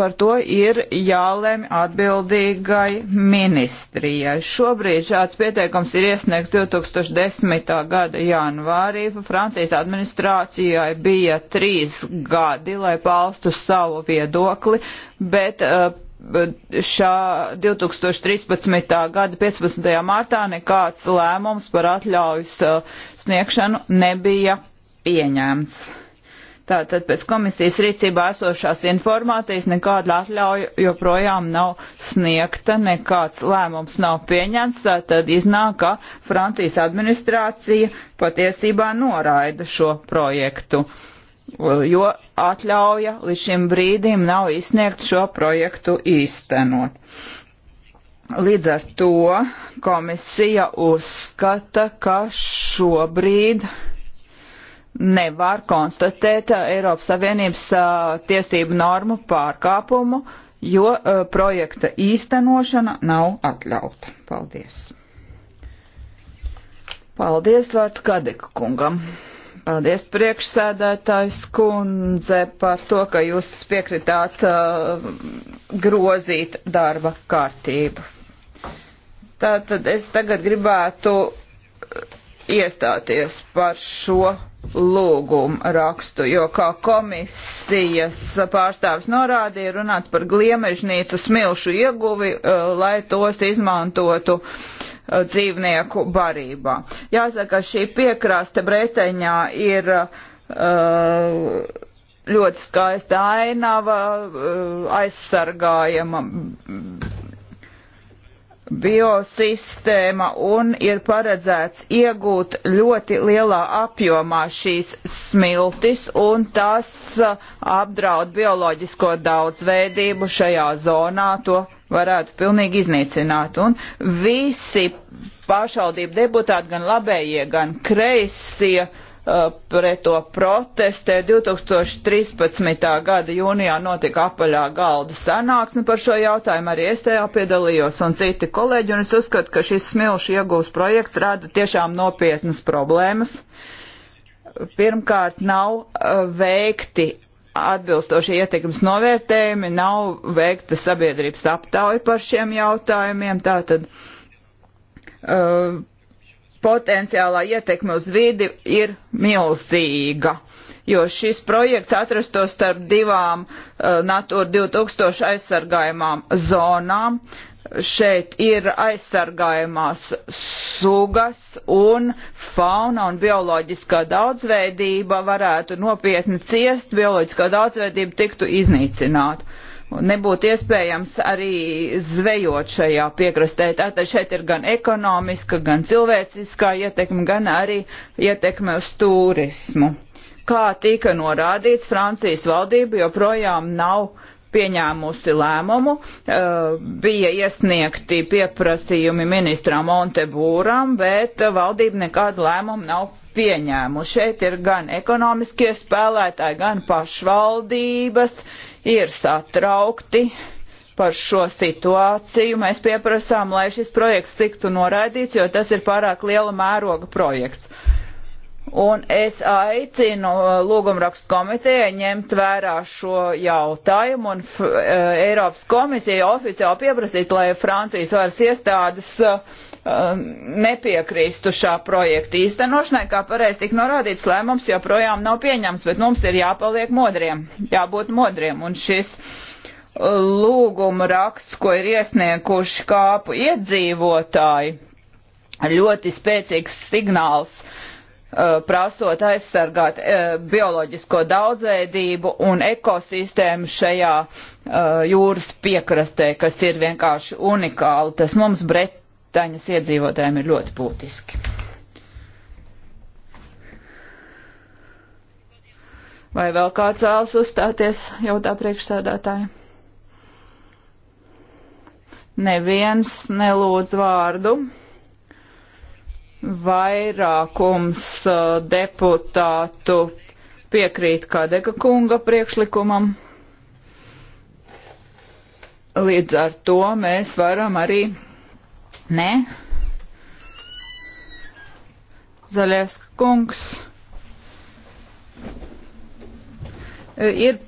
Par to ir jālem atbildīgai ministrijai. Šobrīd šāds pieteikums ir iesniegts 2010. gada janvārī. Francijas administrācijai bija trīs gadi, lai palstu savu viedokli, bet. Uh, šā 2013. gada 15. martā nekāds lēmums par atļaujas eh, sniegšanu nebija pieņemts. Tātad pēc komisijas rīcībā esošās informācijas nekāda atļauja joprojām nav sniegta, nekāds lēmums nav pieņemts, tātad iznāk, ka Francijas administrācija patiesībā noraida šo projektu, jo atļauja līdz šim brīdim nav izsniegt šo projektu īstenot. Līdz ar to komisija uzskata, ka šobrīd nevar konstatēt eh, Eiropas Savienības eh, tiesību normu pārkāpumu, jo eh, projekta īstenošana nav atļauta. Paldies! Paldies vārds Kadeka kungam! Paldies priekšsēdētājs kundze par to, ka jūs piekritāt uh, grozīt darba kārtību. Tātad es tagad gribētu iestāties par šo lūgumu rakstu, jo kā komisijas pārstāvis norādīja, runāts par gliemežnīcu smilšu ieguvi, eh, lai tos izmantotu eh, dzīvnieku barībā. Jāsaka, šī piekraste Breteņā ir eh, ļoti skaista ainava, aizsargājama biosistēma un ir paredzēts iegūt ļoti lielā apjomā šīs smiltis un tas apdraud bioloģisko daudzveidību šajā zonā, to varētu pilnīgi iznīcināt. Un visi pašvaldību deputāti, gan labējie, gan kreisie, Uh, pret to protestē. 2013. gada jūnijā notika apaļā galda sanāksme par šo jautājumu. Arī es tajā piedalījos un citi kolēģi, un es uzskatu, ka šis smilšu iegūs projekts rada tiešām nopietnas problēmas. Pirmkārt, nav uh, veikti atbilstoši ietekmes novērtējumi, nav veikta sabiedrības aptauja par šiem jautājumiem. Tātad, uh, potenciālā ietekme uz vidi ir milzīga, jo šis projekts atrastos starp divām uh, Natūra 2000 aizsargājumām zonām. Šeit ir aizsargājumās sugas un fauna un bioloģiskā daudzveidība varētu nopietni ciest, bioloģiskā daudzveidība tiktu iznīcināta nebūtu iespējams arī zvejot šajā piekrastē. Tātad šeit ir gan ekonomiska, gan cilvēciskā ietekme, gan arī ietekme uz turismu. Kā tika norādīts, Francijas valdība joprojām nav pieņēmusi lēmumu, eh, bija iesniegti pieprasījumi ministram Montebūram, bet valdība nekādu lēmumu nav pieņēmusi. Šeit ir gan ekonomiskie spēlētāji, gan pašvaldības, uh, ir satraukti par šo situāciju. Mēs pieprasām, lai šis projekts tiktu noraidīts, jo tas ir pārāk liela mēroga projekts. Un es aicinu uh, lūgumrakstu komitejai ņemt vērā šo jautājumu un F uh, Eiropas komisija oficiāli pieprasīt, lai Francijas varas iestādes uh, Um, nepiekrīstu šā projekta īstenošanai, kā pareizi tik norādīts, lēmums joprojām nav pieņems, bet mums ir jāpaliek modriem, jābūt modriem. Un šis uh, lūguma raksts, ko ir iesnieguši kāpu iedzīvotāji, ļoti spēcīgs signāls uh, prasot aizsargāt uh, bioloģisko daudzveidību un ekosistēmu šajā jūras piekrastē, kas ir vienkārši unikāli. Tas mums Bret Taņas iedzīvotājiem ir ļoti būtiski. Vai vēl kāds vēlas uzstāties, jautā priekšsēdētāji? Neviens nelūdz vārdu. Vairākums uh, deputātu piekrīt Kadeka kunga priekšlikumam. Līdz ar to mēs varam arī Ne. Zaļais kungs e, ir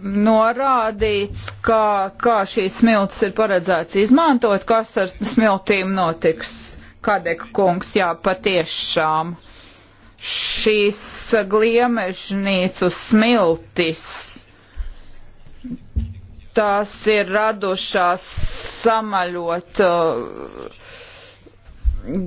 norādīts, kā, kā šīs smilts ir paredzēts izmantot, kas ar smiltīm notiks. Kadeka kungs, jā, patiešām šīs gliemežnīcu smiltis tās ir radušās samaļot uh,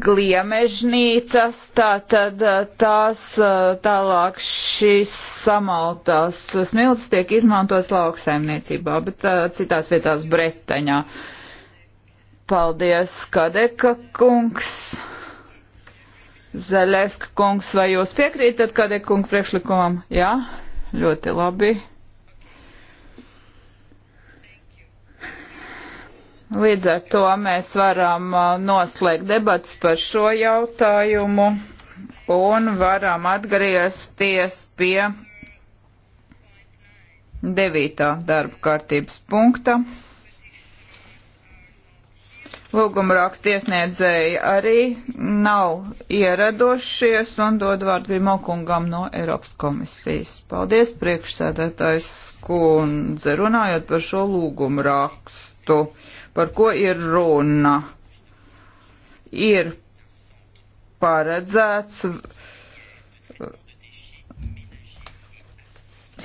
gliemežnīcas, tātad uh, tās uh, tālāk šīs samaltās smilts tiek izmantotas lauksaimniecībā, bet uh, citās vietās Bretaņā. Paldies, Kadeka kungs. Zaļevska kungs, vai jūs piekrītat Kadeka kungu priekšlikumam? Jā, ļoti labi. Līdz ar to mēs varam uh, noslēgt debats par šo jautājumu un varam atgriezties pie devītā darba kārtības punkta. Lūguma raksts iesniedzēji arī nav ieradošies un dod vārdu Grimokungam no Eiropas komisijas. Paldies, priekšsēdētājs kundze, runājot par šo lūgumu rakstu par ko ir runa. Ir paredzēts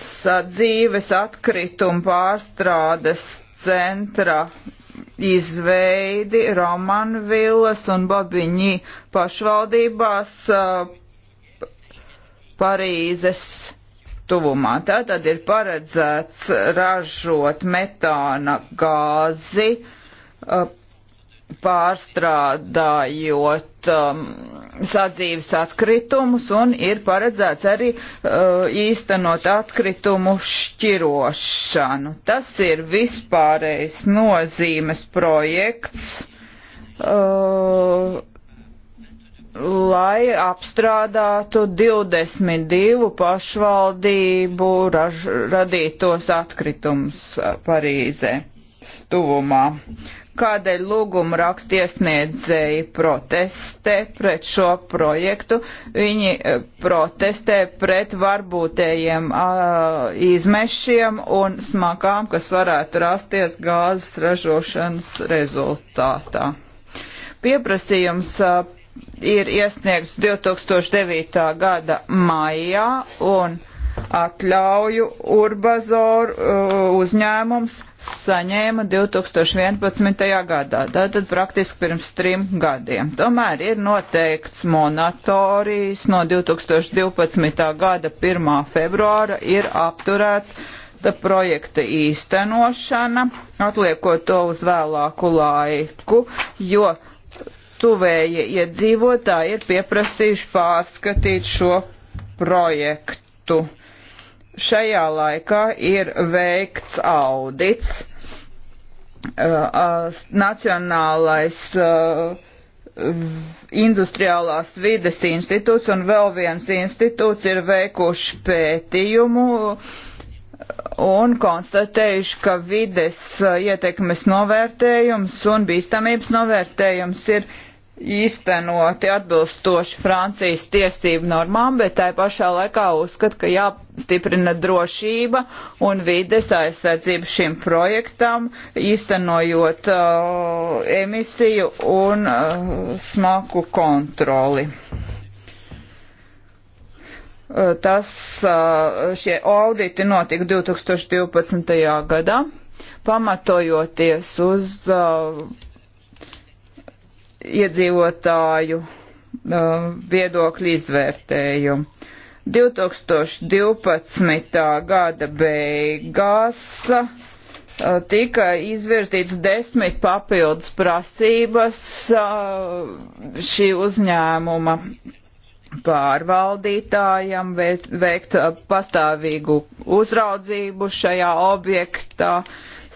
sadzīves atkritumu pārstrādes centra izveidi Romanvillas un Babiņī pašvaldībās Parīzes tuvumā. Tā tad ir paredzēts ražot metāna gāzi Uh, pārstrādājot um, sadzīves atkritumus un ir paredzēts arī uh, īstenot atkritumu šķirošanu. Tas ir vispārējais nozīmes projekts, uh, lai apstrādātu 22 pašvaldību raž, radītos atkritumus uh, Parīzē stuvumā. Uh, kādēļ lūguma rakstiesniedzēji protestē pret šo projektu. Viņi eh, protestē pret varbūtējiem uh, izmešiem un smakām, kas varētu rasties gāzes ražošanas rezultātā. Pieprasījums uh, ir iesniegts 2009. gada maijā un atļauju Urbazoru uh, uzņēmums saņēma 2011. gadā, tātad praktiski pirms trim gadiem. Tomēr ir noteikts monatorijas no 2012. gada 1. februāra ir apturēts projekta īstenošana, atliekot to uz vēlāku laiku, jo tuvējie iedzīvotāji ir pieprasījuši pārskatīt šo projektu šajā laikā ir veikts audits. Uh, uh, nacionālais uh, industriālās vides institūts un vēl viens institūts ir veikuši pētījumu un konstatējuši, ka vides uh, ietekmes novērtējums un bīstamības novērtējums ir īstenoti atbilstoši Francijas tiesību normām, bet tai pašā laikā uzskat, ka jāstiprina drošība un vides aizsardzība šim projektam, īstenojot uh, emisiju un uh, smaku kontroli. Uh, tas, uh, šie auditi notika 2012. gadā, pamatojoties uz uh, iedzīvotāju uh, viedokļu izvērtējumu. 2012. gada beigās uh, tika izvirzīts desmit papildus prasības uh, šī uzņēmuma pārvaldītājam veikt, veikt uh, pastāvīgu uzraudzību šajā objektā, uh,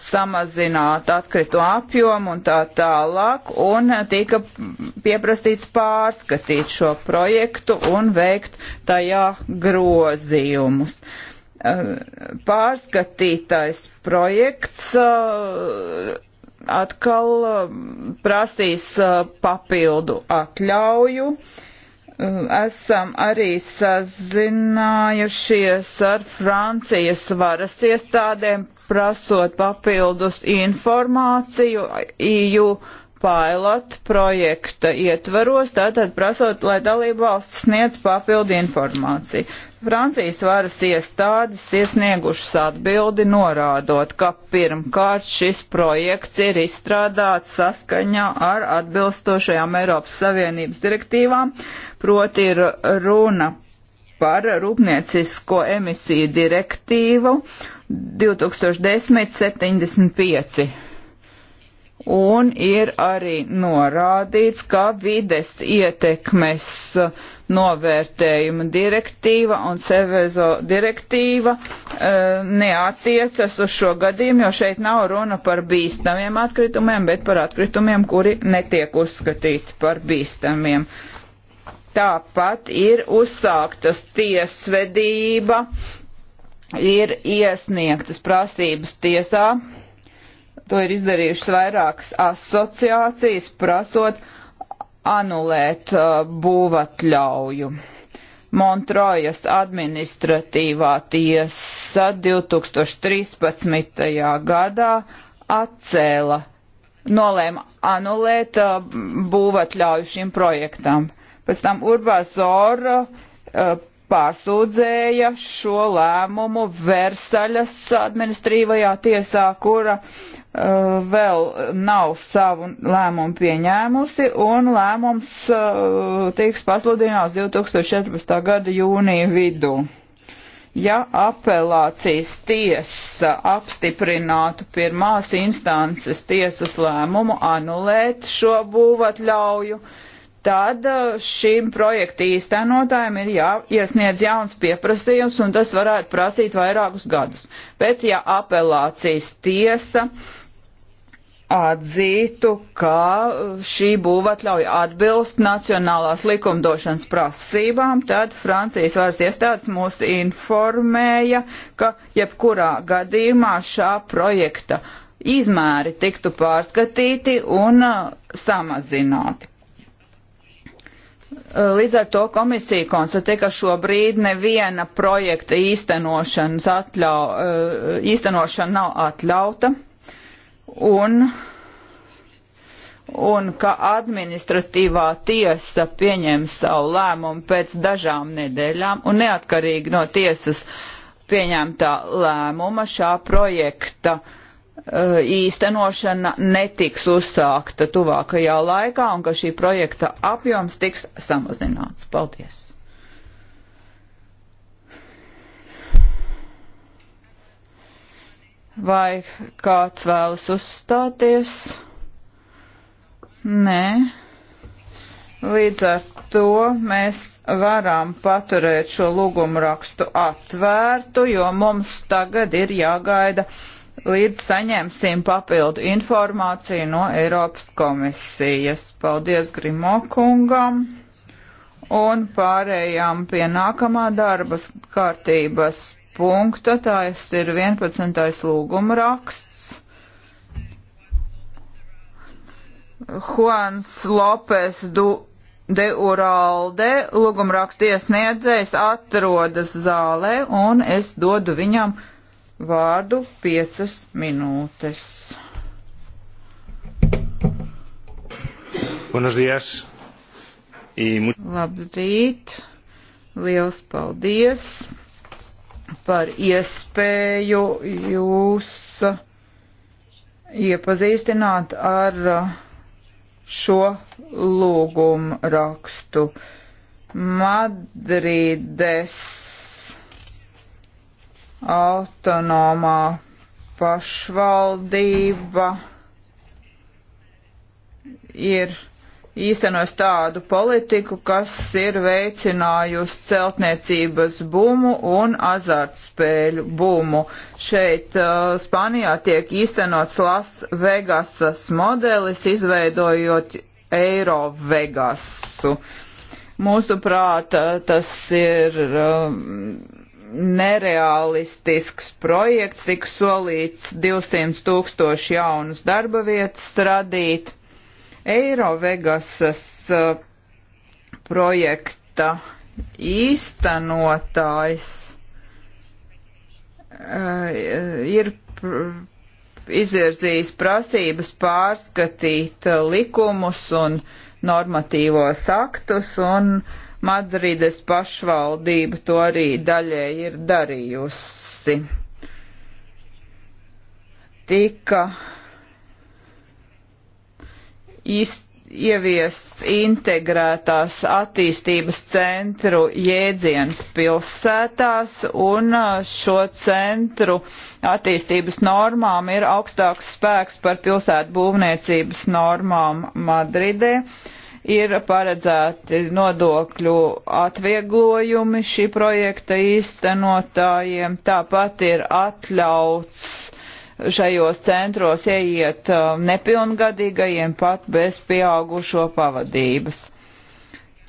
samazināt atkrito apjomu un tā tālāk, un tika pieprasīts pārskatīt šo projektu un veikt tajā grozījumus eh, pārskatītais projekts eh, atkal eh, prasīs papildu atļauju. Esam arī sazinājušies ar Francijas varas iestādēm prasot papildus informāciju EU pilot projekta ietvaros, tātad prasot, lai dalību valsts sniedz papildu informāciju. Francijas varas iestādes iesniegušas atbildi norādot, ka pirmkārt šis projekts ir izstrādāts saskaņā ar atbilstošajām Eiropas Savienības direktīvām, proti ir runa par rūpniecisko emisiju direktīvu 2010-75. Un ir arī norādīts, ka vides ietekmes novērtējuma direktīva un Sevezo direktīva e, neatiecas uz šo gadījumu, jo šeit nav runa par bīstamiem atkritumiem, bet par atkritumiem, kuri netiek uzskatīti par bīstamiem. E, Tāpat ir uzsāktas tiesvedība, ir iesniegtas prasības tiesā. To ir izdarījušas vairākas asociācijas, prasot anulēt uh, būvatļauju. Montrojas administratīvā tiesa 2013. gadā atcēla, nolēma anulēt uh, būvatļauju šim projektam. Pēc tam Urbās Zora eh, pārsūdzēja šo lēmumu Versaļas administrīvajā tiesā, kura uh, vēl nav savu lēmumu pieņēmusi, un lēmums uh, tiks pasludināts 2014. gada jūnija vidū. Ja apelācijas tiesa apstiprinātu pirmās instances tiesas lēmumu anulēt šo būvatļauju, ļauju, tad uh, šim projektu īstenotājiem ir jāiesniedz jauns pieprasījums, un tas varētu prasīt vairākus gadus. Pēc, ja apelācijas tiesa atzītu, ka šī būvatļauja atbilst nacionālās likumdošanas prasībām, tad Francijas varas iestādes mūs informēja, ka jebkurā gadījumā šā projekta izmēri tiktu pārskatīti un uh, samazināti Līdz ar to komisija konstatē, ka šobrīd neviena projekta īstenošanas atļau, eh, īstenošana nav atļauta un, un ka administratīvā tiesa pieņem savu lēmumu pēc dažām nedēļām un neatkarīgi no tiesas pieņemtā lēmuma šā projekta uh, Eh, īstenošana netiks uzsākta tuvākajā laikā un ka šī projekta apjoms tiks samazināts. Paldies! Vai kāds vēlas uzstāties? Nē. Līdz ar to mēs varam paturēt šo lūgumu rakstu atvērtu, jo mums tagad ir jāgaida līdz saņemsim papildu informāciju no Eiropas komisijas. Paldies Grimo kungam un pārējām pie nākamā darbas kārtības punkta. Tās ir 11. lūguma raksts. Juans Lopes du De Uralde lūgumrakstiesniedzējs atrodas zālē un es dodu viņam vārdu piecas minūtes. Buenos días. Y... Labrīt! Liels paldies par iespēju jūs iepazīstināt ar šo lūgumu rakstu. Madrides autonomā pašvaldība ir īstenos tādu politiku, kas ir veicinājusi celtniecības bumu un azartspēļu bumu. Šeit uh, Spānijā tiek īstenots Las Vegasas modelis, izveidojot Eiro Vegasu. Mūsuprāt, uh, tas ir um, nereālistisks projekts, tika solīts 200 tūkstoši jaunas darba vietas radīt. Eirovegasas uh, projekta īstenotājs uh, ir izvirzījis prasības pārskatīt likumus un normatīvos aktus un uh, Madrides pašvaldība to arī daļai ir darījusi. Tika īst, ieviests integrētās attīstības centru jēdziens pilsētās, un šo centru attīstības normām ir augstāks spēks par pilsētu būvniecības normām Madridē. Uh, ir paredzēti nodokļu atvieglojumi šī projekta īstenotājiem, tāpat ir atļauts šajos centros ieiet um, nepilngadīgajiem pat bez pieaugušo pavadības.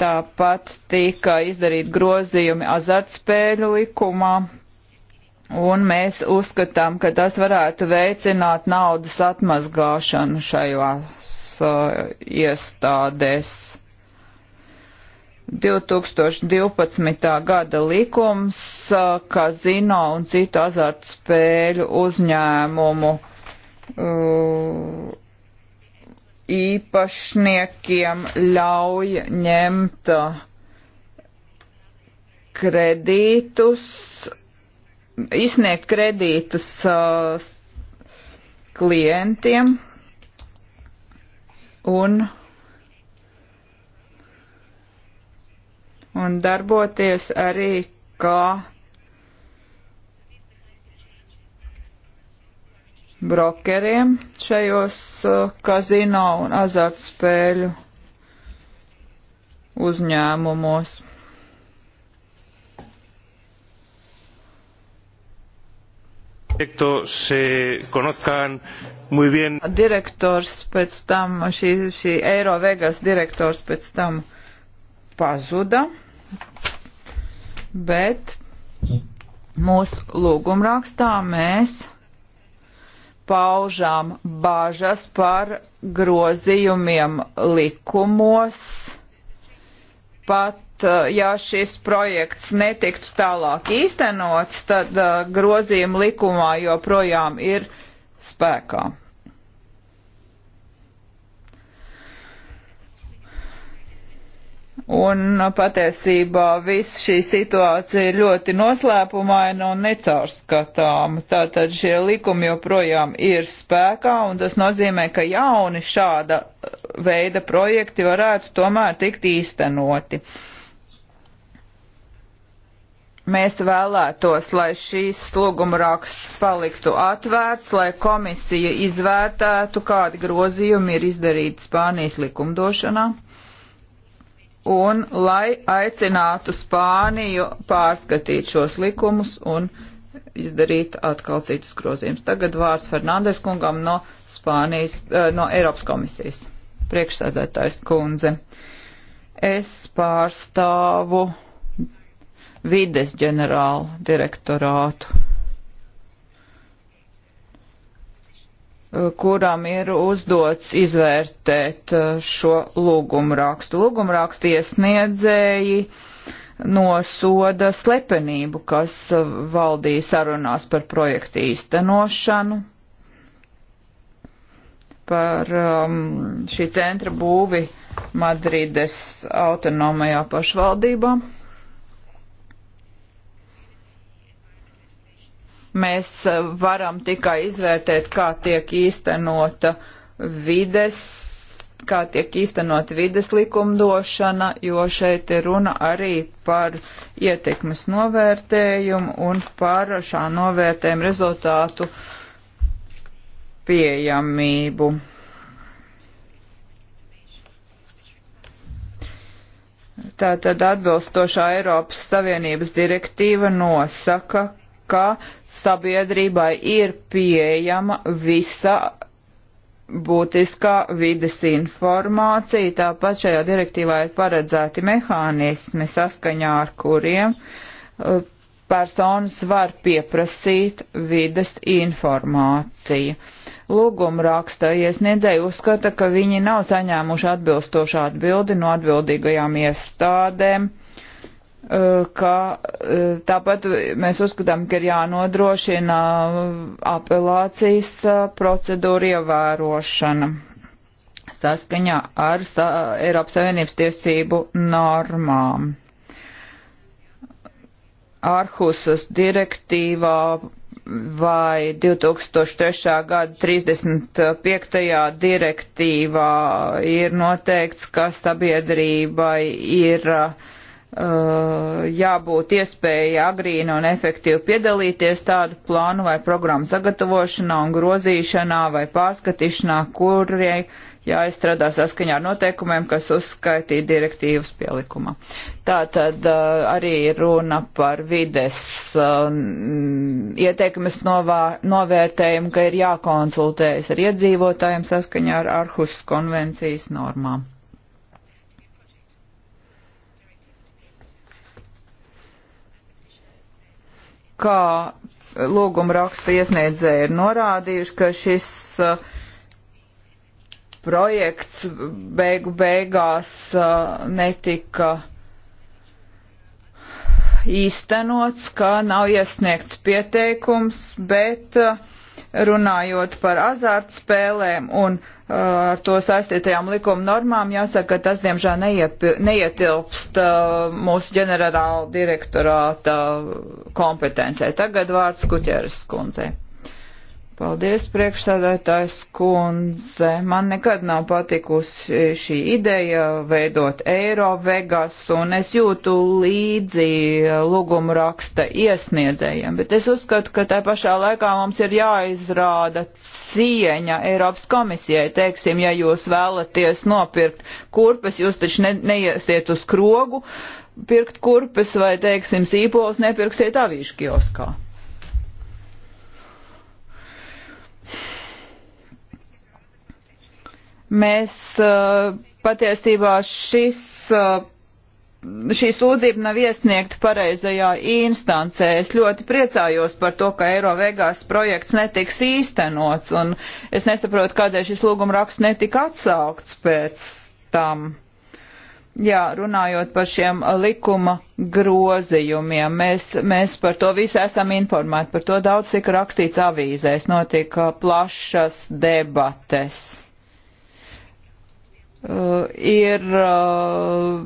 Tāpat tika izdarīt grozījumi azartspēļu likumā, un mēs uzskatām, ka tas varētu veicināt naudas atmazgāšanu šajos uh, iestādēs. 2012. gada likums uh, kazino un citu azartspēļu uzņēmumu uh, īpašniekiem ļauj ņemt uh, kredītus, izsniegt kredītus uh, klientiem un, un darboties arī kā brokeriem šajos uh, kazino un azartspēļu uzņēmumos. Direktors pēc tam, šī, šī Eiro Vegas direktors pēc tam pazuda, bet mūsu lūgumrakstā mēs paužām bāžas par grozījumiem likumos, pat Eh, ja šis projekts netiktu tālāk īstenots, tad eh, grozījumi likumā joprojām ir spēkā. Un eh, patiesībā viss šī situācija ir ļoti noslēpumaina un necaurskatāma. Tātad šie likumi joprojām ir spēkā, un tas nozīmē, ka jauni šāda veida projekti varētu tomēr tikt īstenoti. Uh, Mēs vēlētos, lai šīs sluguma raksts paliktu atvērts, lai komisija izvērtētu, kādi grozījumi ir izdarīti Spānijas likumdošanā, un lai aicinātu Spāniju pārskatīt šos likumus un izdarīt atkal citus grozījumus. Tagad vārds Fernandes kungam no Spānijas, eh, no Eiropas komisijas. Priekšsēdētājs kundze. Es pārstāvu vides ģenerālu direktorātu, kuram ir uzdots izvērtēt uh, šo lūgumrakstu. Lūgumrakstu iesniedzēji nosoda slepenību, kas uh, valdīja sarunās par projektu īstenošanu, par um, šī centra būvi Madrides autonomajā pašvaldībā. Mēs e, varam tikai izvērtēt, kā tiek īstenota vides, kā tiek īstenot vides likumdošana, jo šeit ir runa arī par ietekmes novērtējumu un par šā novērtējuma rezultātu pieejamību. Tātad atbilstošā Eiropas Savienības direktīva nosaka, ka sabiedrībai ir pieejama visa būtiskā vides informācija. Tāpat šajā direktīvā ir paredzēti mehānismi, saskaņā ar kuriem uh, personas var pieprasīt vides informāciju. Lūguma raksta iesniedzēji uzskata, ka viņi nav saņēmuši atbilstošu atbildi no atbildīgajām iestādēm. Uh, Eh, ka eh, tāpat mēs uzskatām, ka ir jānodrošina eh, apelācijas procedūra ievērošana saskaņā ar Eiropas Savienības tiesību normām. Arhusas direktīvā vai 2003. gada 35. direktīvā ir noteikts, ka sabiedrībai ir uh, Uh, jābūt iespēja agrīni un efektīvi piedalīties tādu plānu vai programmu sagatavošanā un grozīšanā vai pārskatīšanā, kurai jāizstrādā saskaņā ar noteikumiem, kas uzskaitīja direktīvas pielikumā. Tā tad uh, arī runa par vides uh, ieteikumas novērtējumu, ka ir jākonsultējas ar iedzīvotājiem saskaņā ar Arhus konvencijas normām. kā lūguma raksta iesniedzēji ir norādījuši, ka šis uh, projekts beigu beigās uh, netika īstenots, ka nav iesniegts pieteikums, bet uh, runājot par azartspēlēm un uh, ar uh, to saistītajām likuma normām, jāsaka, ka tas diemžēl neiep, neietilpst uh, mūsu ģenerāla direktorāta kompetencē. Tagad vārds Kuķeres kundzei. Paldies, priekšsādātājs kundze. Man nekad nav patikusi šī ideja veidot Eiro Vegas, un es jūtu līdzi lūgumu raksta iesniedzējiem, bet es uzskatu, ka tā pašā laikā mums ir jāizrāda cieņa Eiropas komisijai. Teiksim, ja jūs vēlaties nopirkt kurpes, jūs taču ne, neiesiet uz krogu pirkt kurpes vai, teiksim, sīpols nepirksiet avīšu kioskā. Mēs uh, patiesībā šis uh, šī sūdzība nav iesniegta pareizajā instancē. Es ļoti priecājos par to, ka Eirovegās projekts netiks īstenots, un es nesaprotu, kādēļ šis lūguma raksts netika atsaukts pēc tam. Jā, runājot par šiem likuma grozījumiem, mēs, mēs par to visu esam informēti, par to daudz tika rakstīts avīzēs, notika plašas debates Uh, ir uh,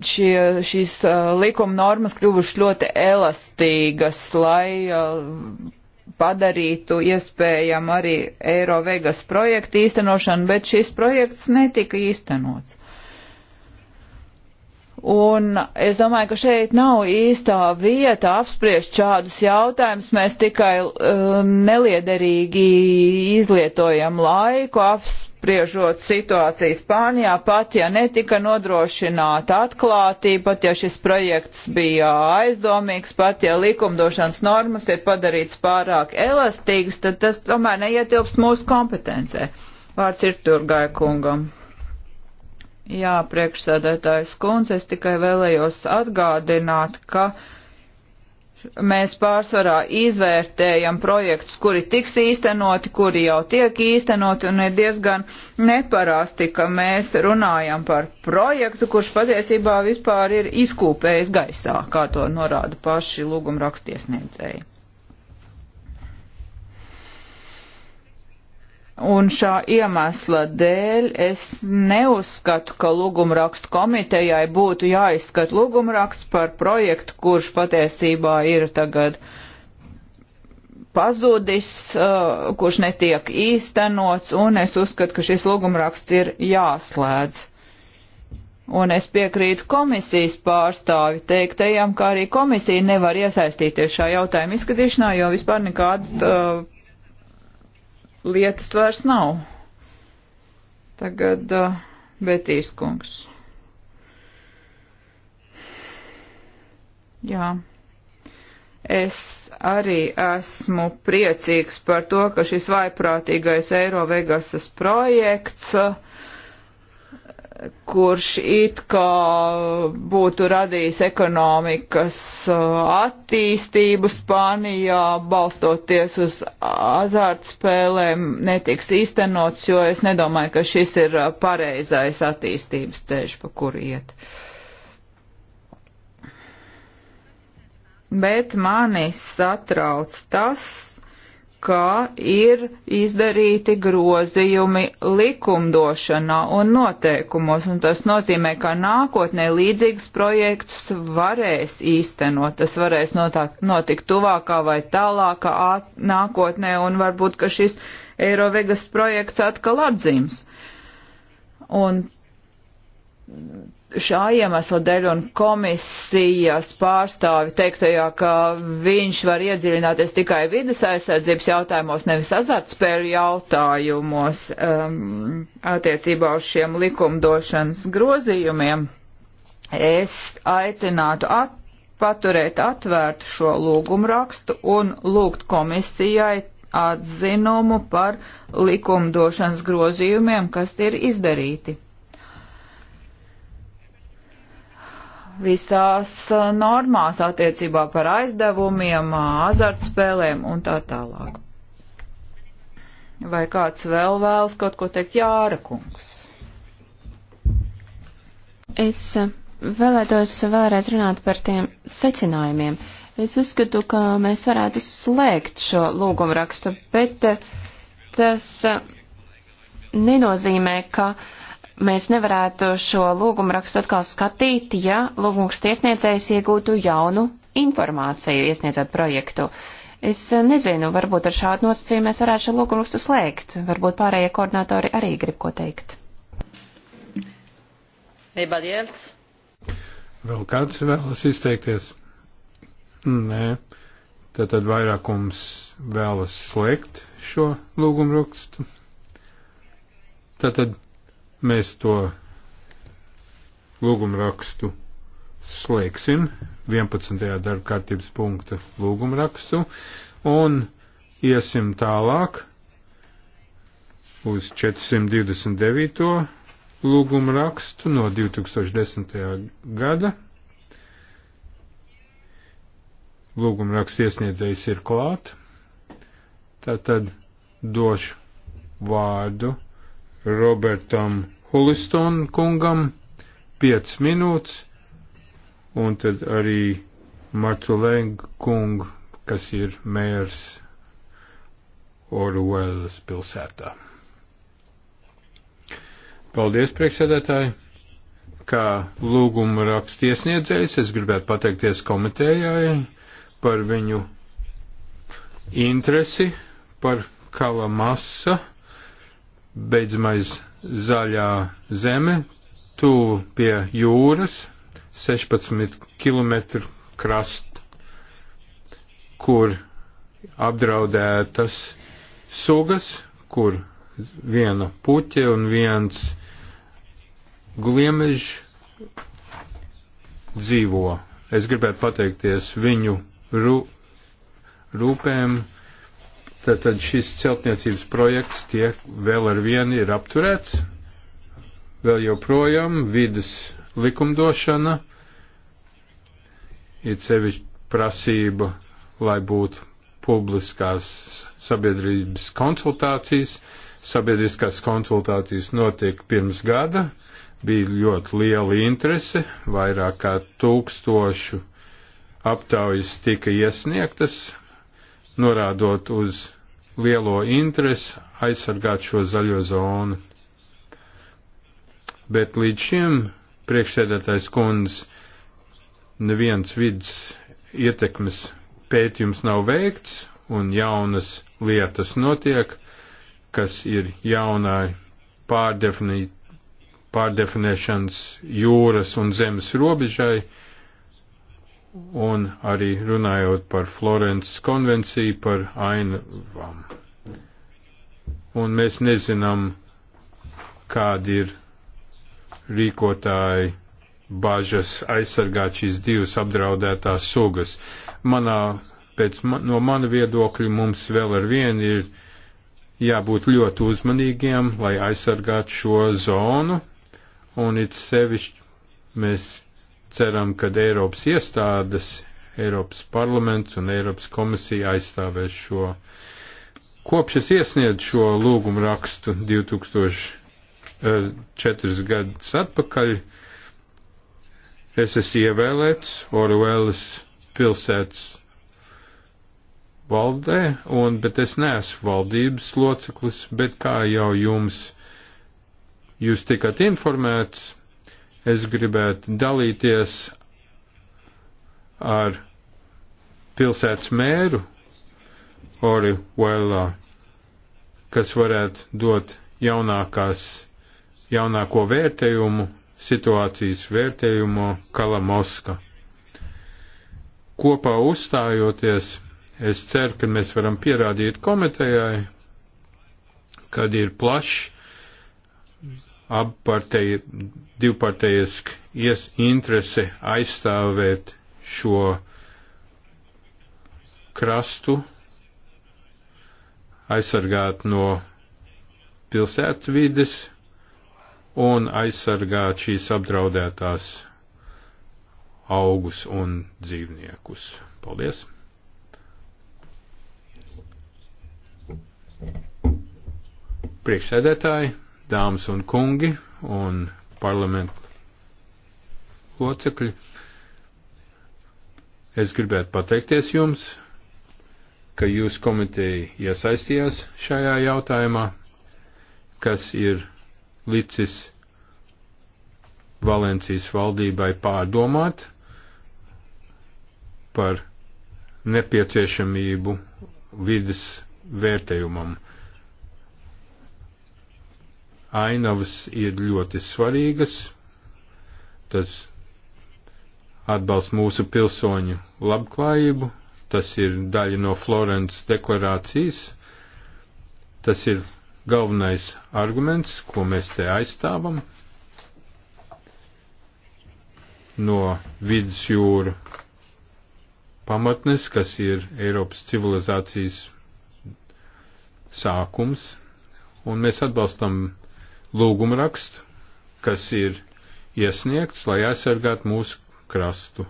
šie, šīs uh, likuma normas kļuvušas ļoti elastīgas, lai padarītu iespējam arī Eirovegas projektu īstenošanu, bet šis projekts netika īstenots. Un es domāju, ka šeit nav īstā vieta apspriest šādus jautājumus. Mēs tikai uh, neliederīgi izlietojam laiku, apspriest apspriežot situāciju Spānijā, pat ja netika nodrošināta atklātība, pat ja šis projekts bija aizdomīgs, pat ja likumdošanas normas ir padarīts pārāk elastīgas, tad tas tomēr neietilpst mūsu kompetencē. Vārds ir Turgai kungam. Jā, priekšsēdētājs kundze, es tikai vēlējos atgādināt, ka uh, Mēs pārsvarā izvērtējam projektus, kuri tiks īstenoti, kuri jau tiek īstenoti, un ir diezgan neparasti, ka mēs runājam par projektu, kurš patiesībā vispār ir izkūpējis gaisā, kā to norāda paši lūgumrakstiesniedzēji. Un šā iemesla dēļ es neuzskatu, ka lūgumrakstu komitejai būtu jāizskat lūgumraksts par projektu, kurš patiesībā ir tagad pazudis, uh, kurš netiek īstenots, un es uzskatu, ka šis lūgumraksts ir jāslēdz. Un es piekrītu komisijas pārstāvi teiktajam, ka arī komisija nevar iesaistīties šā jautājuma izskatīšanā, jo vispār nekāds uh, lietas vairs nav. Tagad uh, Betīs kungs. Jā. Es arī esmu priecīgs par to, ka šis vaiprātīgais Eirovegasas projekts uh, kurš it kā būtu radījis ekonomikas uh, attīstību Spānijā, balstoties uz azartspēlēm, netiks īstenots, jo es nedomāju, ka šis ir uh, pareizais attīstības ceļš, pa kuru iet. Bet mani satrauc tas, ka ir izdarīti grozījumi likumdošanā un noteikumos, un tas nozīmē, ka nākotnē līdzīgs projekts varēs īstenot, tas varēs notāk, notikt tuvākā vai tālākā nākotnē, un varbūt, ka šis Eirovegas projekts atkal atzīms. Un šā iemesla dēļ un komisijas pārstāvi teiktajā, ka viņš var iedziļināties tikai vidas aizsardzības jautājumos, nevis azartspēļu jautājumos um, attiecībā uz šiem likumdošanas grozījumiem, es aicinātu at paturēt atvērtu šo lūgumrakstu un lūgt komisijai atzinumu par likumdošanas grozījumiem, kas ir izdarīti. visās normās attiecībā par aizdevumiem, azartspēlēm un tā tālāk. Vai kāds vēl vēlas kaut ko teikt Jāra kungs? Es vēlētos vēlreiz runāt par tiem secinājumiem. Es uzskatu, ka mēs varētu slēgt šo lūgumu rakstu, bet tas nenozīmē, ka uh, mēs nevarētu šo lūgumu rakstu atkal skatīt, ja lūgums tiesniecējs iegūtu jaunu informāciju, iesniedzot projektu. Es nezinu, varbūt ar šādu nosacījumu mēs varētu šo lūgumu rakstu slēgt. Varbūt pārējie koordinatori arī grib ko teikt. Vēl kāds vēlas izteikties? Nē. Tātad vairākums vēlas slēgt šo lūgumu rakstu. Tātad Mēs to lūgumu rakstu slēgsim 11. darba kārtības punkta lūgumu rakstu un iesim tālāk uz 429. lūgumu rakstu no 2010. gada. Lūgumu raksts iesniedzējs ir klāt. Tātad došu vārdu Robertam Huliston kungam 5 minūtes, un tad arī Marculēng kung, kas ir mērs Orwellas pilsētā. Paldies, priekšsēdētāji! Kā lūguma rakstiesniedzējs, es gribētu pateikties komitējai par viņu interesi par kalamasa beidzamais zaļā zeme, tuvu pie jūras, 16 km krast, kur apdraudētas sugas, kur viena puķe un viens gliemež dzīvo. Es gribētu pateikties viņu rūpēm Tātad šis celtniecības projekts tiek vēl ar vienu ir apturēts, vēl joprojām vidas likumdošana, ir sevišķi prasība, lai būtu publiskās sabiedrības konsultācijas. Sabiedriskās konsultācijas notiek pirms gada, bija ļoti liela interese, vairāk kā tūkstošu aptaujas tika iesniegtas, norādot uz lielo interesi aizsargāt šo zaļo zonu. Bet līdz šim priekšsēdētājs kundzes neviens vidas ietekmes pētījums nav veikts un jaunas lietas notiek, kas ir jaunai pārdefinīt, pārdefinēšanas jūras un zemes robežai, un arī runājot par Florences konvenciju par ainavām. Un mēs nezinām, kādi ir rīkotāji bažas aizsargāt šīs divas apdraudētās sugas. Manā, pēc man, no mana viedokļa mums vēl ar vienu ir jābūt ļoti uzmanīgiem, lai aizsargātu šo zonu, un it sevišķi mēs ceram, ka Eiropas iestādes, Eiropas parlaments un Eiropas komisija aizstāvēs šo. Kopš es iesniedzu šo lūgumu rakstu 2004 gadus atpakaļ, es esmu ievēlēts Orvēlas pilsētas valdē, un, bet es neesmu valdības loceklis, bet kā jau jums, jūs tikat informēts, es gribētu dalīties ar pilsētas mēru Ori Uelā, kas varētu dot jaunākās, jaunāko vērtējumu, situācijas vērtējumu Kalamoska. Kopā uzstājoties, es ceru, ka mēs varam pierādīt komitejai, kad ir plašs appartei, divparteisk ies interese aizstāvēt šo krastu, aizsargāt no pilsētvides un aizsargāt šīs apdraudētās augus un dzīvniekus. Paldies! Priekšsēdētāji! dāmas un kungi un parlamentu locekļi. Es gribētu pateikties jums, ka jūs komiteja iesaistījās šajā jautājumā, kas ir licis Valencijas valdībai pārdomāt par nepieciešamību vidas vērtējumam ainavas ir ļoti svarīgas. Tas atbalsta mūsu pilsoņu labklājību, tas ir daļa no Florences deklarācijas, tas ir galvenais arguments, ko mēs te aizstāvam no vidusjūra pamatnes, kas ir Eiropas civilizācijas sākums, un mēs atbalstam lūgumrakstu, kas ir iesniegts, lai aizsargātu mūsu krastu.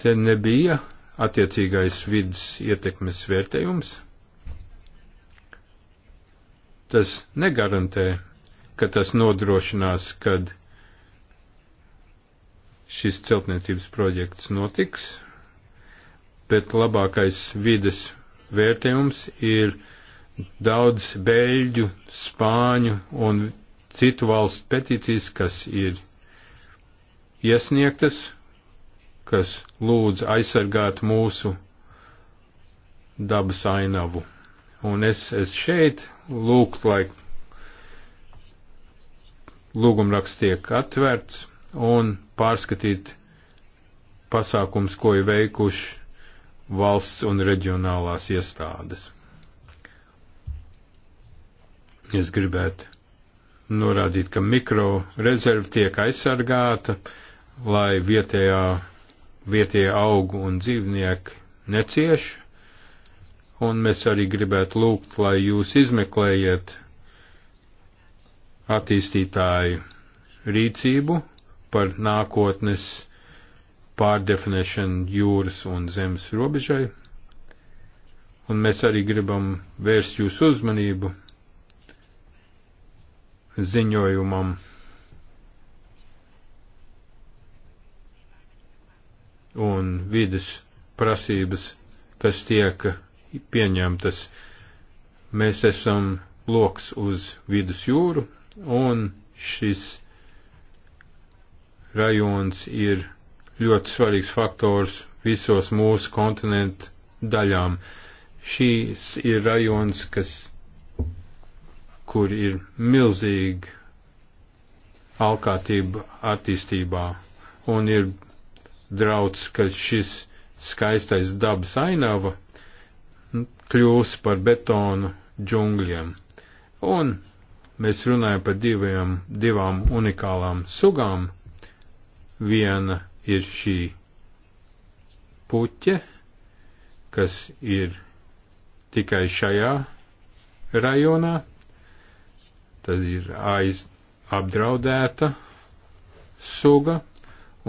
Te nebija attiecīgais vidas ietekmes vērtējums. Tas negarantē, ka tas nodrošinās, kad šis celtniecības projekts notiks, bet labākais vides vērtējums ir daudz beļģu, spāņu un citu valstu petīcijas, kas ir iesniegtas, kas lūdz aizsargāt mūsu dabas ainavu. Un es, es šeit lūgtu, lai lūgumraksts tiek atverts un pārskatīt pasākums, ko ir veikuši valsts un reģionālās iestādes. Es gribētu norādīt, ka mikro rezerva tiek aizsargāta, lai vietējā, vietējā augu un dzīvnieki necieš, un mēs arī gribētu lūgt, lai jūs izmeklējiet attīstītāju rīcību par nākotnes pārdefinēšanu jūras un zemes robežai, un mēs arī gribam vērst jūsu uzmanību ziņojumam un vidas prasības, kas tiek pieņemtas. Mēs esam loks uz vidus jūru, un šis rajons ir ļoti svarīgs faktors visos mūsu kontinentu daļām. Šīs ir rajons, kas, kur ir milzīga alkātība attīstībā un ir drauds, ka šis skaistais dabas ainava kļūs par betonu džungļiem. Un mēs runājam par diviem, divām unikālām sugām. Viena ir šī puķe, kas ir tikai šajā rajonā, tad ir aiz apdraudēta suga,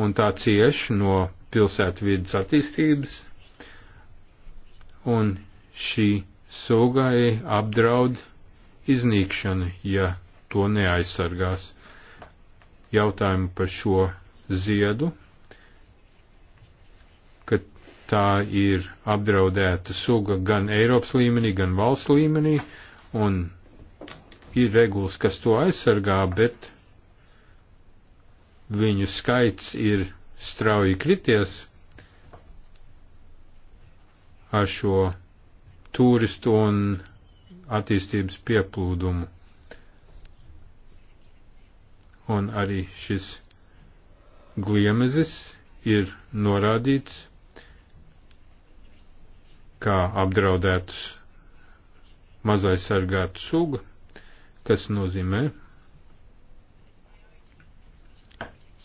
un tā cieš no pilsētu vidas attīstības, un šī sugai apdraud iznīkšanu, ja to neaizsargās. Jautājumu par šo ziedu tā ir apdraudēta suga gan Eiropas līmenī, gan valsts līmenī, un ir regulas, kas to aizsargā, bet viņu skaits ir strauji krities ar šo turistu un attīstības pieplūdumu. Un arī šis gliemezis ir norādīts kā apdraudētus mazaisargātu sugu, kas nozīmē,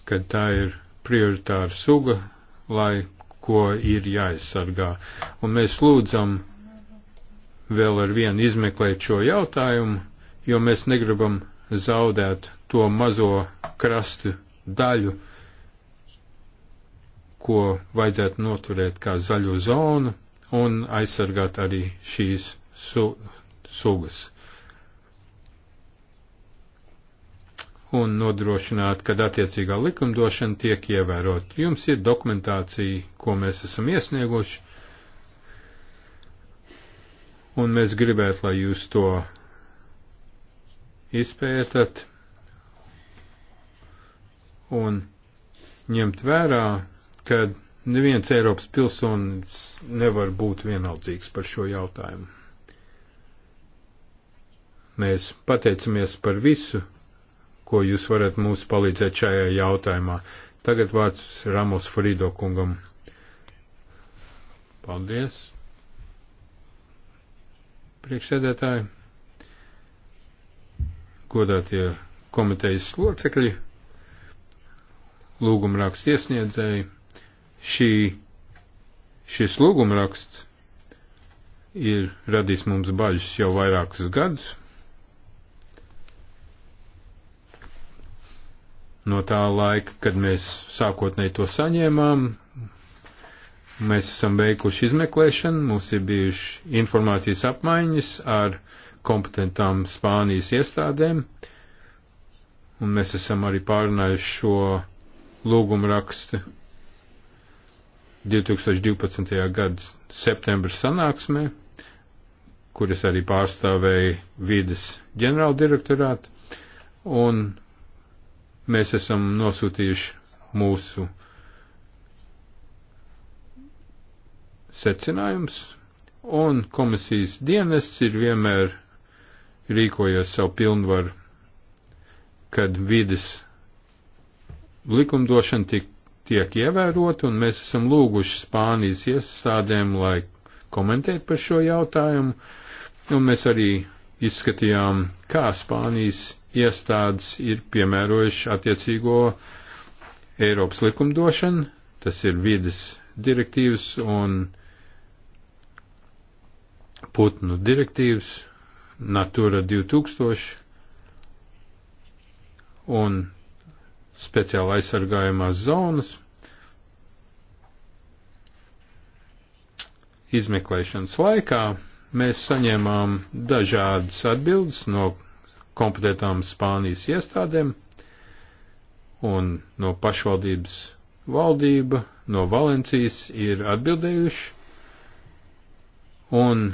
ka tā ir prioritāra suga, lai ko ir jāaizsargā. Un mēs lūdzam vēl ar vienu izmeklēt šo jautājumu, jo mēs negribam zaudēt to mazo krastu daļu, ko vajadzētu noturēt kā zaļo zonu, un aizsargāt arī šīs su, sugas. Un nodrošināt, ka attiecīgā likumdošana tiek ievērot. Jums ir dokumentācija, ko mēs esam iesnieguši, un mēs gribētu, lai jūs to izpētat un ņemt vērā, kad Neviens Eiropas pilsonis nevar būt vienaldzīgs par šo jautājumu. Mēs pateicamies par visu, ko jūs varat mums palīdzēt šajā jautājumā. Tagad vārds Ramos Frido kungam. Paldies. Priekšsēdētāji, godātie komitejas locekļi, lūgumraksts iesniedzēji Šī, šis lūgumraksts ir radījis mums bažas jau vairākus gadus. No tā laika, kad mēs sākotnēji to saņēmām, mēs esam veikuši izmeklēšanu, mums ir bijuši informācijas apmaiņas ar kompetentām Spānijas iestādēm, un mēs esam arī pārunājuši šo lūgumu rakstu 2012. gada septembra sanāksmē, kuras arī pārstāvēja vīdes ģenerāldirektorātu, un mēs esam nosūtījuši mūsu secinājums, un komisijas dienests ir vienmēr rīkojies savu pilnvaru, kad vidas likumdošana tik tiek ievēroti, un mēs esam lūguši Spānijas iestādēm, lai komentētu par šo jautājumu, un mēs arī izskatījām, kā Spānijas iestādes ir piemērojuši attiecīgo Eiropas likumdošanu, tas ir vides direktīvas un putnu direktīvas, Natura 2000 un speciāli aizsargājumās zonas, izmeklēšanas laikā mēs saņēmām dažādas atbildes no kompetentām Spānijas iestādēm un no pašvaldības valdība, no Valencijas ir atbildējuši un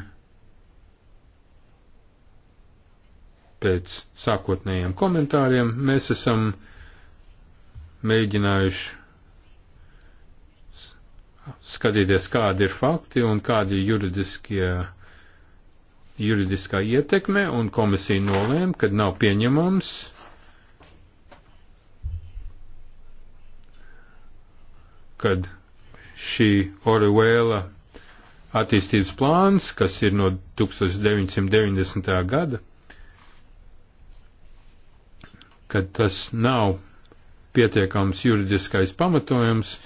pēc sākotnējiem komentāriem mēs esam mēģinājuši skatīties, kādi ir fakti un kādi ir juridiskie, juridiskā ietekme, un komisija nolēma, ka nav pieņemams kad šī Oruēla attīstības plāns, kas ir no 1990. gada, kad tas nav pietiekams juridiskais pamatojums,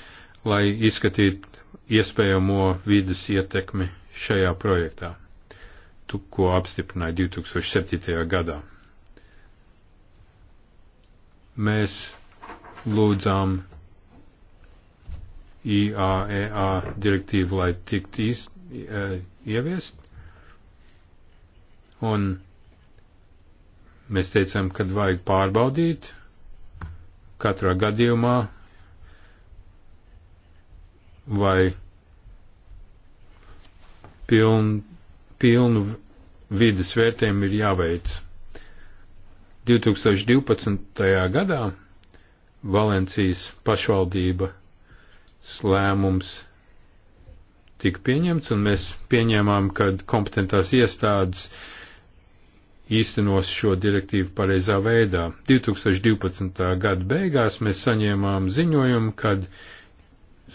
lai izskatītu iespējamo vidas ietekmi šajā projektā, tu, ko apstiprināja 2007. gadā. Mēs lūdzām IAEA e direktīvu, lai tiktu e, ieviest, un mēs teicām, kad vajag pārbaudīt katrā gadījumā vai piln, pilnu vidas vērtējumu ir jāveic. 2012. gadā Valencijas pašvaldība slēmums tika pieņemts, un mēs pieņēmām, ka kompetentās iestādes uh, īstenos šo direktīvu pareizā veidā. 2012. gada beigās mēs saņēmām ziņojumu, kad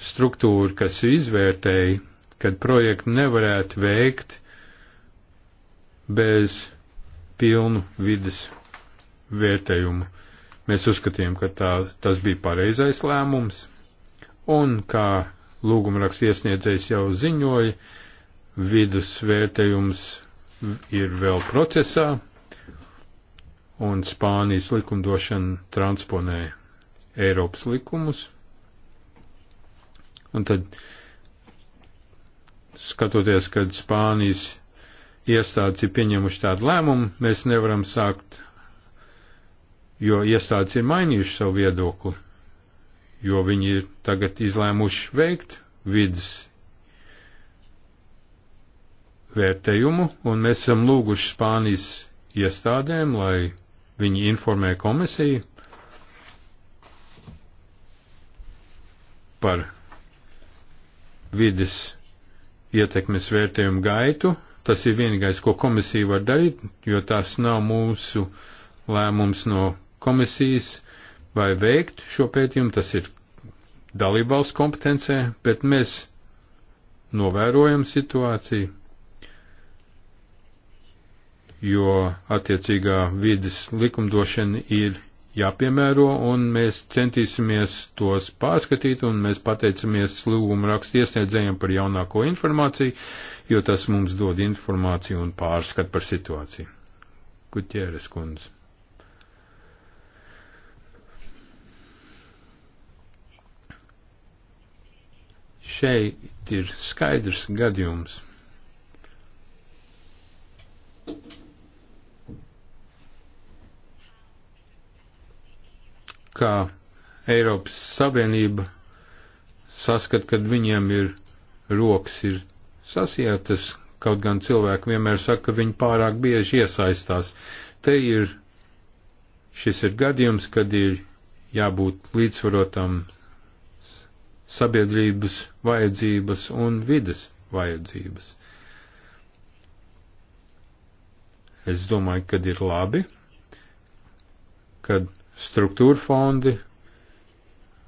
struktūra, kas izvērtēja, kad projektu nevarētu veikt bez pilnu vidas vērtējumu. Mēs uzskatījām, ka tā, tas bija pareizais lēmums, un kā lūgumraks iesniedzējs jau ziņoja, vidus vērtējums ir vēl procesā, un Spānijas likumdošana transponē Eiropas likumus. Un tad, skatoties, kad Spānijas iestādes ir pieņemuši tādu lēmumu, mēs nevaram sākt, jo iestādes ir mainījuši savu viedokli, jo viņi ir tagad izlēmuši veikt vidas vērtējumu, un mēs esam lūguši Spānijas iestādēm, lai viņi informē komisiju par vides ietekmes vērtējumu gaitu. Tas ir vienīgais, ko komisija var darīt, jo tas nav mūsu lēmums no komisijas vai veikt šo pētījumu, tas ir dalībvalsts kompetencē, bet mēs novērojam situāciju jo attiecīgā vidas likumdošana ir jāpiemēro, un mēs centīsimies tos pārskatīt, un mēs pateicamies lūguma rakstu iesniedzējiem par jaunāko informāciju, jo tas mums dod informāciju un pārskat par situāciju. Kuķieres kundze. Šeit ir skaidrs gadījums. kā Eiropas Savienība saskat, kad viņiem ir rokas ir sasietas, kaut gan cilvēki vienmēr saka, ka viņi pārāk bieži iesaistās. Te ir, šis ir gadījums, kad ir jābūt līdzsvarotam sabiedrības vajadzības un vides vajadzības. Es domāju, kad ir labi, kad struktūra fondi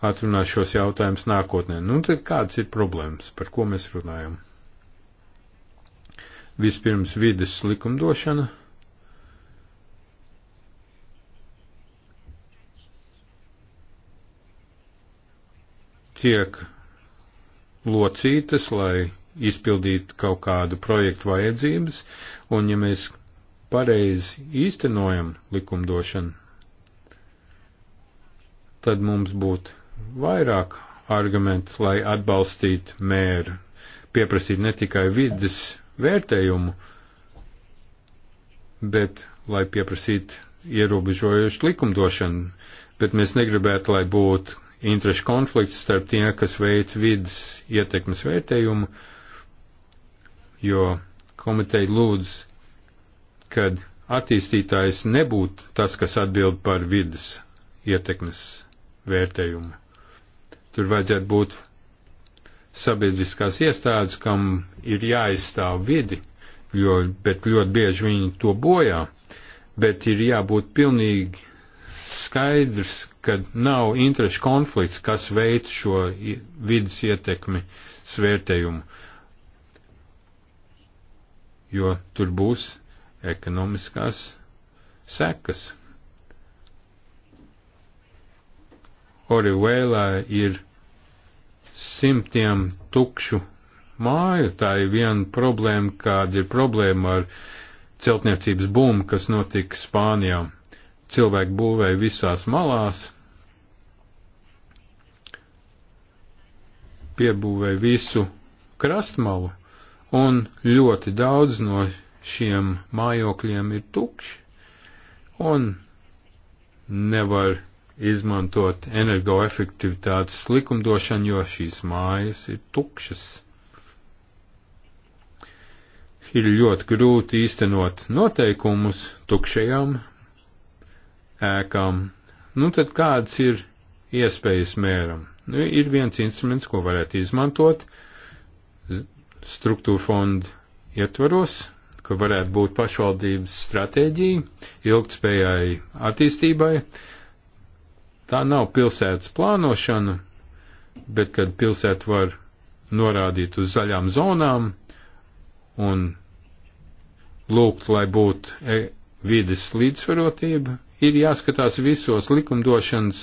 atrunās šos jautājumus nākotnē. Nu, tad kādas ir problēmas, par ko mēs runājam? Vispirms vides likumdošana. Tiek locītas, lai izpildītu kaut kādu projektu vajadzības, un ja mēs pareizi īstenojam likumdošanu, tad mums būtu vairāk argumentu, lai atbalstītu mēru, pieprasīt ne tikai vidas vērtējumu, bet lai pieprasītu ierobežojuši likumdošanu, bet mēs negribētu, lai būtu interešu konflikts starp tiem, kas veic vidas ietekmes vērtējumu, jo komiteja lūdz, kad attīstītājs nebūtu tas, kas atbild par vidas ietekmes vērtējumu. Tur vajadzētu būt sabiedriskās iestādes, kam ir jāizstāv vidi, jo, bet ļoti bieži viņi to bojā, bet ir jābūt pilnīgi skaidrs, ka nav interešu konflikts, kas veic šo vidas ietekmi svērtējumu, jo tur būs ekonomiskās sekas. Orivēlē ir simtiem tukšu māju, tā ir viena problēma, kāda ir problēma ar celtniecības būmu, kas notika Spānijā. Cilvēki būvēja visās malās, piebūvēja visu krastmalu, un ļoti daudz no šiem mājokļiem ir tukši, un nevar izmantot energoefektivitātes likumdošanu, jo šīs mājas ir tukšas. Ir ļoti grūti īstenot noteikumus tukšajām ēkām. Nu tad kāds ir iespējas mēram? Nu, ir viens instruments, ko varētu izmantot struktūra fonda ietvaros, ka varētu būt pašvaldības stratēģija ilgtspējai attīstībai, uh, Tā nav pilsētas plānošana, bet kad pilsēta var norādīt uz zaļām zonām un lūgt, lai būtu e vides līdzsvarotība, ir jāskatās visos likumdošanas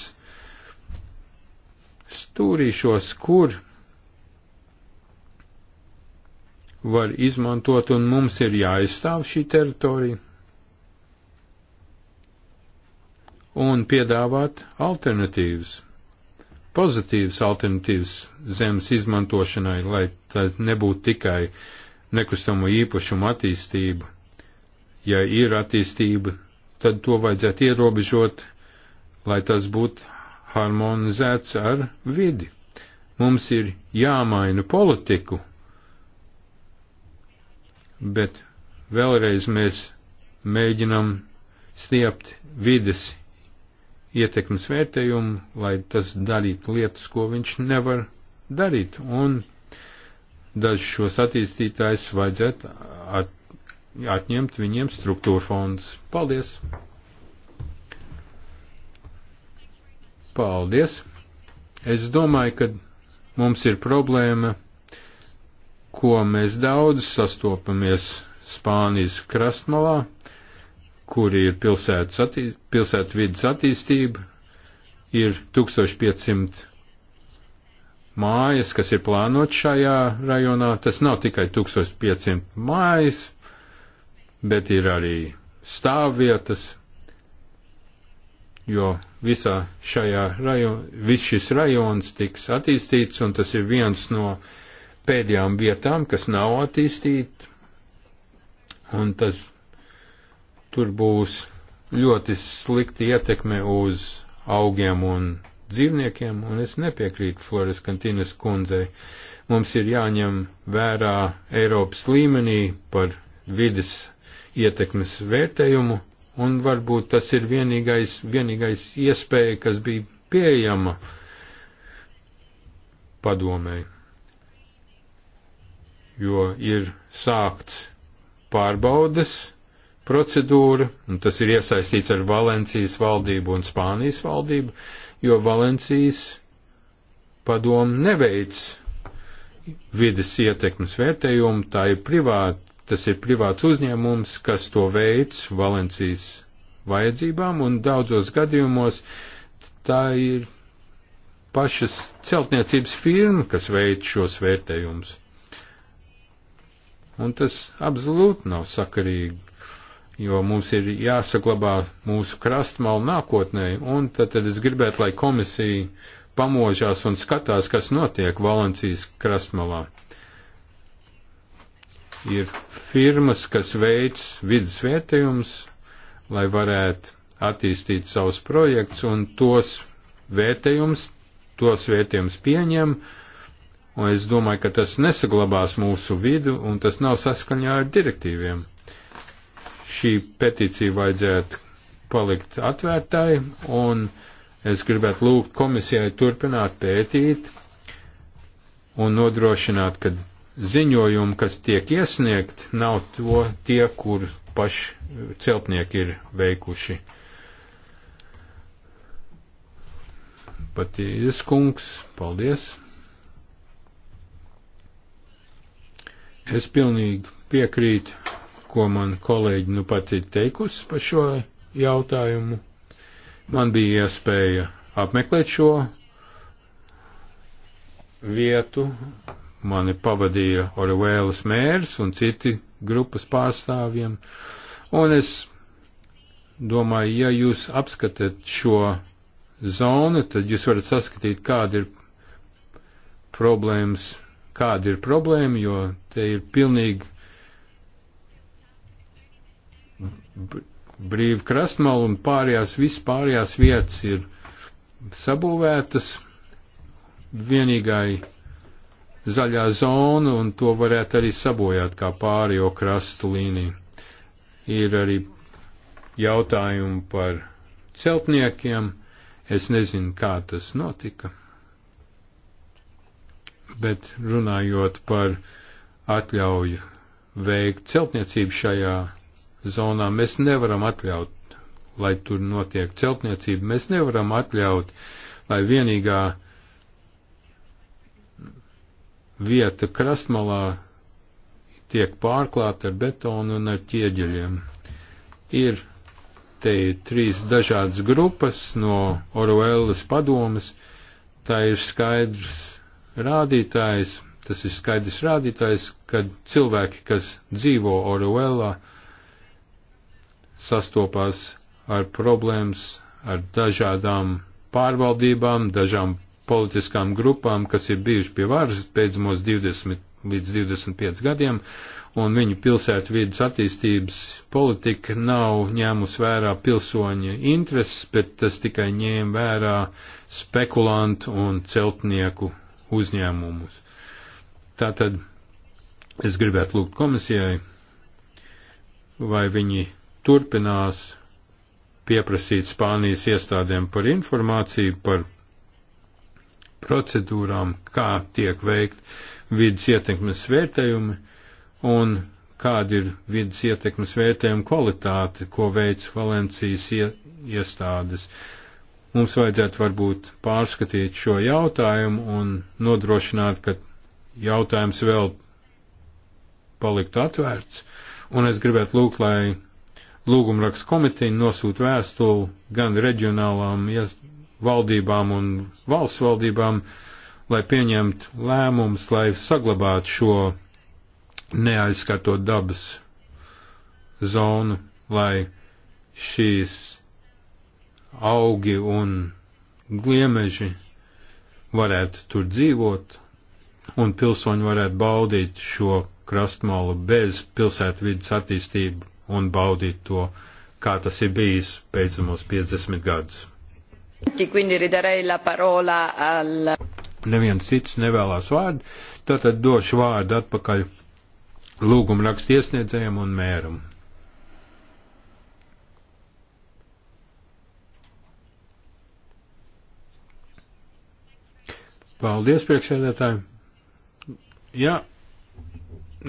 stūrīšos, kur var izmantot, un mums ir jāaizstāv šī teritorija. un piedāvāt alternatīvas, pozitīvas alternatīvas zemes izmantošanai, lai tā nebūtu tikai nekustamo īpašumu attīstība. Ja ir attīstība, tad to vajadzētu ierobežot, lai tas būtu harmonizēts ar vidi. Mums ir jāmaina politiku, bet vēlreiz mēs mēģinam stiept vides ietekmes vērtējumu, lai tas darītu lietas, ko viņš nevar darīt. Un dažus šos attīstītājus vajadzētu at, atņemt viņiem struktūra fondus. Paldies! Paldies! Es domāju, ka mums ir problēma, ko mēs daudz sastopamies Spānijas krastmalā kur ir pilsētas attī, pilsētu vidas attīstība, ir 1500 mājas, kas ir plānot šajā rajonā. Tas nav tikai 1500 mājas, bet ir arī stāvvietas, jo visā šajā rajonā, viss šis rajons tiks attīstīts, un tas ir viens no pēdējām vietām, kas nav attīstīta, un tas Tur būs ļoti slikti ietekme uz augiem un dzīvniekiem, un es nepiekrītu Flores Kantīnas kundzei. Mums ir jāņem vērā Eiropas līmenī par vides ietekmes vērtējumu, un varbūt tas ir vienīgais, vienīgais iespēja, kas bija pieejama padomēji, jo ir sākts pārbaudas, procedūra, un tas ir iesaistīts ar Valencijas valdību un Spānijas valdību, jo Valencijas padomu neveic vides ietekmes vērtējumu, tā ir privāta, tas ir privāts uzņēmums, kas to veic Valencijas vajadzībām, un daudzos gadījumos tā ir pašas celtniecības firma, kas veic šos vērtējumus. Un tas absolūti nav sakarīgi jo mums ir jāsaglabā mūsu krastmalu nākotnē, un tad, tad es gribētu, lai komisija pamožās un skatās, kas notiek Valencijas krastmalā. Ir firmas, kas veids vidas vietējums, lai varētu attīstīt savus projekts, un tos vietējums, tos vietējums pieņem, un es domāju, ka tas nesaglabās mūsu vidu, un tas nav saskaņā ar direktīviem šī peticija vajadzētu palikt atvērtai, un es gribētu lūgt komisijai turpināt pētīt un nodrošināt, ka ziņojumi, kas tiek iesniegt, nav to tie, kur paši celtnieki ir veikuši. Patīdes kungs, paldies! Es pilnīgi piekrītu ko man kolēģi nu pat ir teikusi par šo jautājumu. Man bija iespēja apmeklēt šo vietu, mani pavadīja Orvēlas mērs un citi grupas pārstāvjiem, un es domāju, ja jūs apskatāt šo zonu, tad jūs varat saskatīt, kāda ir problēmas, kāda ir problēma, jo te ir pilnīgi brīva krastmala un pārējās, vispārējās vietas ir sabūvētas. Vienīgai zaļā zona, un to varētu arī sabojāt kā pārējo krastu līniju. Ir arī jautājumi par celtniekiem. Es nezinu, kā tas notika, bet runājot par atļauju veikt celtniecību šajā zonām. Mēs nevaram atļaut, lai tur notiek celtniecība. Mēs nevaram atļaut, lai vienīgā vieta krastmalā tiek pārklāta ar betonu un ar ķieģeļiem. Ir te ir trīs dažādas grupas no Orvēlas padomas. Tā ir skaidrs rādītājs, tas ir skaidrs rādītājs, kad cilvēki, kas dzīvo Orvēlā, sastopās ar problēmas, ar dažādām pārvaldībām, dažām politiskām grupām, kas ir bijuši pie varas pēdējos 20 līdz 25 gadiem, un viņu pilsētu vidas attīstības politika nav ņēmus vērā pilsoņa intereses, bet tas tikai ņēma vērā spekulantu un celtnieku uzņēmumus. Tātad es gribētu lūgt komisijai, vai viņi turpinās pieprasīt Spānijas iestādēm par informāciju par procedūrām, kā tiek veikt vidas ietekmes vērtējumi un kāda ir vidas ietekmes vērtējuma kvalitāte, ko veic Valencijas iestādes. Mums vajadzētu varbūt pārskatīt šo jautājumu un nodrošināt, ka jautājums vēl paliktu atvērts. Un es gribētu lūgt, lai Lūgumraksts komiteja nosūta vēstuli gan reģionālām valdībām un valsts valdībām, lai pieņemtu lēmumus, lai saglabātu šo neaizskato dabas zonu, lai šīs augi un gliemeži varētu tur dzīvot un pilsoņi varētu baudīt šo krastmalu bez pilsētvidas attīstību un baudīt to, kā tas ir bijis pēcamos 50 gadus. Neviens cits nevēlās vārdu, tātad došu vārdu atpakaļ lūgumu rakstu iesniedzējiem un mēram. Paldies, priekšsēdētāji. Jā,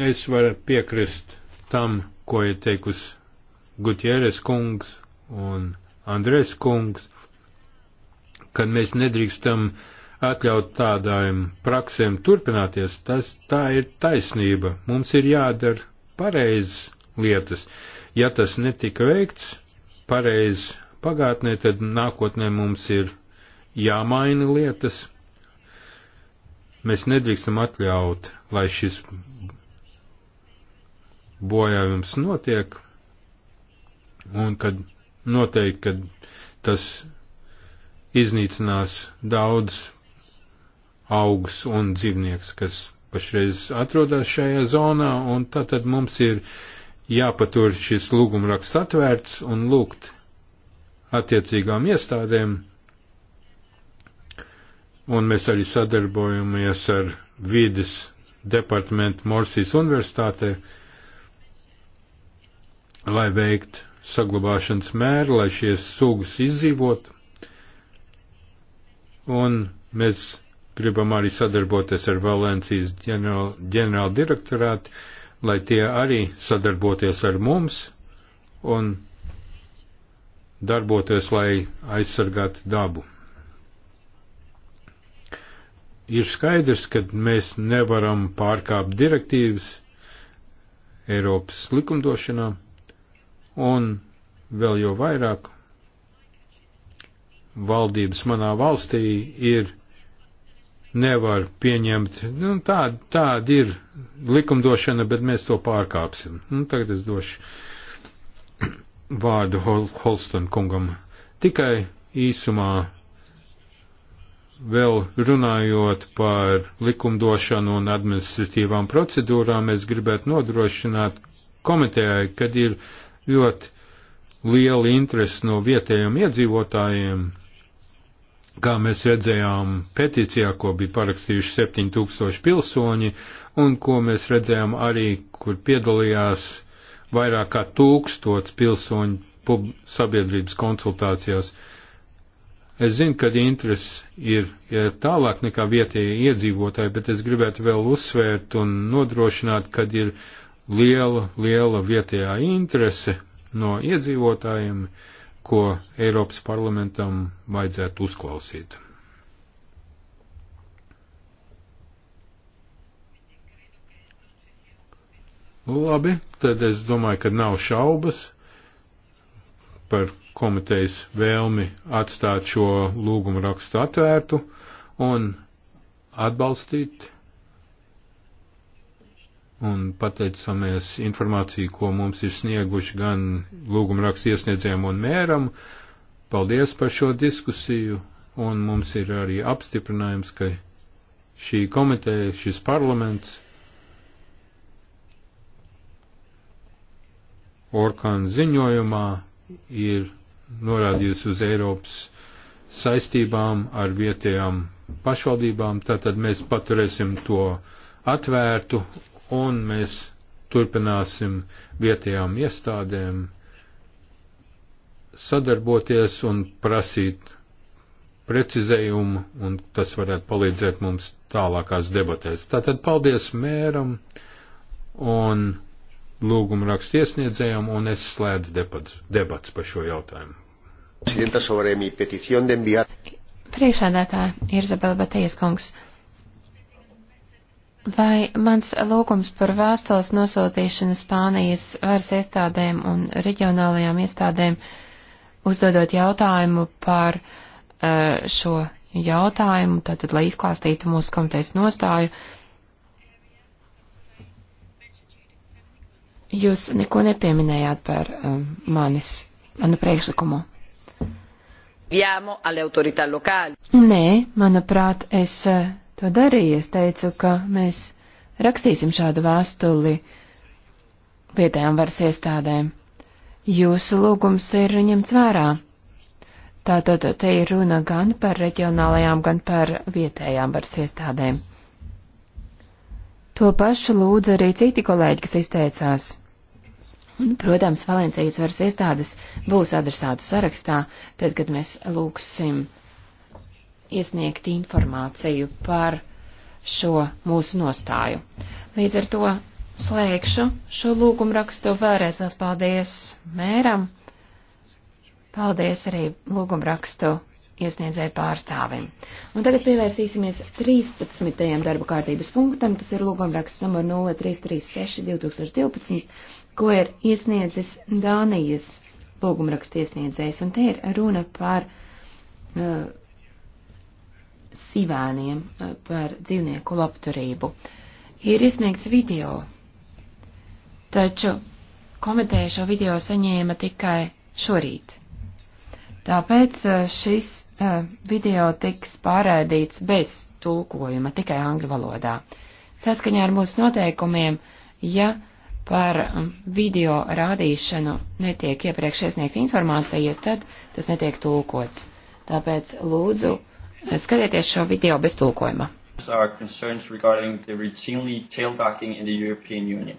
es varu piekrist tam, ko ir teikusi Gutieres kungs un Andrēs kungs, kad mēs nedrīkstam atļaut tādām praksēm turpināties, tas tā ir taisnība. Mums ir jādara pareizas lietas. Ja tas netika veikts pareizi pagātnē, tad nākotnē mums ir jāmaina lietas. Mēs nedrīkstam atļaut, lai šis bojājums notiek, un kad noteikti, kad tas iznīcinās daudz augs un dzīvnieks, kas pašreiz atrodas šajā zonā, un tātad mums ir jāpatur šis lūgumraksts atvērts un lūgt attiecīgām iestādēm, un mēs arī sadarbojamies ar vīdes departamentu Morsijas universitātē, lai veikt saglabāšanas mēru, lai šie sugas izdzīvotu. Un mēs gribam arī sadarboties ar Valencijas ģenerāla direktorātu, lai tie arī sadarboties ar mums un darboties, lai aizsargātu dabu. Ir skaidrs, ka mēs nevaram pārkāpt direktīvas Eiropas likumdošanā un vēl jau vairāk valdības manā valstī ir nevar pieņemt. Nu, tāda, tāda ir likumdošana, bet mēs to pārkāpsim. Nu, tagad es došu (clears throat) vārdu Hol Holston kungam. Tikai īsumā vēl runājot par likumdošanu un administratīvām procedūrām, es gribētu nodrošināt komitejai, kad ir ļoti liela interese no vietējiem iedzīvotājiem, kā mēs redzējām peticijā, ko bija parakstījuši 7000 pilsoņi, un ko mēs redzējām arī, kur piedalījās vairāk kā tūkstots pilsoņu pub sabiedrības konsultācijās. Es zinu, ka interesi ir ja tālāk nekā vietējie iedzīvotāji, bet es gribētu vēl uzsvērt un nodrošināt, kad ir liela, liela vietējā interese no iedzīvotājiem, ko Eiropas parlamentam vajadzētu uzklausīt. Nu, labi, tad es domāju, ka nav šaubas par komitejas vēlmi atstāt šo lūgumu rakstu atvērtu un atbalstīt un pateicamies informāciju, ko mums ir snieguši gan lūgumraks iesniedzējiem un mēram. Paldies par šo diskusiju, un mums ir arī apstiprinājums, ka šī komiteja, šis parlaments, Orkāna ziņojumā ir norādījusi uz Eiropas saistībām ar vietējām pašvaldībām, tātad mēs paturēsim to atvērtu un mēs turpināsim vietējām iestādēm sadarboties un prasīt precizējumu, un tas varētu palīdzēt mums tālākās debatēs. Tātad paldies mēram un lūgumu rakstu iesniedzējam, un es slēdzu debats, debats par šo jautājumu. Priekšādātāja Irzabela Batejas kungs. Vai mans lūgums par vēstules nosūtīšanu Spānijas varas iestādēm un reģionālajām iestādēm, uzdodot jautājumu par uh, šo jautājumu, tātad, lai izklāstītu mūsu komitejas nostāju, jūs neko nepieminējāt par um, manis, manu priekšlikumu. Nē, manuprāt, es. Uh, to darīja. Es teicu, ka mēs rakstīsim šādu vēstuli vietējām varas iestādēm. Jūsu lūgums ir ņemts vērā. Tātad te ir runa gan par reģionālajām, gan par vietējām varas iestādēm. To pašu lūdza arī citi kolēģi, kas izteicās. Protams, Valencijas varas iestādes būs adresātu sarakstā, tad, kad mēs lūgsim iesniegt informāciju par šo mūsu nostāju. Līdz ar to slēgšu šo lūgumu rakstu. Vēlreiz liels paldies mēram. Paldies arī lūgumu rakstu iesniedzēju pārstāvim. Un tagad pievērsīsimies 13. darba kārtības punktam, tas ir lūgumraksts numur 0336 2012, ko ir iesniedzis Dānijas lūgumraksts iesniedzējs, un te ir runa par uh, sīvēniem eh, par dzīvnieku labturību. Ir iesniegts video, taču komiteja šo video saņēma tikai šorīt. Tāpēc eh, šis eh, video tiks pārēdīts bez tulkojuma, tikai angļu valodā. Saskaņā ar mūsu noteikumiem, ja par mm, video rādīšanu netiek iepriekš iesniegta informācija, tad tas netiek tulkots. Tāpēc lūdzu Skatieties šo video bez tulkojuma. Our concerns regarding the routinely tail docking in the European Union.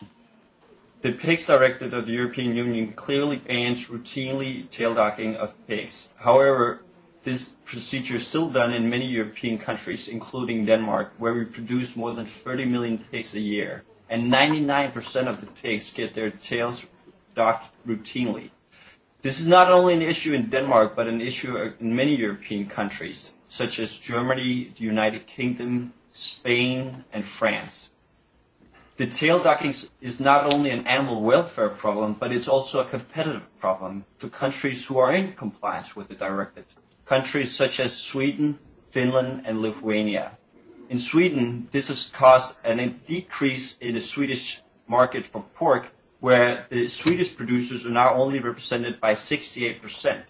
The Pigs Directive of the European Union clearly bans routinely tail docking of pigs. However, this procedure is still done in many European countries, including Denmark, where we produce more than 30 million pigs a year, and 99% of the pigs get their tails docked routinely. This is not only an issue in Denmark, but an issue in many European countries such as Germany, the United Kingdom, Spain, and France. The tail docking is not only an animal welfare problem, but it's also a competitive problem to countries who are in compliance with the directive, countries such as Sweden, Finland, and Lithuania. In Sweden, this has caused a decrease in the Swedish market for pork, where the Swedish producers are now only represented by 68%,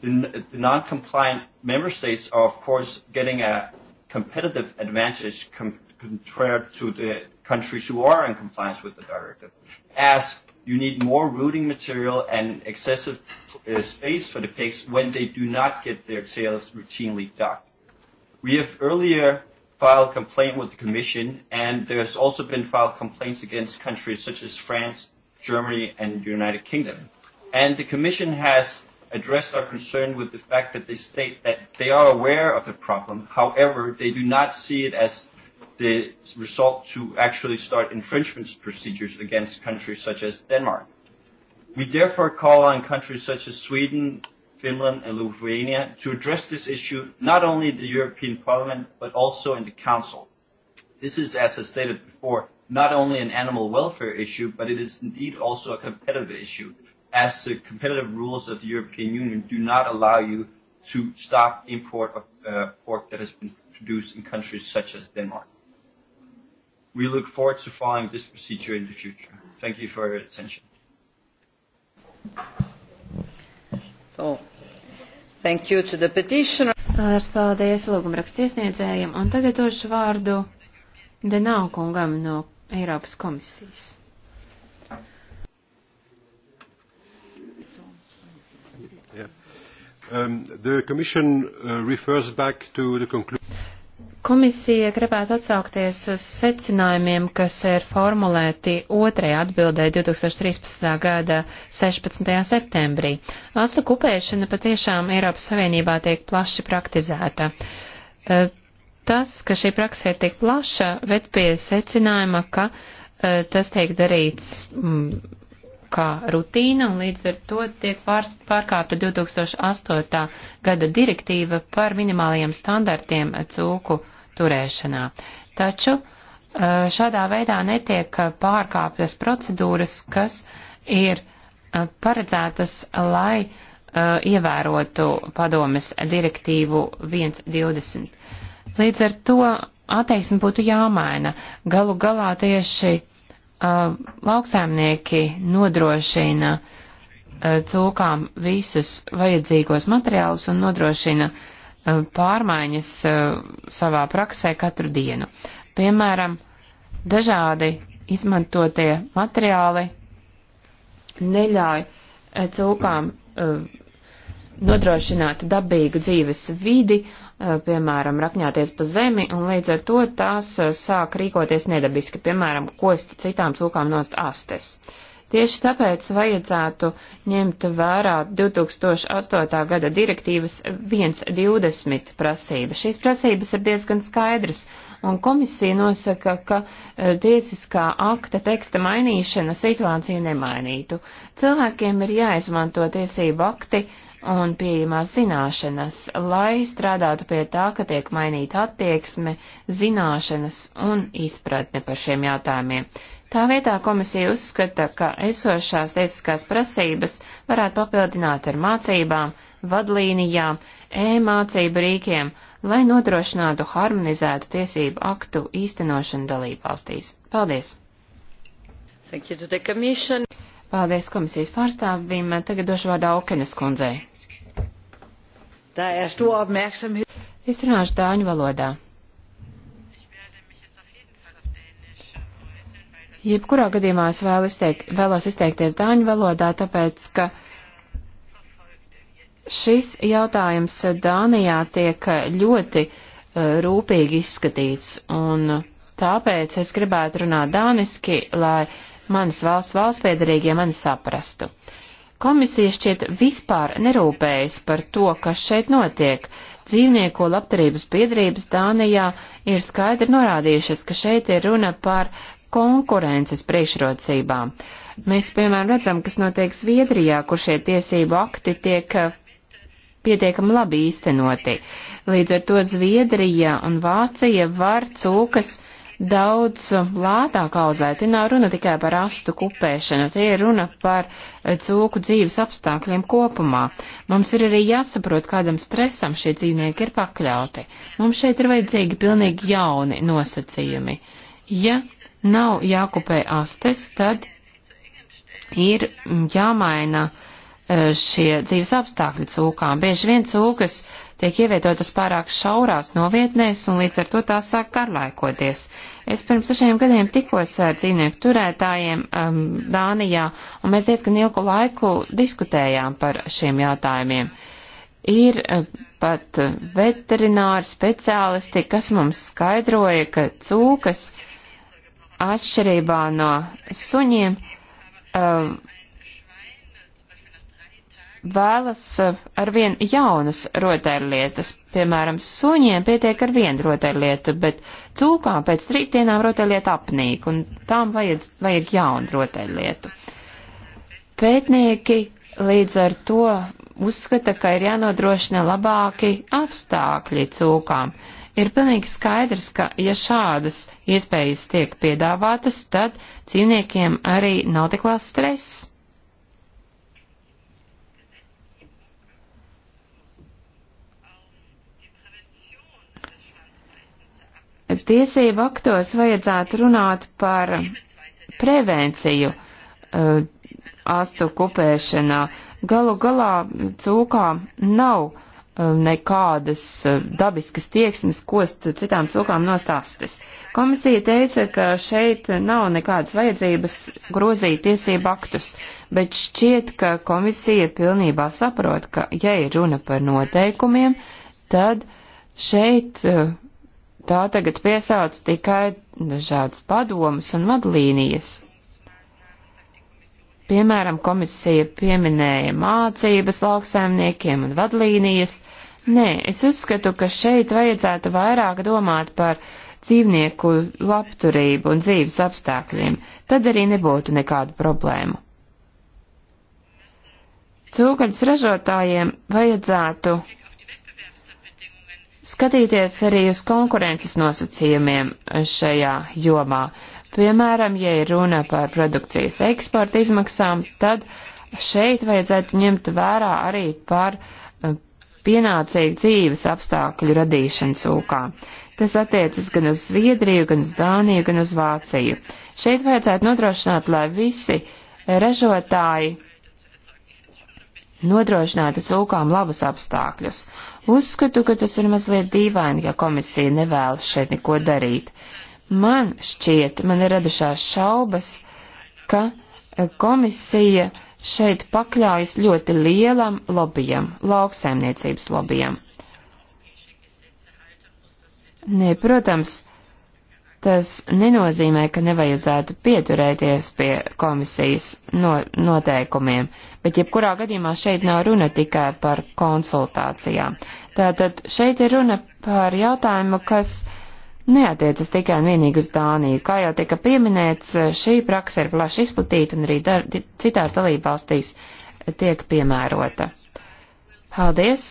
the non-compliant member states are, of course, getting a competitive advantage com- compared to the countries who are in compliance with the directive, as you need more routing material and excessive uh, space for the pigs when they do not get their tails routinely docked. We have earlier filed complaint with the Commission, and there's also been filed complaints against countries such as France, Germany, and the United Kingdom. And the Commission has addressed our concern with the fact that they state that they are aware of the problem. However, they do not see it as the result to actually start infringement procedures against countries such as Denmark. We therefore call on countries such as Sweden, Finland and Lithuania to address this issue not only in the European Parliament but also in the Council. This is, as I stated before, not only an animal welfare issue, but it is indeed also a competitive issue as the competitive rules of the European Union do not allow you to stop import of uh, pork that has been produced in countries such as Denmark. We look forward to following this procedure in the future. Thank you for your attention. So, thank you to the petitioner. Lielas paldies lūgumrakstiesniedzējiem, un tagad došu vārdu Denau kungam no Eiropas komisijas. Um, the Commission uh, refers back to the conclusion. Komisija gribētu atsaukties uz secinājumiem, kas ir formulēti otrajā atbildē 2013. gada 16. septembrī. Astu kupēšana patiešām Eiropas Savienībā tiek plaši praktizēta. Uh, tas, ka šī praksa ir tik plaša, ved pie secinājuma, ka uh, tas tiek darīts mm, kā rutīna, un līdz ar to tiek pār, pārkāpta 2008. gada direktīva par minimālajiem standartiem cūku turēšanā. Taču šādā veidā netiek pārkāptas procedūras, kas ir paredzētas, lai ievērotu padomes direktīvu 1.20. Līdz ar to attieksme būtu jāmaina. Galu galā tieši uh, lauksaimnieki nodrošina uh, cūkām visus vajadzīgos materiālus un nodrošina uh, pārmaiņas savā praksē katru dienu. Piemēram, dažādi izmantotie materiāli neļauj cūkām nodrošināt dabīgu dzīves vidi, uh, Eh, piemēram, rakņāties pa zemi, un līdz ar to tās eh, sāk rīkoties nedabiski, piemēram, kost citām cūkām nost astes. Tieši tāpēc vajadzētu ņemt vērā 2008. gada direktīvas 1.20 prasība. Šīs prasības ir diezgan skaidras, un komisija nosaka, ka eh, tiesiskā akta teksta mainīšana situāciju nemainītu. Cilvēkiem ir jāizmanto tiesību akti, uh, un pieejamās zināšanas, lai strādātu pie tā, ka tiek mainīta attieksme, zināšanas un izpratne par šiem jautājumiem. Tā vietā komisija uzskata, ka esošās tiesiskās prasības varētu papildināt ar mācībām, vadlīnijām, e-mācību rīkiem, lai nodrošinātu harmonizētu tiesību aktu īstenošanu dalībvalstīs. Paldies! Thank you to the Commission. Paldies komisijas pārstāvim. Tagad došu vārdu Aukenes kundzei. Da erst du aufmerksamhet. Es runāšu dāņu valodā. Jebkurā gadījumā es vēl izteik, vēlos izteikties dāņu valodā, tāpēc, ka šis jautājums Dānijā tiek ļoti uh, rūpīgi izskatīts, un tāpēc es gribētu runāt dāniski, lai manas valsts valsts piedarīgie mani saprastu. Komisija šķiet vispār nerūpējas par to, kas šeit notiek. Dzīvnieku labdarības biedrības Dānijā ir skaidri norādījušas, ka šeit ir runa par konkurences priekšrocībām. Mēs, piemēram, redzam, kas notiek Zviedrijā, kur šie tiesību akti tiek eh, pietiekami labi īstenoti. Līdz ar to Zviedrija un Vācija var cūkas daudz lētāk audzēt. Te nav runa tikai par astu kupēšanu, te ir runa par eh, cūku dzīves apstākļiem kopumā. Mums ir arī jāsaprot, kādam stresam šie dzīvnieki ir pakļauti. Mums šeit ir vajadzīgi pilnīgi jauni nosacījumi. Ja nav jākupē astes, tad ir jāmaina eh, šie dzīves apstākļi cūkām. Bieži vien cūkas uh, tiek ievietotas pārāk šaurās novietnēs un līdz ar to tās sāk garlaikoties. Es pirms sešiem gadiem tikos ar dzīvnieku turētājiem um, Dānijā, un mēs diezgan ilgu laiku diskutējām par šiem jautājumiem. Ir uh, pat uh, veterināri speciālisti, kas mums skaidroja, ka cūkas atšķirībā no suņiem uh, vēlas eh, arvien jaunas rotaļlietas. Piemēram, suņiem pietiek ar vienu rotaļlietu, bet cūkām pēc trīs dienām rotaļlieta apnīk, un tām vajag, vajag jaunu rotaļlietu. Pētnieki līdz ar to uzskata, ka ir jānodrošina labāki apstākļi cūkām. Ir pilnīgi skaidrs, ka ja šādas iespējas tiek piedāvātas, tad cīniekiem arī nav tik liels stress. tiesību aktos vajadzētu runāt par prevenciju uh, astu kupēšanā. Galu galā cūkā nav uh, nekādas uh, dabiskas tieksmes, ko citām cūkām nostāstas. Komisija teica, ka šeit nav nekādas vajadzības grozīt tiesību aktus, bet šķiet, ka komisija pilnībā saprot, ka, ja ir runa par noteikumiem, tad šeit uh, tā tagad piesauc tikai dažādas padomas un vadlīnijas. Piemēram, komisija pieminēja mācības lauksaimniekiem un vadlīnijas. Nē, es uzskatu, ka šeit vajadzētu vairāk domāt par dzīvnieku labturību un dzīves apstākļiem. Tad arī nebūtu nekādu problēmu. Cūgaļas ražotājiem vajadzētu skatīties arī uz konkurences nosacījumiem šajā jomā. Piemēram, ja ir runa par produkcijas eksporta izmaksām, tad šeit vajadzētu ņemt vērā arī par eh, pienācīgu dzīves apstākļu radīšanu cūkā. Tas attiecas gan uz Zviedriju, gan uz Dāniju, gan uz Vāciju. Šeit vajadzētu nodrošināt, lai visi ražotāji nodrošinātu cūkām labus apstākļus. Uzskatu, ka tas ir mazliet dīvaini, ka komisija nevēlas šeit neko darīt. Man šķiet, man ir radušās šaubas, ka eh, komisija šeit pakļaujas ļoti lielam lobijam, lauksaimniecības lobijam. Nē, protams, Tas nenozīmē, ka nevajadzētu pieturēties pie komisijas no, noteikumiem, bet jebkurā gadījumā šeit nav runa tikai par konsultācijām. Tātad šeit ir runa par jautājumu, kas neatiecas tikai un vienīgi uz Dāniju. Kā jau tika pieminēts, šī praksa ir plaši izplatīta un arī dar, citās dalībvalstīs tiek piemērota. Paldies!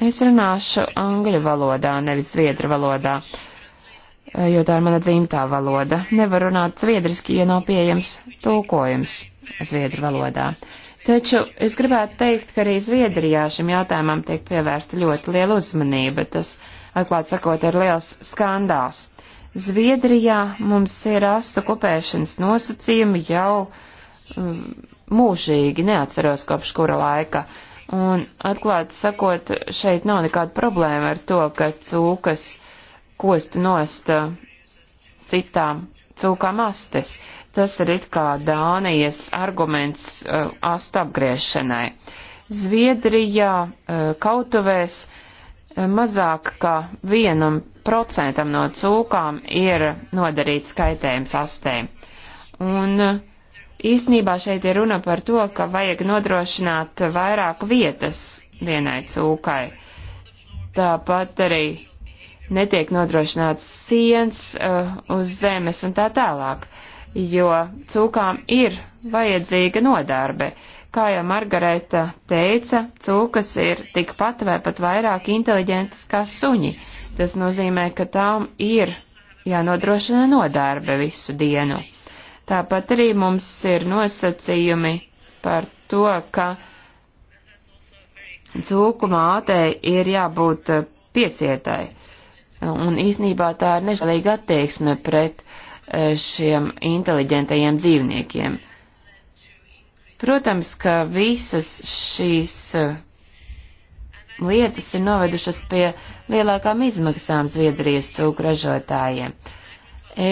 Es runāšu angļu valodā, nevis zviedru valodā. Eh, jo tā ir mana dzimtā valoda. Nevar runāt zviedriski, ja nav pieejams tulkojums zviedru valodā. Taču es gribētu teikt, ka arī Zviedrijā šim jautājumam tiek pievērsta ļoti liela uzmanība. Tas, atklāt sakot, ir liels skandāls. Zviedrijā mums ir astu kopēšanas nosacījumi jau um, mūžīgi, neatceros kopš kura laika. Un, atklāt sakot, šeit nav nekāda problēma ar to, ka cūkas uh, kost nost eh, citām cūkām astes. Tas ir it kā Dānijas arguments uh, astu apgriešanai. Zviedrijā uh, kautuvēs uh, mazāk kā vienam procentam no cūkām ir nodarīts kaitējums astēm. Un uh, īsnībā šeit ir runa par to, ka vajag nodrošināt vairāk vietas vienai cūkai. Tāpat arī netiek nodrošināts siens uh, uz zemes un tā tālāk, jo cūkām ir vajadzīga nodarbe. Kā jau Margareta teica, cūkas ir tikpat vai pat vairāk inteliģentas kā suņi. Tas nozīmē, ka tām ir jānodrošina nodarbe visu dienu. Tāpat arī mums ir nosacījumi par to, ka cūku mātei ir jābūt piesietai. Un īsnībā tā ir nežēlīga attieksme pret e, šiem inteliģentajiem dzīvniekiem. Protams, ka visas šīs e, lietas ir novedušas pie lielākām izmaksām Zviedrijas cūkražotājiem.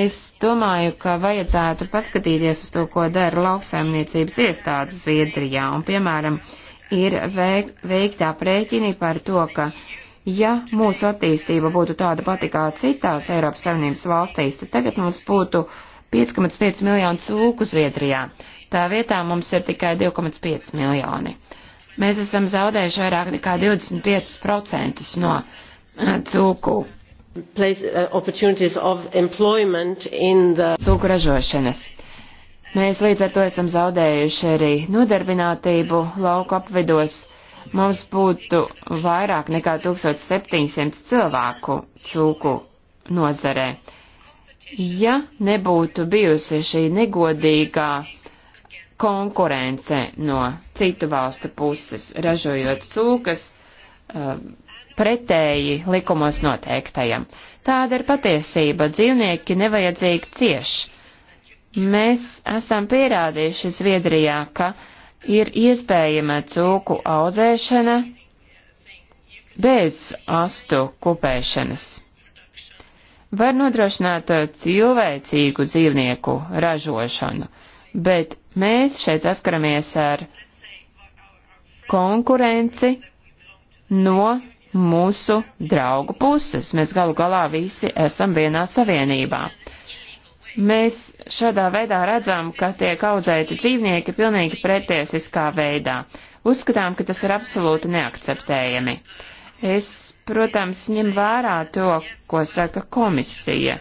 Es domāju, ka vajadzētu paskatīties uz to, ko dara lauksaimniecības iestādes Zviedrijā. Un, piemēram, ir veik, veikta aprēķini par to, ka Ja mūsu attīstība būtu tāda pati kā citās Eiropas Savienības valstīs, tad tagad mums būtu 5,5 miljonu cūku Zviedrijā. Tā vietā mums ir tikai 2,5 miljoni. Mēs esam zaudējuši vairāk nekā 25% no eh, cūku. Eh, the... Cūku ražošanas. Mēs līdz ar to esam zaudējuši arī nodarbinātību lauku apvidos mums būtu vairāk nekā 1700 cilvēku cūku nozarē. Ja nebūtu bijusi šī negodīgā konkurence no citu valstu puses, ražojot cūkas um, pretēji likumos noteiktajam. Tāda ir patiesība. Dzīvnieki nevajadzīgi cieši. Mēs esam pierādījuši Zviedrijā, ka uh, ir iespējama cūku audzēšana bez astu kupēšanas. Var nodrošināt cilvēcīgu dzīvnieku ražošanu, bet mēs šeit saskaramies ar konkurenci no mūsu draugu puses. Mēs galu galā visi esam vienā savienībā. Mēs šādā veidā redzam, ka tiek audzēti dzīvnieki pilnīgi pretiesiskā veidā. Uzskatām, ka tas ir absolūti neakceptējami. Es, protams, ņem vērā to, ko saka komisija.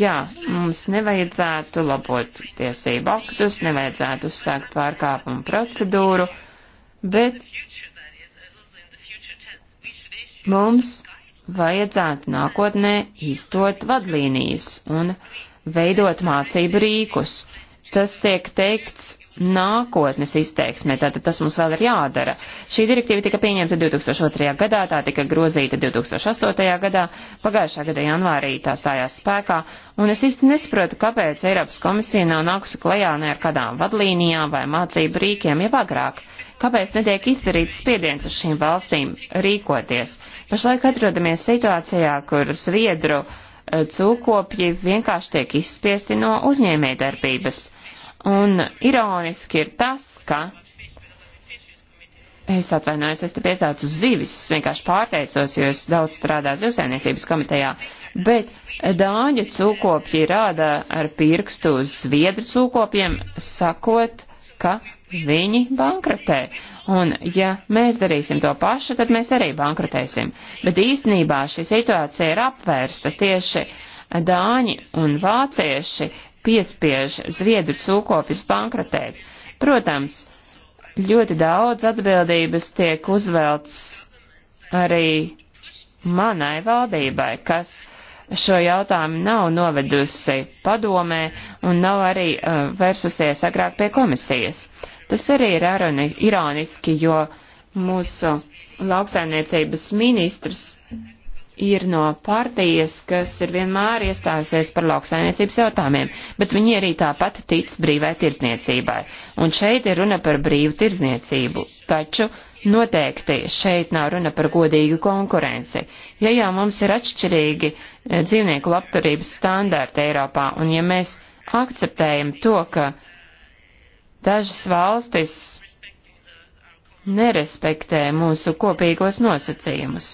Jā, mums nevajadzētu labot tiesību aktus, nevajadzētu uzsākt pārkāpumu procedūru, bet mums vajadzētu nākotnē iztot vadlīnijas un veidot mācību rīkus. Tas tiek teikts nākotnes izteiksmē, tātad tas mums vēl ir jādara. Šī direktīva tika pieņemta 2002. gadā, tā tika grozīta 2008. gadā, pagājušā gada janvārī tā stājās spēkā, un es īsti nesaprotu, kāpēc Eiropas komisija nav nākusi klajā ne ar kādām vadlīnijām vai mācību rīkiem jau agrāk. Kāpēc netiek izdarīts spiediens uz šīm valstīm rīkoties? Pašlaik atrodamies situācijā, kur Sviedru uh, Eh, cūkopji vienkārši tiek izspiesti no uzņēmējdarbības. Un ironiski ir tas, ka es atvainojos, es te piesācu zivis, vienkārši pārteicos, jo es daudz strādāju zivsēniecības komitejā, bet dāņu cūkopji rāda ar pirkstu uz zviedru cūkopiem, sakot, ka viņi bankrotē. Un ja mēs darīsim to pašu, tad mēs arī bankrotēsim. Bet īstenībā šī situācija ir apvērsta tieši dāņi un vācieši piespiež zviedru cūkopis bankrotēt. Protams, ļoti daudz atbildības tiek uzvelts arī manai valdībai, kas šo jautājumu nav novedusi padomē un nav arī uh, versusies agrāk pie komisijas. Tas arī ir aroni, ironiski, jo mūsu lauksaimniecības ministrs ir no partijas, kas ir vienmēr iestājusies par lauksaimniecības jautājumiem, bet viņi arī tāpat tic brīvai tirdzniecībai. Un šeit ir runa par brīvu tirdzniecību, taču noteikti šeit nav runa par godīgu konkurenci. Ja jau mums ir atšķirīgi eh, dzīvnieku labturības standārti Eiropā, un ja mēs akceptējam to, ka dažas valstis nerespektē mūsu kopīgos nosacījumus.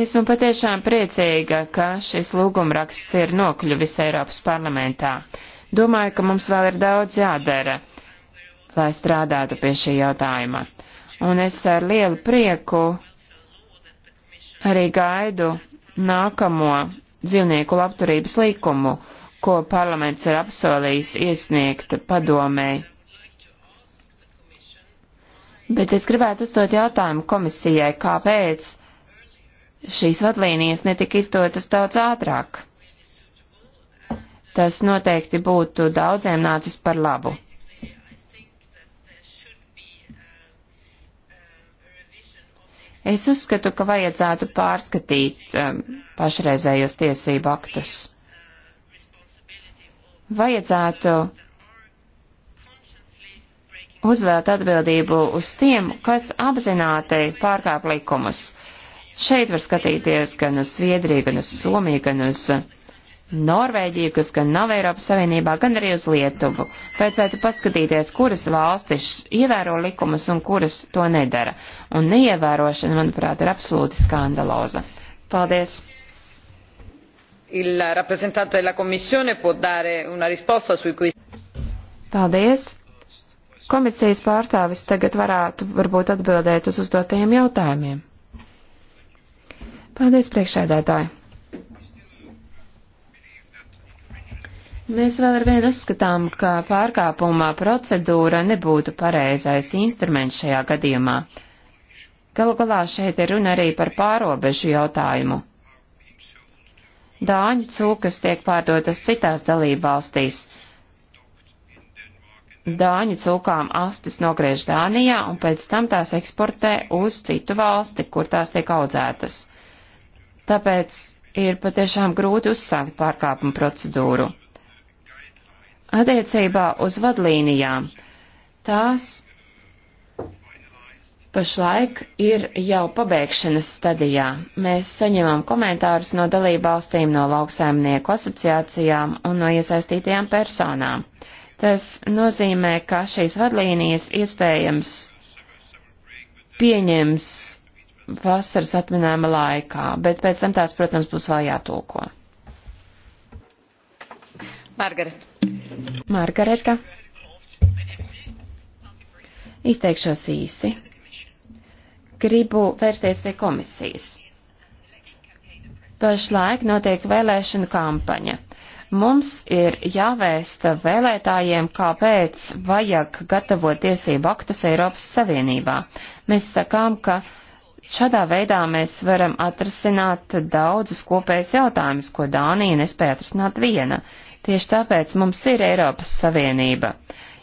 Esmu patiešām priecīga, ka šis lūgumraksts ir nokļuvis Eiropas parlamentā. Domāju, ka mums vēl ir daudz jādara, lai strādātu pie šī jautājuma. Un es ar lielu prieku Arī gaidu nākamo dzīvnieku labturības likumu, ko parlaments ir apsolījis iesniegt padomēji. Bet es gribētu uzdot jautājumu komisijai, kāpēc šīs vadlīnijas netika izdotas daudz ātrāk. Tas noteikti būtu daudziem nācis par labu. Es uzskatu, ka vajadzētu pārskatīt um, pašreizējos tiesību aktus. Vajadzētu uzvēlt atbildību uz tiem, kas apzināti pārkāp likumus. Šeit var skatīties gan uz Sviedriju, gan uz Somiju, gan uz uh, Norvēģiju, kas gan nav Eiropas Savienībā, gan arī uz Lietuvu. Vajadzētu paskatīties, kuras valstis ievēro likumus un kuras to nedara. Un neievērošana, manuprāt, ir absolūti skandaloza. Paldies! Il rappresentante della Commissione può dare una risposta sui cui... Paldies! Komisijas pārstāvis tagad varētu varbūt atbildēt uz uzdotajiem jautājumiem. Paldies, priekšēdētāji! Mēs vēl ar vienu uzskatām, ka pārkāpumā procedūra nebūtu pareizais instruments šajā gadījumā. Galu galā šeit ir runa arī par pārobežu jautājumu. Dāņu cūkas tiek pārdotas citās dalībvalstīs. Dāņu cūkām astis nogriež Dānijā un pēc tam tās eksportē uz citu valsti, kur tās tiek audzētas. Tāpēc ir patiešām grūti uzsākt pārkāpumu procedūru. Attiecībā uz vadlīnijām tās pašlaik ir jau pabeigšanas stadijā. Mēs saņemam komentārus no dalībvalstīm, no lauksaimnieku asociācijām un no iesaistītajām personām. Tas nozīmē, ka šīs vadlīnijas iespējams pieņems vasaras atminējuma laikā, bet pēc tam tās, protams, būs vēl jātūko. Margaret. Margareta. Izteikšos īsi. Gribu vērsties pie komisijas. Pašlaik notiek vēlēšana kampaņa. Mums ir jāvēsta vēlētājiem, kāpēc vajag gatavot tiesību aktus Eiropas Savienībā. Mēs sakām, ka šādā veidā mēs varam atrasināt daudzus kopējus jautājumus, ko Dānija nespēja atrasināt viena. Tieši tāpēc mums ir Eiropas Savienība.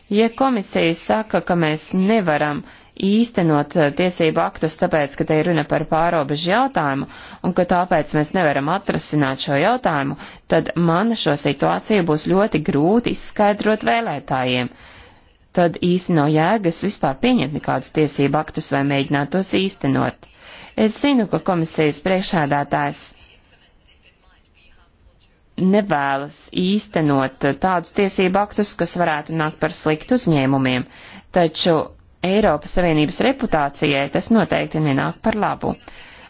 Ja komisija saka, ka mēs nevaram īstenot eh, tiesību aktus, tāpēc, ka te ir runa par pārobežu jautājumu un ka tāpēc mēs nevaram atrasināt šo jautājumu, tad man šo situāciju būs ļoti grūti izskaidrot vēlētājiem. Tad īsti nav jēgas vispār pieņemt nekādus tiesību aktus vai mēģināt tos īstenot. Es zinu, ka komisijas priekšādātājs nevēlas īstenot tādus tiesību aktus, kas varētu nākt par sliktu uzņēmumiem, taču Eiropas Savienības reputācijai tas noteikti nenāk par labu.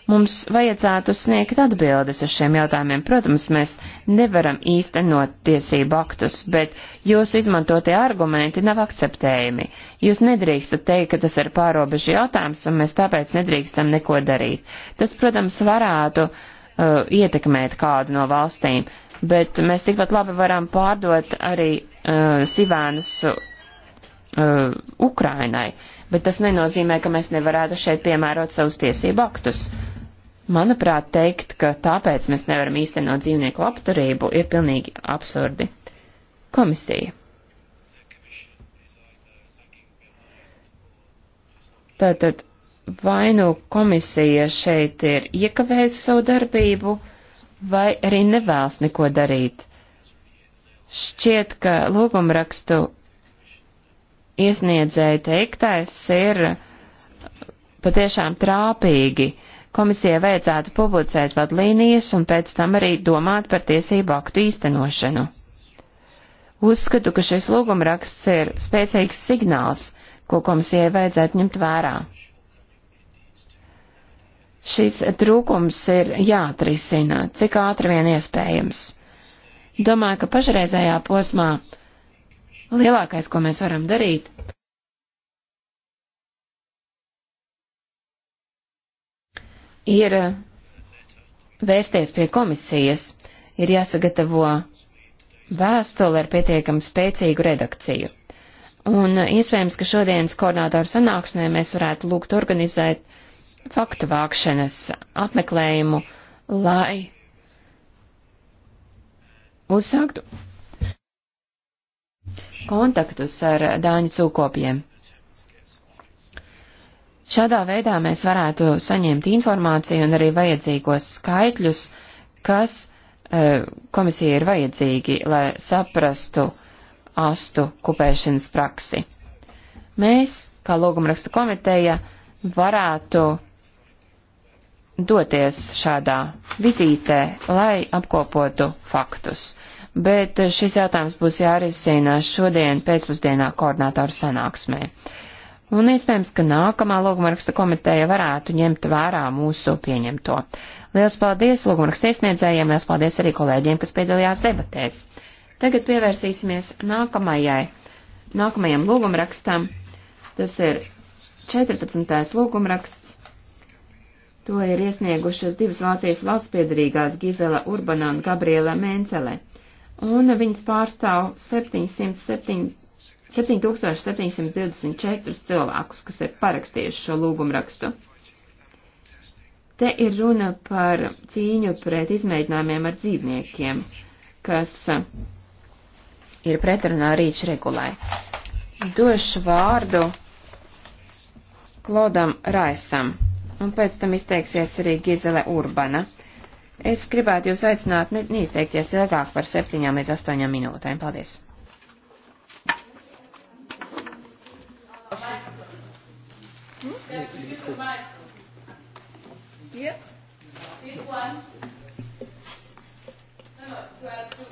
Mums vajadzētu sniegt atbildes uz šiem jautājumiem. Protams, mēs nevaram īstenot tiesību aktus, bet jūsu izmantotie argumenti nav akceptējami. Jūs nedrīkstat teikt, ka tas ir pārobežu jautājums, un mēs tāpēc nedrīkstam neko darīt. Tas, protams, varētu uh, ietekmēt kādu no valstīm, bet mēs tikpat labi varam pārdot arī uh, sivānus uh, Ukrainai, bet tas nenozīmē, ka mēs nevarētu šeit piemērot savus tiesību aktus. Manuprāt, teikt, ka tāpēc mēs nevaram īstenot dzīvnieku labturību, ir pilnīgi absurdi. Komisija. Tātad vai nu komisija šeit ir iekavējusi savu darbību, uh, vai arī nevēlas neko darīt. Šķiet, ka lūgumrakstu iesniedzēja teiktais ir patiešām trāpīgi. Komisijai vajadzētu publicēt vadlīnijas un pēc tam arī domāt par tiesību aktu īstenošanu. Uzskatu, ka šis lūgumraksts ir spēcīgs signāls, ko komisijai vajadzētu ņemt vērā. Šis trūkums ir jāatrisina, cik ātri vien iespējams. Domāju, ka pašreizējā posmā lielākais, ko mēs varam darīt, ir vērsties pie komisijas, ir jāsagatavo vēstule ar pietiekami spēcīgu redakciju. Un iespējams, ka šodienas koordinātoru sanāksmē mēs varētu lūgt organizēt faktu vākšanas apmeklējumu, lai uzsāktu kontaktus ar dāņu cūkopiem. Šādā veidā mēs varētu saņemt informāciju un arī vajadzīgos skaitļus, kas e, komisija ir vajadzīgi, lai saprastu astu kupēšanas praksi. Mēs, kā logumrakstu komiteja, varētu doties šādā vizītē, lai apkopotu faktus. Bet šis jautājums būs jārisina šodien pēcpusdienā koordinātoru sanāksmē. Un iespējams, ka nākamā lūgumraksta komiteja varētu ņemt vērā mūsu pieņemto. Liels paldies lūgumraksta iesniedzējiem, liels paldies arī kolēģiem, kas piedalījās debatēs. Tagad pievērsīsimies nākamajai, nākamajam lūgumrakstam. Tas ir 14. lūgumraksts To ir iesniegušas divas Vācijas valsts piedarīgās Gizela Urbana un Gabriela Mēncele, un viņas pārstāv 707, 7724 cilvēkus, kas ir parakstījuši šo lūgumrakstu. Te ir runa par cīņu pret izmēģinājumiem ar dzīvniekiem, kas ir pretrunā rīču regulai. Došu vārdu Klodam Raisam un pēc tam izteiksies arī Gizele Urbana. Es gribētu jūs aicināt neizteikties ilgāk par septiņām līdz astoņām minūtēm. Paldies! Yep. This one. No, no, you have to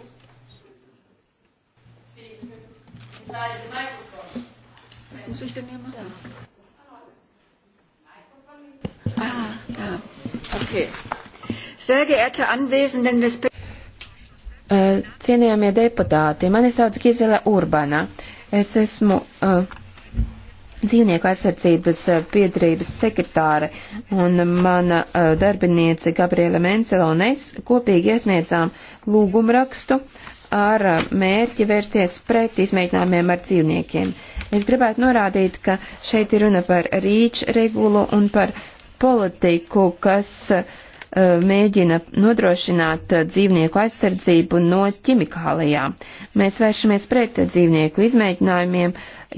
be inside the microphone. Muss ich denn hier machen? Ja. Ah, okay. Sehr geehrte Anwesenden des äh, Cienījamie deputāti, mani sauc Gizela Urbana. Es esmu uh, dzīvnieku aizsardzības biedrības äh, sekretāre un mana uh, darbiniece Gabriela Mensela un es kopīgi iesniedzām lūgumrakstu ar uh, mērķi vērsties pret izmēģinājumiem ar dzīvniekiem. Es gribētu norādīt, ka šeit ir runa par rīču regulu un par politiku, kas uh, mēģina nodrošināt eh, dzīvnieku aizsardzību no ķimikālijām. Mēs vēršamies pret dzīvnieku izmēģinājumiem,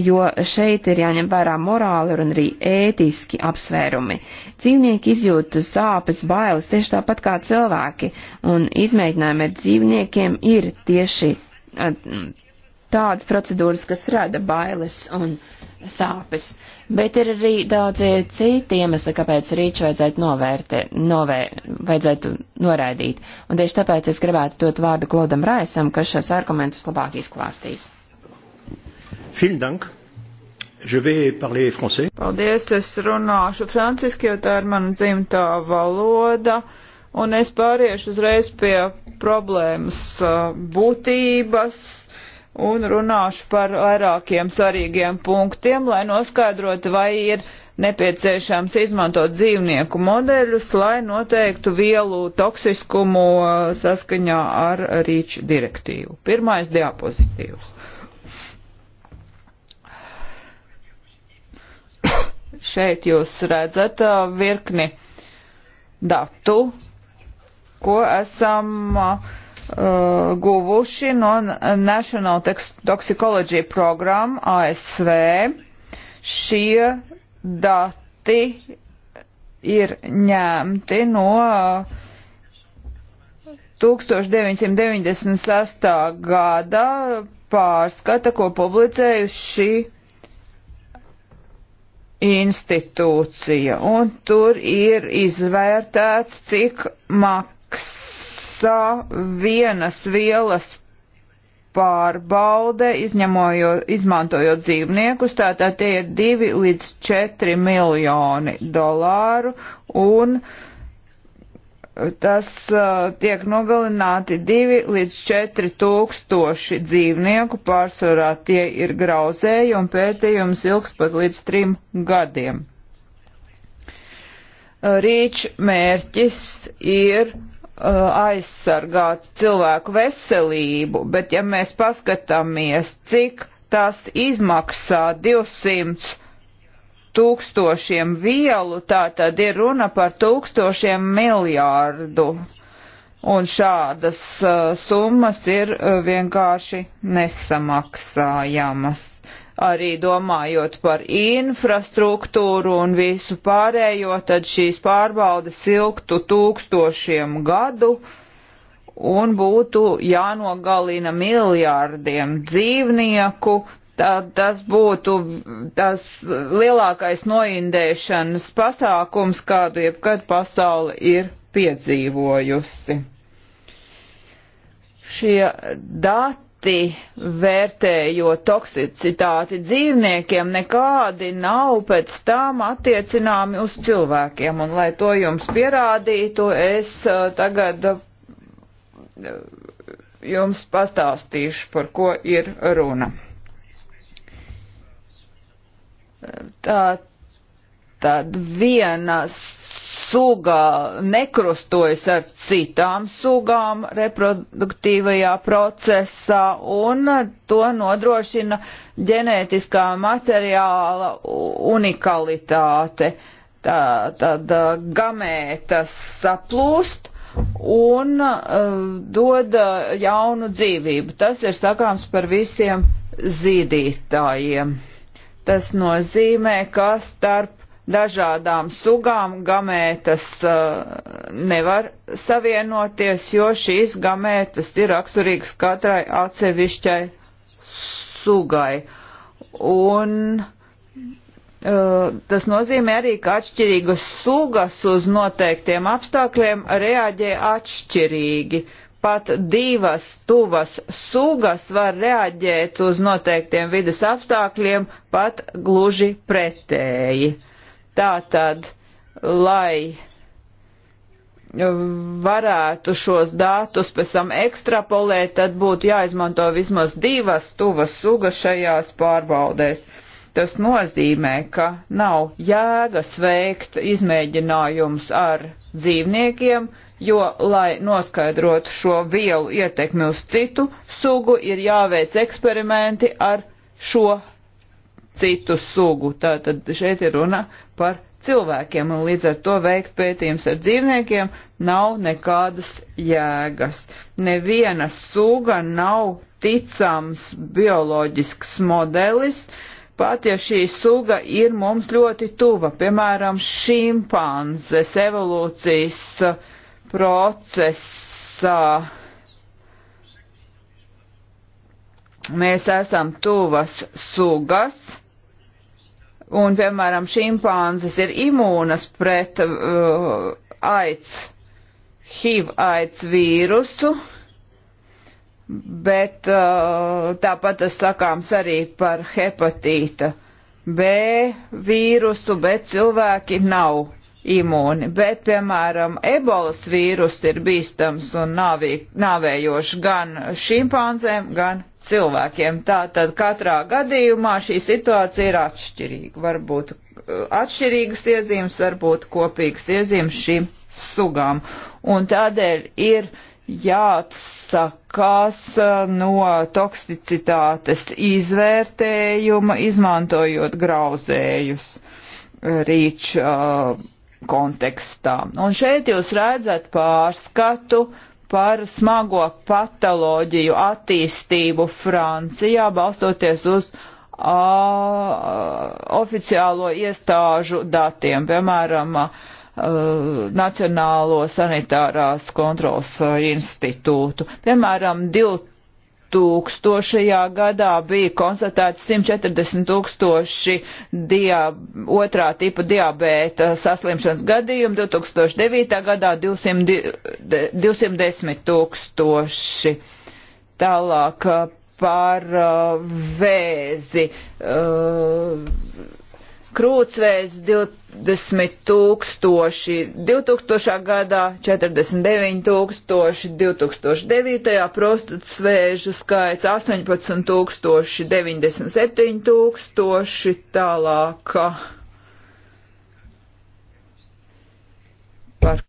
jo šeit ir jāņem vērā morāli un arī ētiski apsvērumi. Dzīvnieki izjūt sāpes, bailes tieši tāpat kā cilvēki, un izmēģinājumi ar dzīvniekiem ir tieši eh, tādas procedūras, kas rada bailes un bailes sāpes. Bet ir arī daudzi citi iemesli, kāpēc rīču vajadzētu novērte, novē, vajadzētu noraidīt. Un tieši tāpēc es gribētu dot vārdu Klodam Raisam, kas šos argumentus labāk izklāstīs. Paldies, es runāšu franciski, jo tā ir mana dzimtā valoda. Un es pāriešu uzreiz pie problēmas būtības un runāšu par vairākiem svarīgiem punktiem, lai noskaidrotu, vai ir nepieciešams izmantot dzīvnieku modeļus, lai noteiktu vielu toksiskumu uh, saskaņā ar rīču direktīvu. Pirmais diapozitīvs. (coughs) Šeit jūs redzat uh, virkni datu, ko esam uh, uh, guvuši no National Toxicology Program ASV. Šie dati ir ņemti no uh, 1996. gada pārskata, ko publicējuši institūcija, un tur ir izvērtēts, cik maks jāveica vienas vielas pārbaude, izmantojot dzīvniekus, tātad tie ir 2 līdz 4 miljoni dolāru un tas uh, tiek nogalināti 2 līdz 4 tūkstoši dzīvnieku, pārsvarā tie ir grauzēji un pētījums ilgs pat līdz 3 gadiem. Uh, Rīč mērķis ir Uh, aizsargāt cilvēku veselību, bet ja mēs paskatāmies, cik tas izmaksā 200 tūkstošiem vielu, tā tad ir runa par tūkstošiem miljārdu. Un šādas uh, summas ir uh, vienkārši nesamaksājamas. Uh, arī domājot par infrastruktūru un visu pārējo, tad šīs pārbaudas ilgtu tūkstošiem gadu un būtu jānogalina miljārdiem dzīvnieku. Tad tas būtu tas lielākais noindēšanas pasākums, kādu jebkad pasaule ir piedzīvojusi. Šie dati citi vērtējot toksicitāti dzīvniekiem nekādi nav pēc tam attiecināmi uz cilvēkiem. Un lai to jums pierādītu, es uh, tagad uh, jums pastāstīšu, par ko ir runa. Tā tad viena suga nekrustojas ar citām sugām reproduktīvajā procesā un to nodrošina ģenētiskā materiāla unikalitāte. Tā, tad uh, gamētas saplūst un uh, dod uh, jaunu dzīvību. Tas ir sakāms par visiem zīdītājiem. Tas nozīmē, ka starp dažādām sugām gamētas uh, nevar savienoties, jo šīs gamētas ir raksturīgas katrai atsevišķai sugai. Un uh, tas nozīmē arī, ka atšķirīgas sugas uz noteiktiem apstākļiem reaģē atšķirīgi. Pat divas tuvas sugas var reaģēt uz noteiktiem vidas apstākļiem pat gluži pretēji. Uh, Tātad, lai varētu šos datus pēc tam ekstrapolēt, tad būtu jāizmanto vismaz divas tuvas sugas šajās pārbaudēs. Tas nozīmē, ka nav jēgas veikt izmēģinājums ar dzīvniekiem, jo, lai noskaidrotu šo vielu ietekmi uz citu sugu, ir jāveic eksperimenti ar šo citu sugu. Tātad šeit ir runa par cilvēkiem, un līdz ar to veikt pētījums ar dzīvniekiem nav nekādas jēgas. Neviena suga nav ticams bioloģisks modelis, pat ja šī suga ir mums ļoti tuva, piemēram, šimpanzes evolūcijas uh, procesā. Mēs esam tuvas sugas Un, piemēram, šimpanzes ir imūnas pret uh, aids, HIV aids vīrusu, bet uh, tāpat tas sakāms arī par hepatīta B vīrusu, bet cilvēki nav imūni, bet, piemēram, ebolas vīrus ir bīstams un nāvī, nāvējošs gan šimpanzēm, gan cilvēkiem. Tātad katrā gadījumā šī situācija ir atšķirīga. Varbūt eh, atšķirīgas iezīmes, varbūt kopīgas iezīmes šīm sugām. Un tādēļ ir jāatsakās eh, no toksicitātes izvērtējuma, izmantojot grauzējus rīču. Uh, eh, kontekstā. Un šeit jūs redzat pārskatu par smago patoloģiju attīstību Francijā, balstoties uz a, oficiālo iestāžu datiem, piemēram, a, Nacionālo sanitārās kontrols institūtu. Piemēram, 2000 2000. gadā bija konstatēts 140 tūkstoši dia, otrā tipa diabēta saslimšanas gadījumu, 2009. gadā 200, 210 tūkstoši. Tālāk uh, par uh, vēzi. Uh, krūtsvējs 20 tūkstoši, 2000. gadā 49 tūkstoši, 2009. prostatsvēžu skaits 18 tūkstoši, 97 tūkstoši, tālāk par,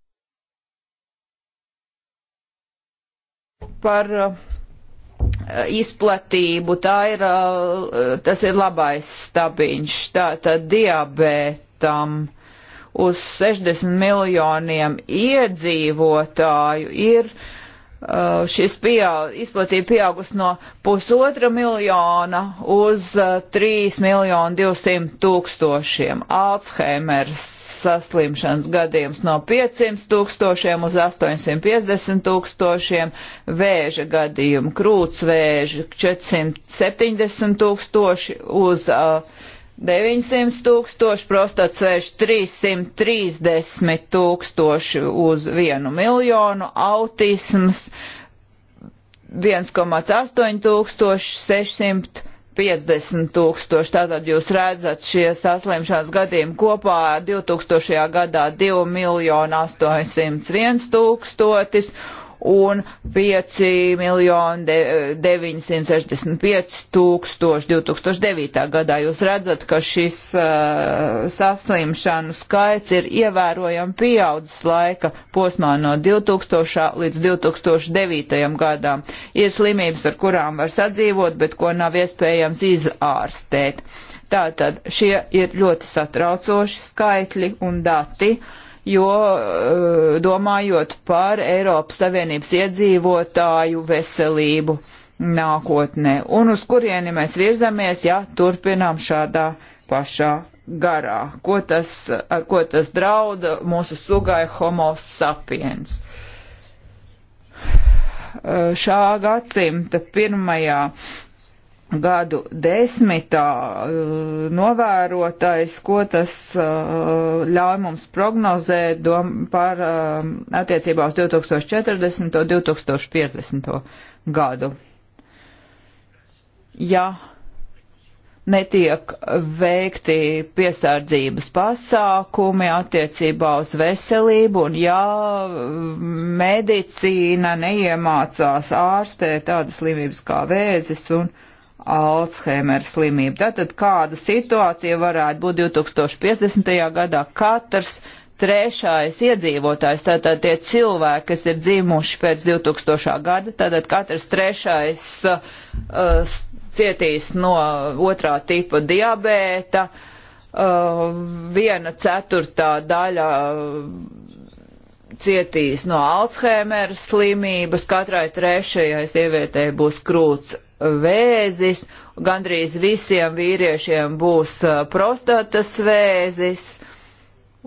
par Eh, izplatību, tā ir, eh, tas ir labais stabiņš, tātad diabētam uz 60 miljoniem iedzīvotāju ir uh, Uh, šis pieaug, izplatība pieaugus no pusotra miljona uz 3 uh, miljonu 200 tūkstošiem. Alzheimers saslimšanas gadījums no 500 tūkstošiem uz 850 tūkstošiem, vēža gadījumu, krūtsvēža 470 tūkstoši uz uh, 900 tūkstoši, prostats vērš 330 tūkstoši uz vienu miljonu, autisms 1,8 tūkstoši, 600 50 tūkstoši. Tātad jūs redzat šie saslimšanas gadījumi kopā 2000. gadā 2 miljonu 801 tūkstotis un 5 miljoni 965 tūkstoši 2009. gadā. Jūs redzat, ka šis uh, saslimšanu skaits ir ievērojami pieaudzis laika posmā no 2000 līdz 2009. gadām. Ir slimības, ar kurām var sadzīvot, bet ko nav iespējams izārstēt. Tātad šie ir ļoti satraucoši skaitļi un dati. Uh, jo eh, domājot par Eiropas Savienības iedzīvotāju veselību nākotnē. Un uz kurieni mēs virzamies, ja turpinām šādā pašā garā? Ko tas, ar ko tas drauda mūsu sugai homo sapiens? Eh, šā gadsimta pirmajā gadu desmitā eh, novērotais, ko tas eh, ļauj mums prognozēt dom, par eh, attiecībā uz 2040. un 2050. gadu. Ja netiek veikti piesardzības pasākumi attiecībā uz veselību, un ja medicīna neiemācās ārstēt tādas slimības kā vēzis un vēzis, Alzheimer slimību. Tātad kāda situācija varētu būt 2050. gadā? Katrs trešais iedzīvotājs, tātad tie cilvēki, kas ir dzīvojuši pēc 2000. gada, tātad katrs trešais uh, cietīs no otrā tipa diabēta, uh, viena ceturtā daļa. Uh, cietīs no Alzheimer slimības, katrai trešajai sievietei būs krūts vēzis, gandrīz visiem vīriešiem būs prostatas vēzis,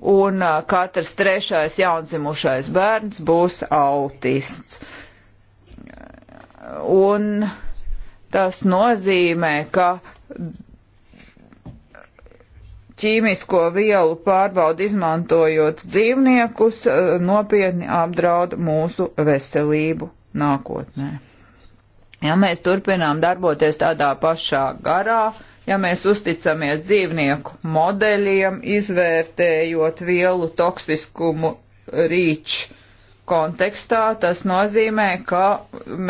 un katrs trešais jaundzimušais bērns būs autists. Un tas nozīmē, ka ķīmisko vielu pārbaudu izmantojot dzīvniekus nopietni apdraud mūsu veselību nākotnē. Ja mēs turpinām darboties tādā pašā garā, ja mēs uzticamies dzīvnieku modeļiem, izvērtējot vielu toksiskumu rīču kontekstā, tas nozīmē, ka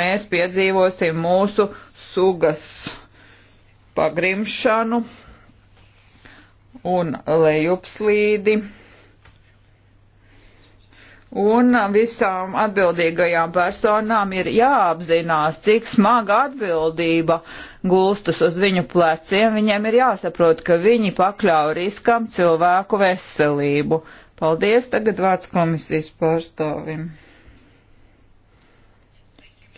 mēs piedzīvosim mūsu sugas pagrimšanu un lejupslīdi. Un visām atbildīgajām personām ir jāapzinās, cik smaga atbildība gulstas uz viņu pleciem. Viņiem ir jāsaprot, ka viņi pakļauj riskam cilvēku veselību. Paldies, tagad vārds komisijas pārstāvim.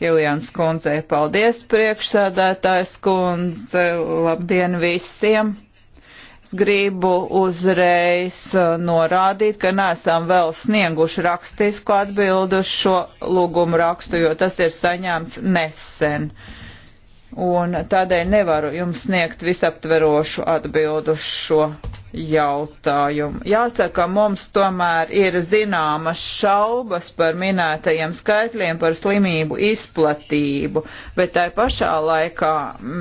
Kiljans kundzei, paldies priekšsēdētājs kundze, labdien visiem! gribu uzreiz uh, norādīt, ka nesam vēl snieguši rakstisku atbildu šo lūgumu rakstu, jo tas ir saņemts nesen. Un tādēļ nevaru jums sniegt visaptverošu atbildu šo jautājumu. Jāsaka, mums tomēr ir zināmas šaubas par minētajiem skaitļiem par slimību izplatību, bet tai pašā laikā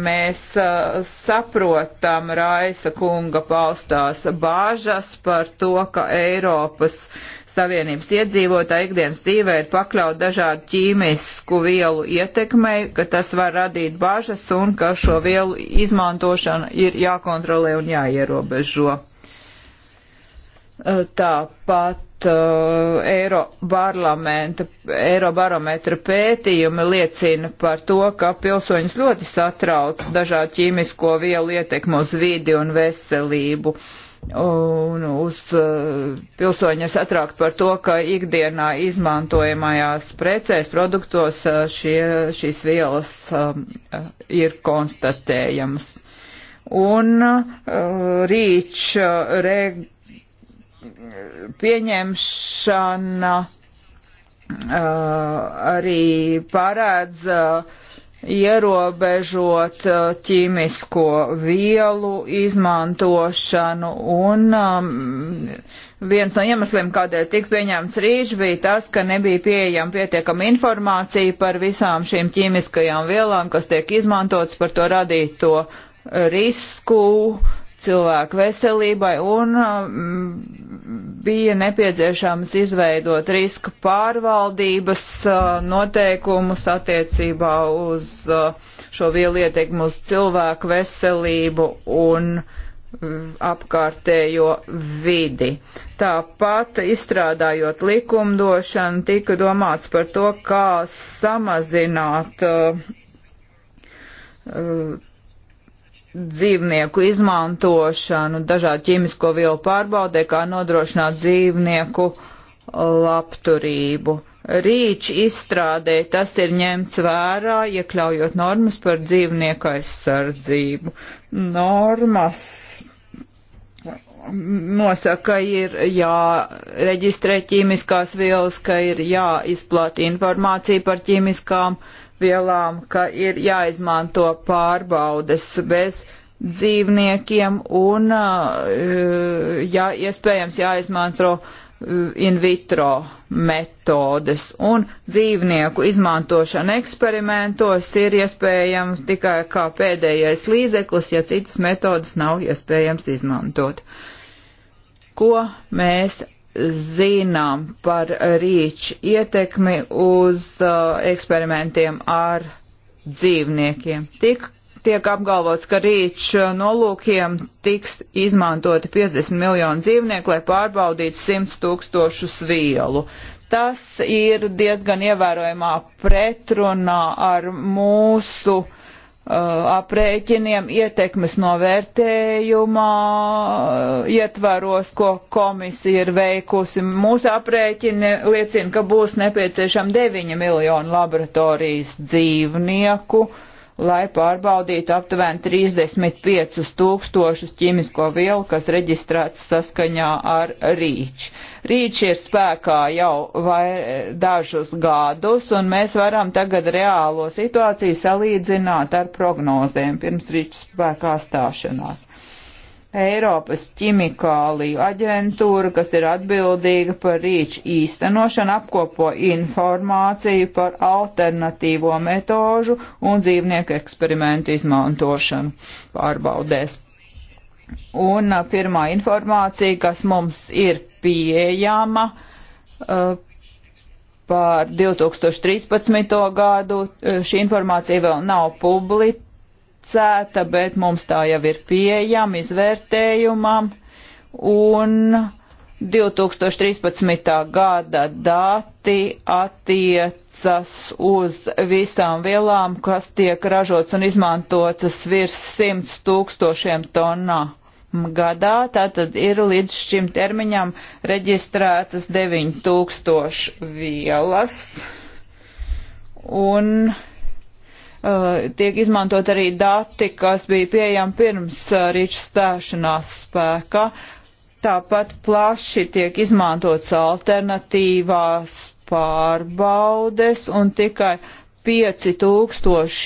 mēs uh, saprotam Raisa kunga paustās bāžas par to, ka Eiropas uh, Savienības iedzīvotāji ikdienas dzīvē ir pakļaut dažādu ķīmisku vielu ietekmei, ka tas var radīt bažas un ka šo vielu izmantošana ir jākontrolē un jāierobežo. Eh, tāpat uh, Eiro, Eiro barometra pētījumi liecina par to, ka pilsoņus ļoti satrauc dažādu ķīmisko vielu ietekmu uz vidi un veselību. Uh, un uz eh, pilsoņa satraukt par to, ka ikdienā izmantojamajās precēs, produktos eh, šie, šīs vielas eh, ir konstatējamas. Un rīč reg, pieņemšana arī parādz ierobežot uh, ķīmisko vielu izmantošanu un um, viens no iemesliem, kādēļ tika pieņemts rīč, bija tas, ka nebija pieejama pietiekama informācija par visām šīm ķīmiskajām vielām, kas tiek izmantotas par to radīto risku, uh, cilvēku veselībai un mm, bija nepieciešams izveidot riska pārvaldības noteikumus attiecībā uz šo vielu ietekmu uz cilvēku veselību un apkārtējo vidi. Tāpat izstrādājot likumdošanu, tika domāts par to, kā samazināt uh, uh, dzīvnieku izmantošanu, dažādu ķīmisko vielu pārbaudē, kā nodrošināt dzīvnieku labturību. Rīču izstrādē tas ir ņemts vērā, iekļaujot normas par dzīvnieku aizsardzību. Normas nosaka, ka ir jāreģistrē ķīmiskās vielas, ka ir jāizplata informācija par ķīmiskām vielām vielām, ka ir jāizmanto pārbaudes bez dzīvniekiem un, uh, ja iespējams, jāizmanto uh, in vitro metodes. Un dzīvnieku izmantošana eksperimentos ir iespējams tikai kā pēdējais līdzeklis, ja citas metodas nav iespējams izmantot. Ko mēs zinām par rīču ietekmi uz uh, eksperimentiem ar dzīvniekiem. Tik tiek apgalvots, ka rīču nolūkiem tiks izmantoti 50 miljonu dzīvnieku, lai pārbaudītu 100 tūkstošu vielu. Tas ir diezgan ievērojamā pretrunā ar mūsu uh, Uh, aprēķiniem ietekmes novērtējumā uh, ietvaros, ko komisija ir veikusi. Mūsu aprēķini liecina, ka būs nepieciešami 9 miljoni laboratorijas dzīvnieku. Uh, lai pārbaudītu aptuveni 35 tūkstošus ķīmisko vielu, kas reģistrēts saskaņā ar rīču. Rīč ir spēkā jau vai dažus gadus, un mēs varam tagad reālo situāciju salīdzināt ar prognozēm pirms rīču spēkā stāšanās. Eiropas ķimikāliju aģentūra, kas ir atbildīga par rīču īstenošanu, apkopo informāciju par alternatīvo metožu un dzīvnieku eksperimentu izmantošanu pārbaudēs. Un pirmā informācija, kas mums ir pieejama par 2013. gadu, šī informācija vēl nav publicēta publicēta, bet mums tā jau ir pieejama izvērtējumam. Un 2013. gada dati attiecas uz visām vielām, kas tiek ražotas un izmantotas virs 100 tūkstošiem tonnā gadā, tātad ir līdz šim termiņam reģistrētas 9000 vielas. Un Eh, tiek izmantot arī dati, kas bija pieejami pirms eh, rīča stāšanās spēkā. Tāpat plaši tiek izmantots alternatīvās pārbaudes un tikai 5000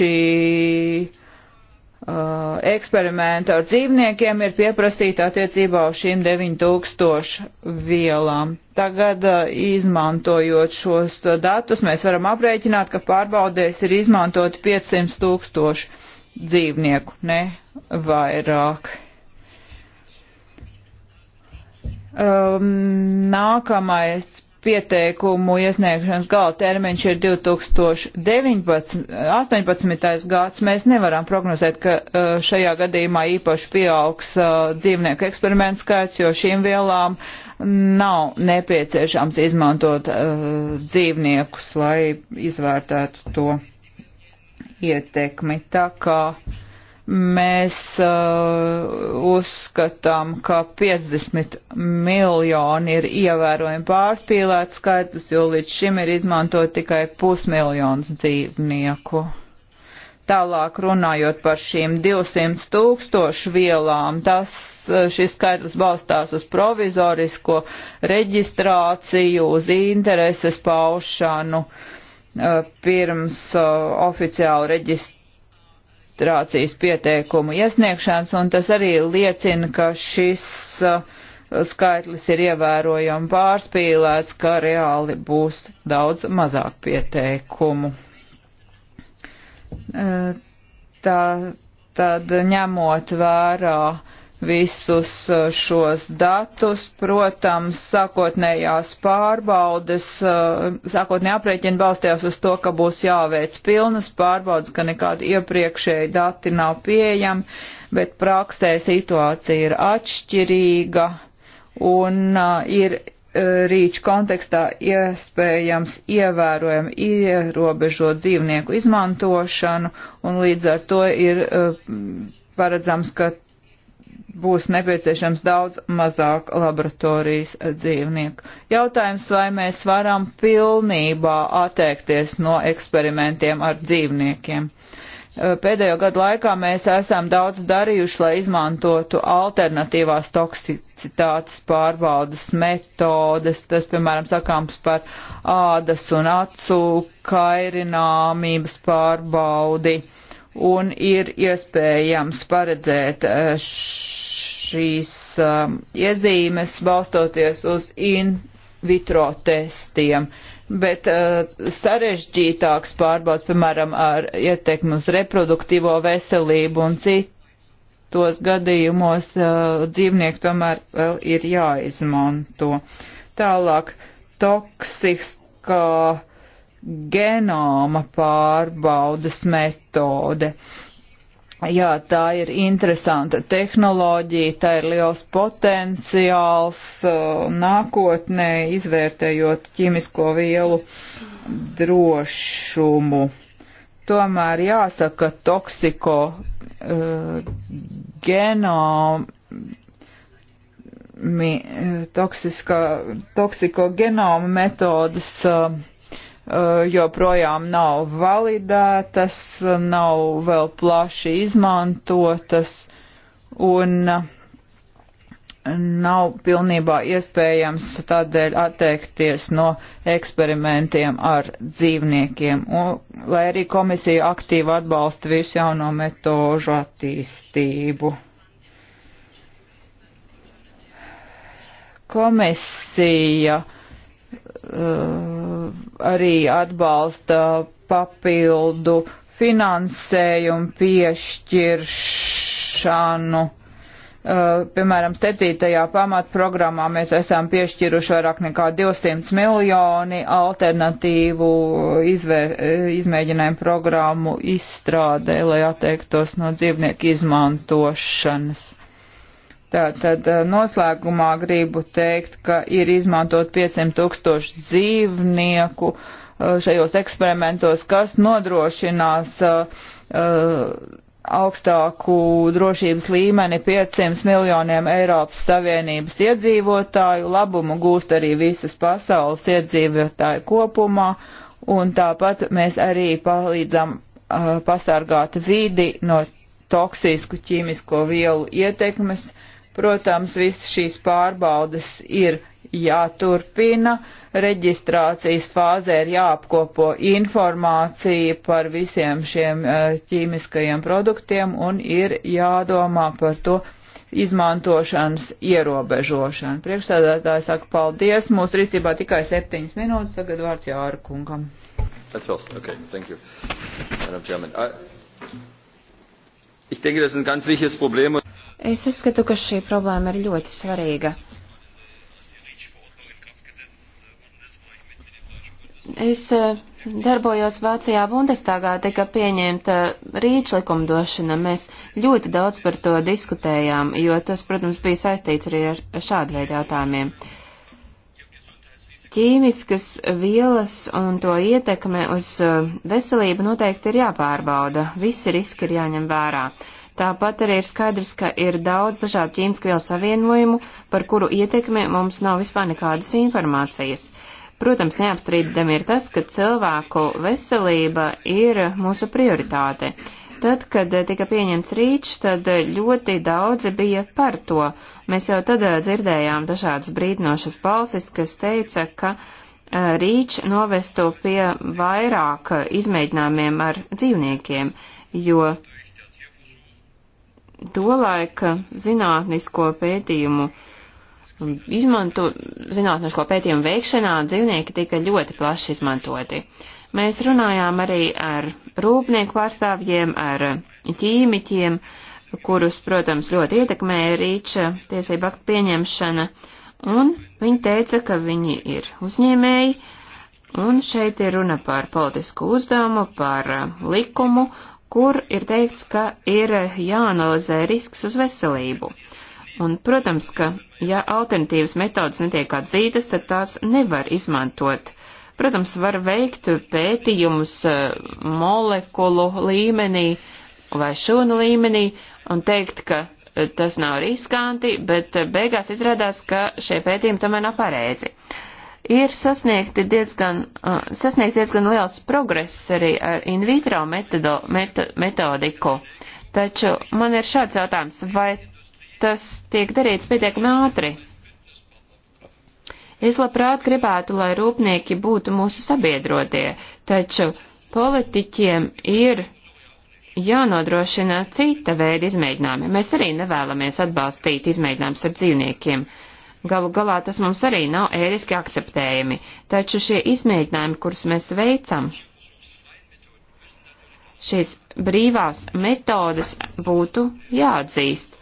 Uh, eksperimentu ar dzīvniekiem ir pieprasīta attiecībā uz šīm 9000 vielām. Tagad, uh, izmantojot šos uh, datus, mēs varam aprēķināt, ka pārbaudēs ir izmantoti 500 tūkstoši dzīvnieku, ne vairāk. Um, nākamais pieteikumu iesniegšanas gala termiņš ir 2018. gads, mēs nevaram prognozēt, ka uh, šajā gadījumā īpaši pieaugs uh, dzīvnieku eksperimentu skaits, jo šīm vielām nav nepieciešams izmantot uh, dzīvniekus, lai izvērtētu to ietekmi. Tā kā uh, Mēs uh, uzskatām, ka 50 miljoni ir ievērojami pārspīlēts skaitlis, jo līdz šim ir izmantot tikai pusmiljons dzīvnieku. Tālāk runājot par šīm 200 tūkstošu vielām, tas, uh, šis skaitlis balstās uz provizorisko reģistrāciju, uz intereses paušanu uh, pirms uh, oficiālu reģist reģistrācijas pieteikumu iesniegšanas, un tas arī liecina, ka šis uh, skaitlis ir ievērojami pārspīlēts, ka reāli būs daudz mazāk pieteikumu. Uh, tā, tad ņemot vērā uh, visus uh, šos datus. Protams, sākotnējās pārbaudes, uh, sākotnējā aprēķina balstījās uz to, ka būs jāveic pilnas pārbaudes, ka nekādi iepriekšēji dati nav pieejami, bet praksē situācija ir atšķirīga un uh, ir rīču kontekstā iespējams ievērojami ierobežot dzīvnieku izmantošanu, un līdz ar to ir paredzams, ka būs nepieciešams daudz mazāk laboratorijas dzīvnieku. Jautājums, vai mēs varam pilnībā atteikties no eksperimentiem ar dzīvniekiem. Eh, pēdējo gadu laikā mēs esam daudz darījuši, lai izmantotu alternatīvās toksicitātes pārbaudas metodes, tas, piemēram, sakāms par ādas un acu kairināmības pārbaudi un ir iespējams paredzēt eh, šīs eh, iezīmes balstoties uz in vitro testiem. Bet eh, sarežģītāks pārbauds, piemēram, ar ietekmi uz reproduktīvo veselību un citos gadījumos dzīvnieki tomēr vēl ir jāizmanto. Tālāk toksiskā uh, genoma pārbaudas metode. Jā, tā ir interesanta tehnoloģija, tā ir liels potenciāls uh, nākotnē, izvērtējot ķimisko vielu drošumu. Tomēr jāsaka, toksiko uh, genoma uh, toksiskā, toksiko genoma metodas uh, Eh, joprojām nav validētas, nav vēl plaši izmantotas un eh, nav pilnībā iespējams tādēļ atteikties no eksperimentiem ar dzīvniekiem, un, lai arī komisija aktīvi atbalsta visu jauno metožu attīstību. Komisija uh, Uh, arī atbalsta papildu finansējumu piešķiršanu. Uh, piemēram, 7. pamatprogrammā mēs esam piešķiruši vairāk nekā 200 miljoni alternatīvu izvēr, izmēģinājumu programmu izstrādē, lai atteiktos no dzīvnieku izmantošanas. Tātad eh, noslēgumā gribu teikt, ka ir izmantot 500 tūkstoši dzīvnieku eh, šajos eksperimentos, kas nodrošinās eh, augstāku drošības līmeni 500 miljoniem Eiropas Savienības iedzīvotāju, labumu gūst arī visas pasaules iedzīvotāju kopumā, un tāpat mēs arī palīdzam pasargāt vidi no toksisku ķīmisko vielu ietekmes. Uh, Protams, visas šīs pārbaudes ir jāturpina. Reģistrācijas fāzē ir jāapkopo informācija par visiem šiem eh, ķīmiskajiem produktiem un ir jādomā par to izmantošanas ierobežošanu. Priekšstādātāji saka paldies. Mūsu rīcībā tikai septiņas minūtes. Tagad vārds Jāra kungam. That's first. Okay, thank you. Madam Chairman. I, ich denke, das ist ein ganz wichtiges Problem. Es uzskatu, ka šī problēma ir ļoti svarīga. Es e, darbojos Vācijā Bundestagā, tika pieņemta e, rīča likumdošana. Mēs ļoti daudz par to diskutējām, jo tas, protams, bija saistīts arī ar šādu veidu jautājumiem. Ķīmiskas vielas un to ietekme uz e, veselību noteikti ir jāpārbauda. Visi riski ir jāņem vērā. Uh, Tāpat arī ir skaidrs, ka ir daudz dažādu ķīmisku vielu savienojumu, par kuru ietekmi mums nav vispār nekādas informācijas. Protams, neapstrīdami ir tas, ka cilvēku veselība ir mūsu prioritāte. Tad, kad tika pieņemts rīčs, tad ļoti daudzi bija par to. Mēs jau tad eh, dzirdējām dažādas brīdinošas balsis, kas teica, ka eh, rīčs novestu pie vairāk izmēģinājumiem ar dzīvniekiem, jo tolaika zinātnisko pētījumu izmanto, zinātnisko pētījumu veikšanā dzīvnieki tika ļoti plaši izmantoti. Mēs runājām arī ar rūpnieku pārstāvjiem, ar ķīmiķiem, kurus, protams, ļoti ietekmēja rīča tiesība aktu pieņemšana, un viņi teica, ka viņi ir uzņēmēji, un šeit ir runa par politisku uzdevumu, par likumu, kur ir teikts, ka ir jāanalizē risks uz veselību. Un, protams, ka, ja alternatīvas metodas netiek atzītas, tad tās nevar izmantot. Protams, var veikt pētījumus eh, molekulu līmenī vai šūnu līmenī un teikt, ka eh, tas nav riskanti, bet eh, beigās izrādās, ka šie pētījumi tomēr nav pareizi ir sasniegti diezgan, uh, sasniegts diezgan liels progress arī ar in vitro metodo, meto, metodiku. Taču man ir šāds jautājums, vai tas tiek darīts pietiekami ātri? Es labprāt gribētu, lai rūpnieki būtu mūsu sabiedrotie, taču politiķiem ir jānodrošina cita veida izmēģinājumi. Mēs arī nevēlamies atbalstīt izmēģinājumus ar dzīvniekiem. Uh, Galu galā tas mums arī nav ēriski akceptējami, taču šie izmēģinājumi, kurus mēs veicam, šīs brīvās metodas būtu jāatzīst.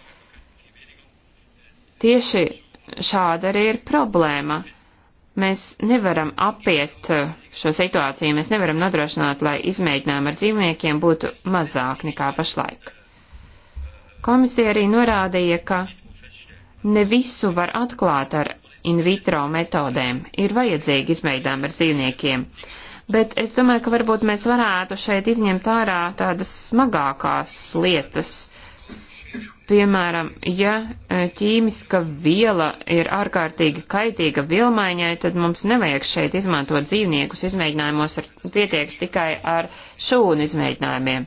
Tieši šāda arī ir problēma. Mēs nevaram apiet uh, šo situāciju, mēs nevaram nodrošināt, lai izmēģinājumi ar dzīvniekiem būtu mazāk nekā pašlaik. Komisija arī norādīja, ka Ne visu var atklāt ar in vitro metodēm. Ir vajadzīgi izmēģinājumi ar dzīvniekiem. Bet es domāju, ka varbūt mēs varētu šeit izņemt ārā tādas smagākās lietas. Piemēram, ja e, ķīmiska viela ir ārkārtīgi kaitīga vilmaiņai, tad mums nevajag šeit izmantot dzīvniekus izmēģinājumos, ar, pietiek tikai ar šūnu izmēģinājumiem.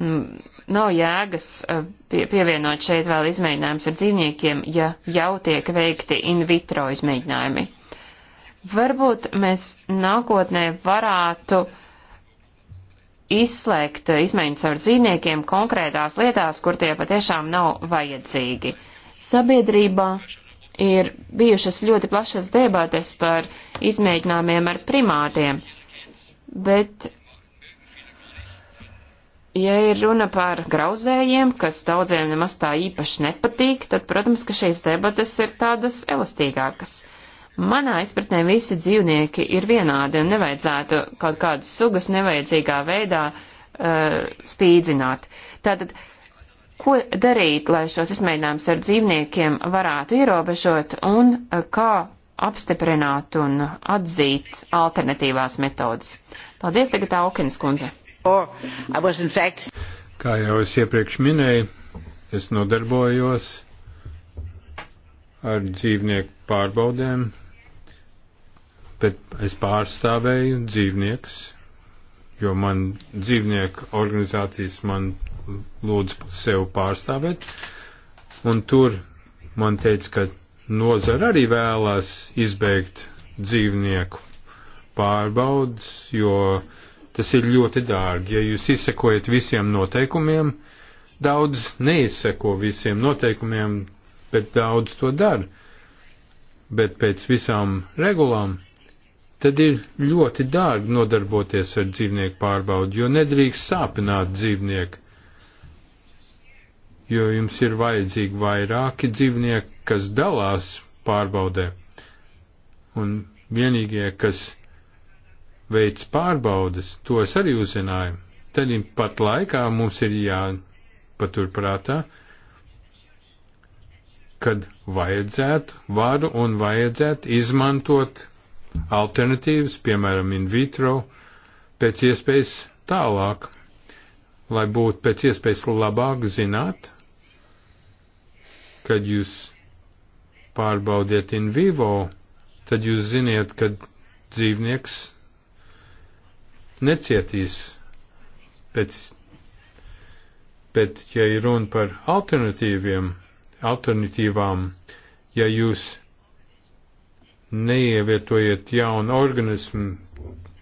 Mm, nav jēgas eh, pie, pievienot šeit vēl izmēģinājumus ar dzīvniekiem, ja jau tiek veikti in vitro izmēģinājumi. Varbūt mēs nākotnē varētu izslēgt eh, izmaiņas ar dzīvniekiem konkrētās lietās, kur tie patiešām nav vajadzīgi. Sabiedrībā ir bijušas ļoti plašas debates par izmēģinājumiem ar primātiem, bet Ja ir runa par grauzējiem, kas daudziem nemaz tā īpaši nepatīk, tad, protams, ka šīs debates ir tādas elastīgākas. Manā izpratnē visi dzīvnieki ir vienādi un nevajadzētu kaut kādas sugas nevajadzīgā veidā uh, spīdzināt. Tātad, ko darīt, lai šos izmēģinājumus ar dzīvniekiem varētu ierobežot un uh, kā apstiprināt un atzīt alternatīvās metodas? Paldies tagad Aukenes kundze! Fact... Kā jau es iepriekš minēju, es nodarbojos ar dzīvnieku pārbaudēm, bet es pārstāvēju dzīvniekus, jo man dzīvnieku organizācijas man lūdz sev pārstāvēt, un tur man teica, ka nozara arī vēlās izbeigt dzīvnieku pārbaudas, jo uh, Tas ir ļoti dārgi, ja jūs izsekojat visiem noteikumiem. Daudz neizseko visiem noteikumiem, bet daudz to dara. Bet pēc visām regulām tad ir ļoti dārgi nodarboties ar dzīvnieku pārbaudi, jo nedrīkst sāpināt dzīvnieku. Jo jums ir vajadzīgi vairāki dzīvnieki, kas dalās pārbaudē. Un vienīgie, kas veids pārbaudas, to es arī uzzināju. Tad pat laikā mums ir jāpaturprātā, kad vajadzētu varu un vajadzētu izmantot alternatīvas, piemēram, in vitro, pēc iespējas tālāk, lai būtu pēc iespējas labāk zināt, kad jūs pārbaudiet in vivo, tad jūs ziniet, kad dzīvnieks necietīs pēc, bet ja ir runa par alternatīviem, alternatīvām, ja jūs neievietojiet jaunu organismu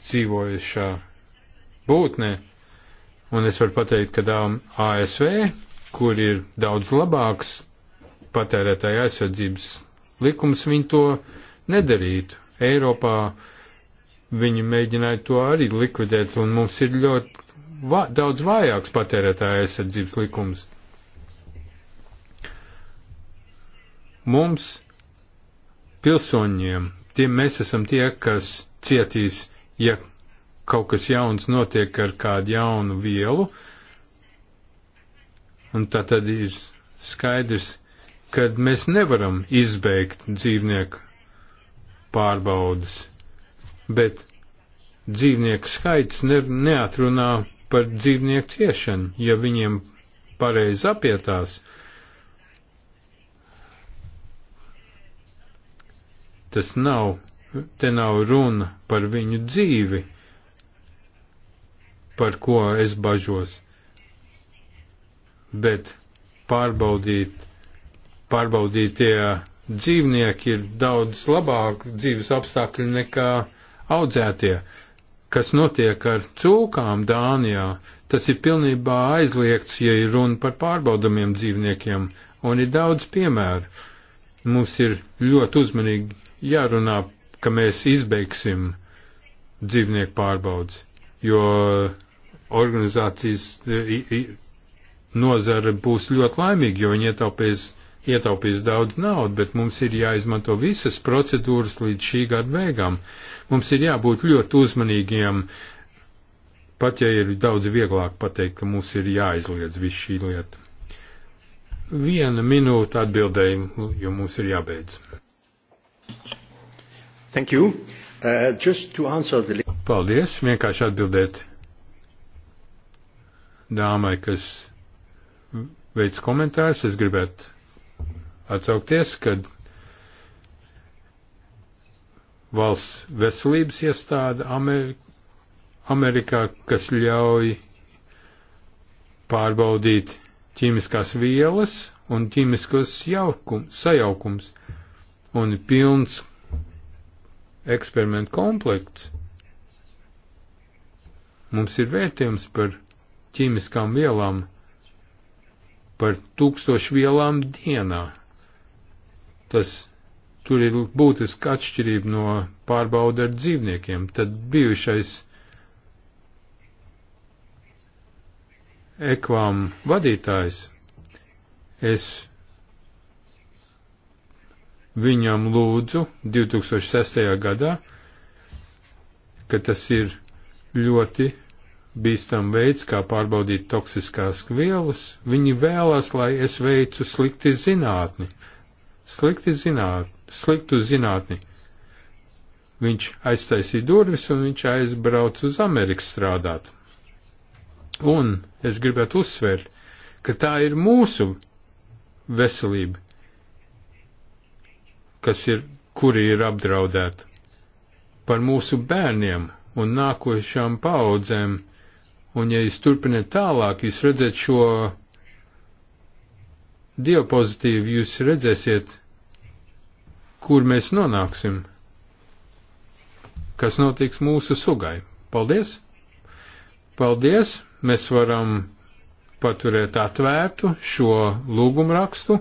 dzīvojušā būtnē, un es varu pateikt, ka ASV, kur ir daudz labāks patērētāja aizsardzības likums, viņi to nedarītu. Eiropā Viņi mēģināja to arī likvidēt, un mums ir ļoti va daudz vājāks patērētāja aizsardzības likums. Mums, pilsoņiem, tie mēs esam tie, kas cietīs, ja kaut kas jauns notiek ar kādu jaunu vielu, un tā tad ir skaidrs, ka mēs nevaram izbeigt dzīvnieku pārbaudas bet dzīvnieku skaits ne, neatrunā par dzīvnieku ciešanu, ja viņiem pareizi apietās. Tas nav, te nav runa par viņu dzīvi, par ko es bažos, bet pārbaudīt, pārbaudītie dzīvnieki ir daudz labāk dzīves apstākļi nekā audzētie, kas notiek ar cūkām Dānijā, tas ir pilnībā aizliegts, ja ir runa par pārbaudamiem dzīvniekiem, un ir daudz piemēru. Mums ir ļoti uzmanīgi jārunā, ka mēs izbeigsim dzīvnieku pārbaudas, jo organizācijas nozara būs ļoti laimīga, jo viņi ietaupīs ietaupīs daudz naudu, bet mums ir jāizmanto visas procedūras līdz šī gada beigām. Mums ir jābūt ļoti uzmanīgiem, pat ja ir daudz vieglāk pateikt, ka mums ir jāizliedz viss šī lieta. Viena minūte atbildēju, jo mums ir jābeidz. Thank you. Uh, just to answer the... Paldies, vienkārši atbildēt dāmai, kas veids komentārs, es gribētu atsaukties, kad valsts veselības iestāde Amer Amerikā, kas ļauj pārbaudīt ķīmiskās vielas un ķīmiskos jaukums, sajaukums un pilns eksperimentu komplekts. Mums ir vērtējums par ķīmiskām vielām, par tūkstošu vielām dienā. Tas tur ir būtiska atšķirība no pārbauda ar dzīvniekiem. Tad bijušais ekvām vadītājs, es viņam lūdzu 2006. gadā, ka tas ir ļoti bīstam veids, kā pārbaudīt toksiskās vielas, viņi vēlas, lai es veicu slikti zinātni, slikti zināt, sliktu zinātni. Viņš aiztaisīja durvis un viņš aizbrauca uz Ameriku strādāt. Un es gribētu uzsvērt, ka tā ir mūsu veselība, kas ir, kuri ir apdraudēta, par mūsu bērniem un nākošām paudzēm, un ja jūs turpiniet tālāk, jūs redzat šo diapozitīvu jūs redzēsiet, kur mēs nonāksim, kas notiks mūsu sugai. Paldies! Paldies! Mēs varam paturēt atvērtu šo lūgumrakstu,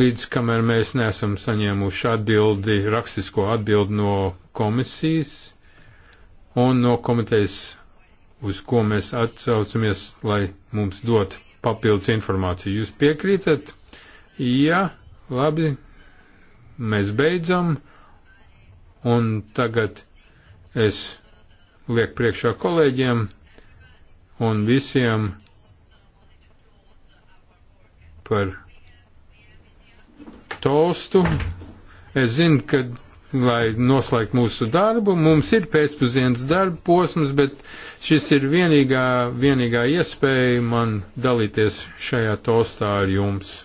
līdz kamēr mēs nesam saņēmuši atbildi, rakstisko atbildi no komisijas un no komitejas, uz ko mēs atsaucamies, lai mums dot papildus informāciju. Jūs piekrītat? Jā, labi, mēs beidzam, un tagad es lieku priekšā kolēģiem un visiem par tostu. Es zinu, ka lai noslēgtu mūsu darbu. Mums ir pēcpusdienas darba posms, bet šis ir vienīgā, vienīgā iespēja man dalīties šajā tostā ar jums.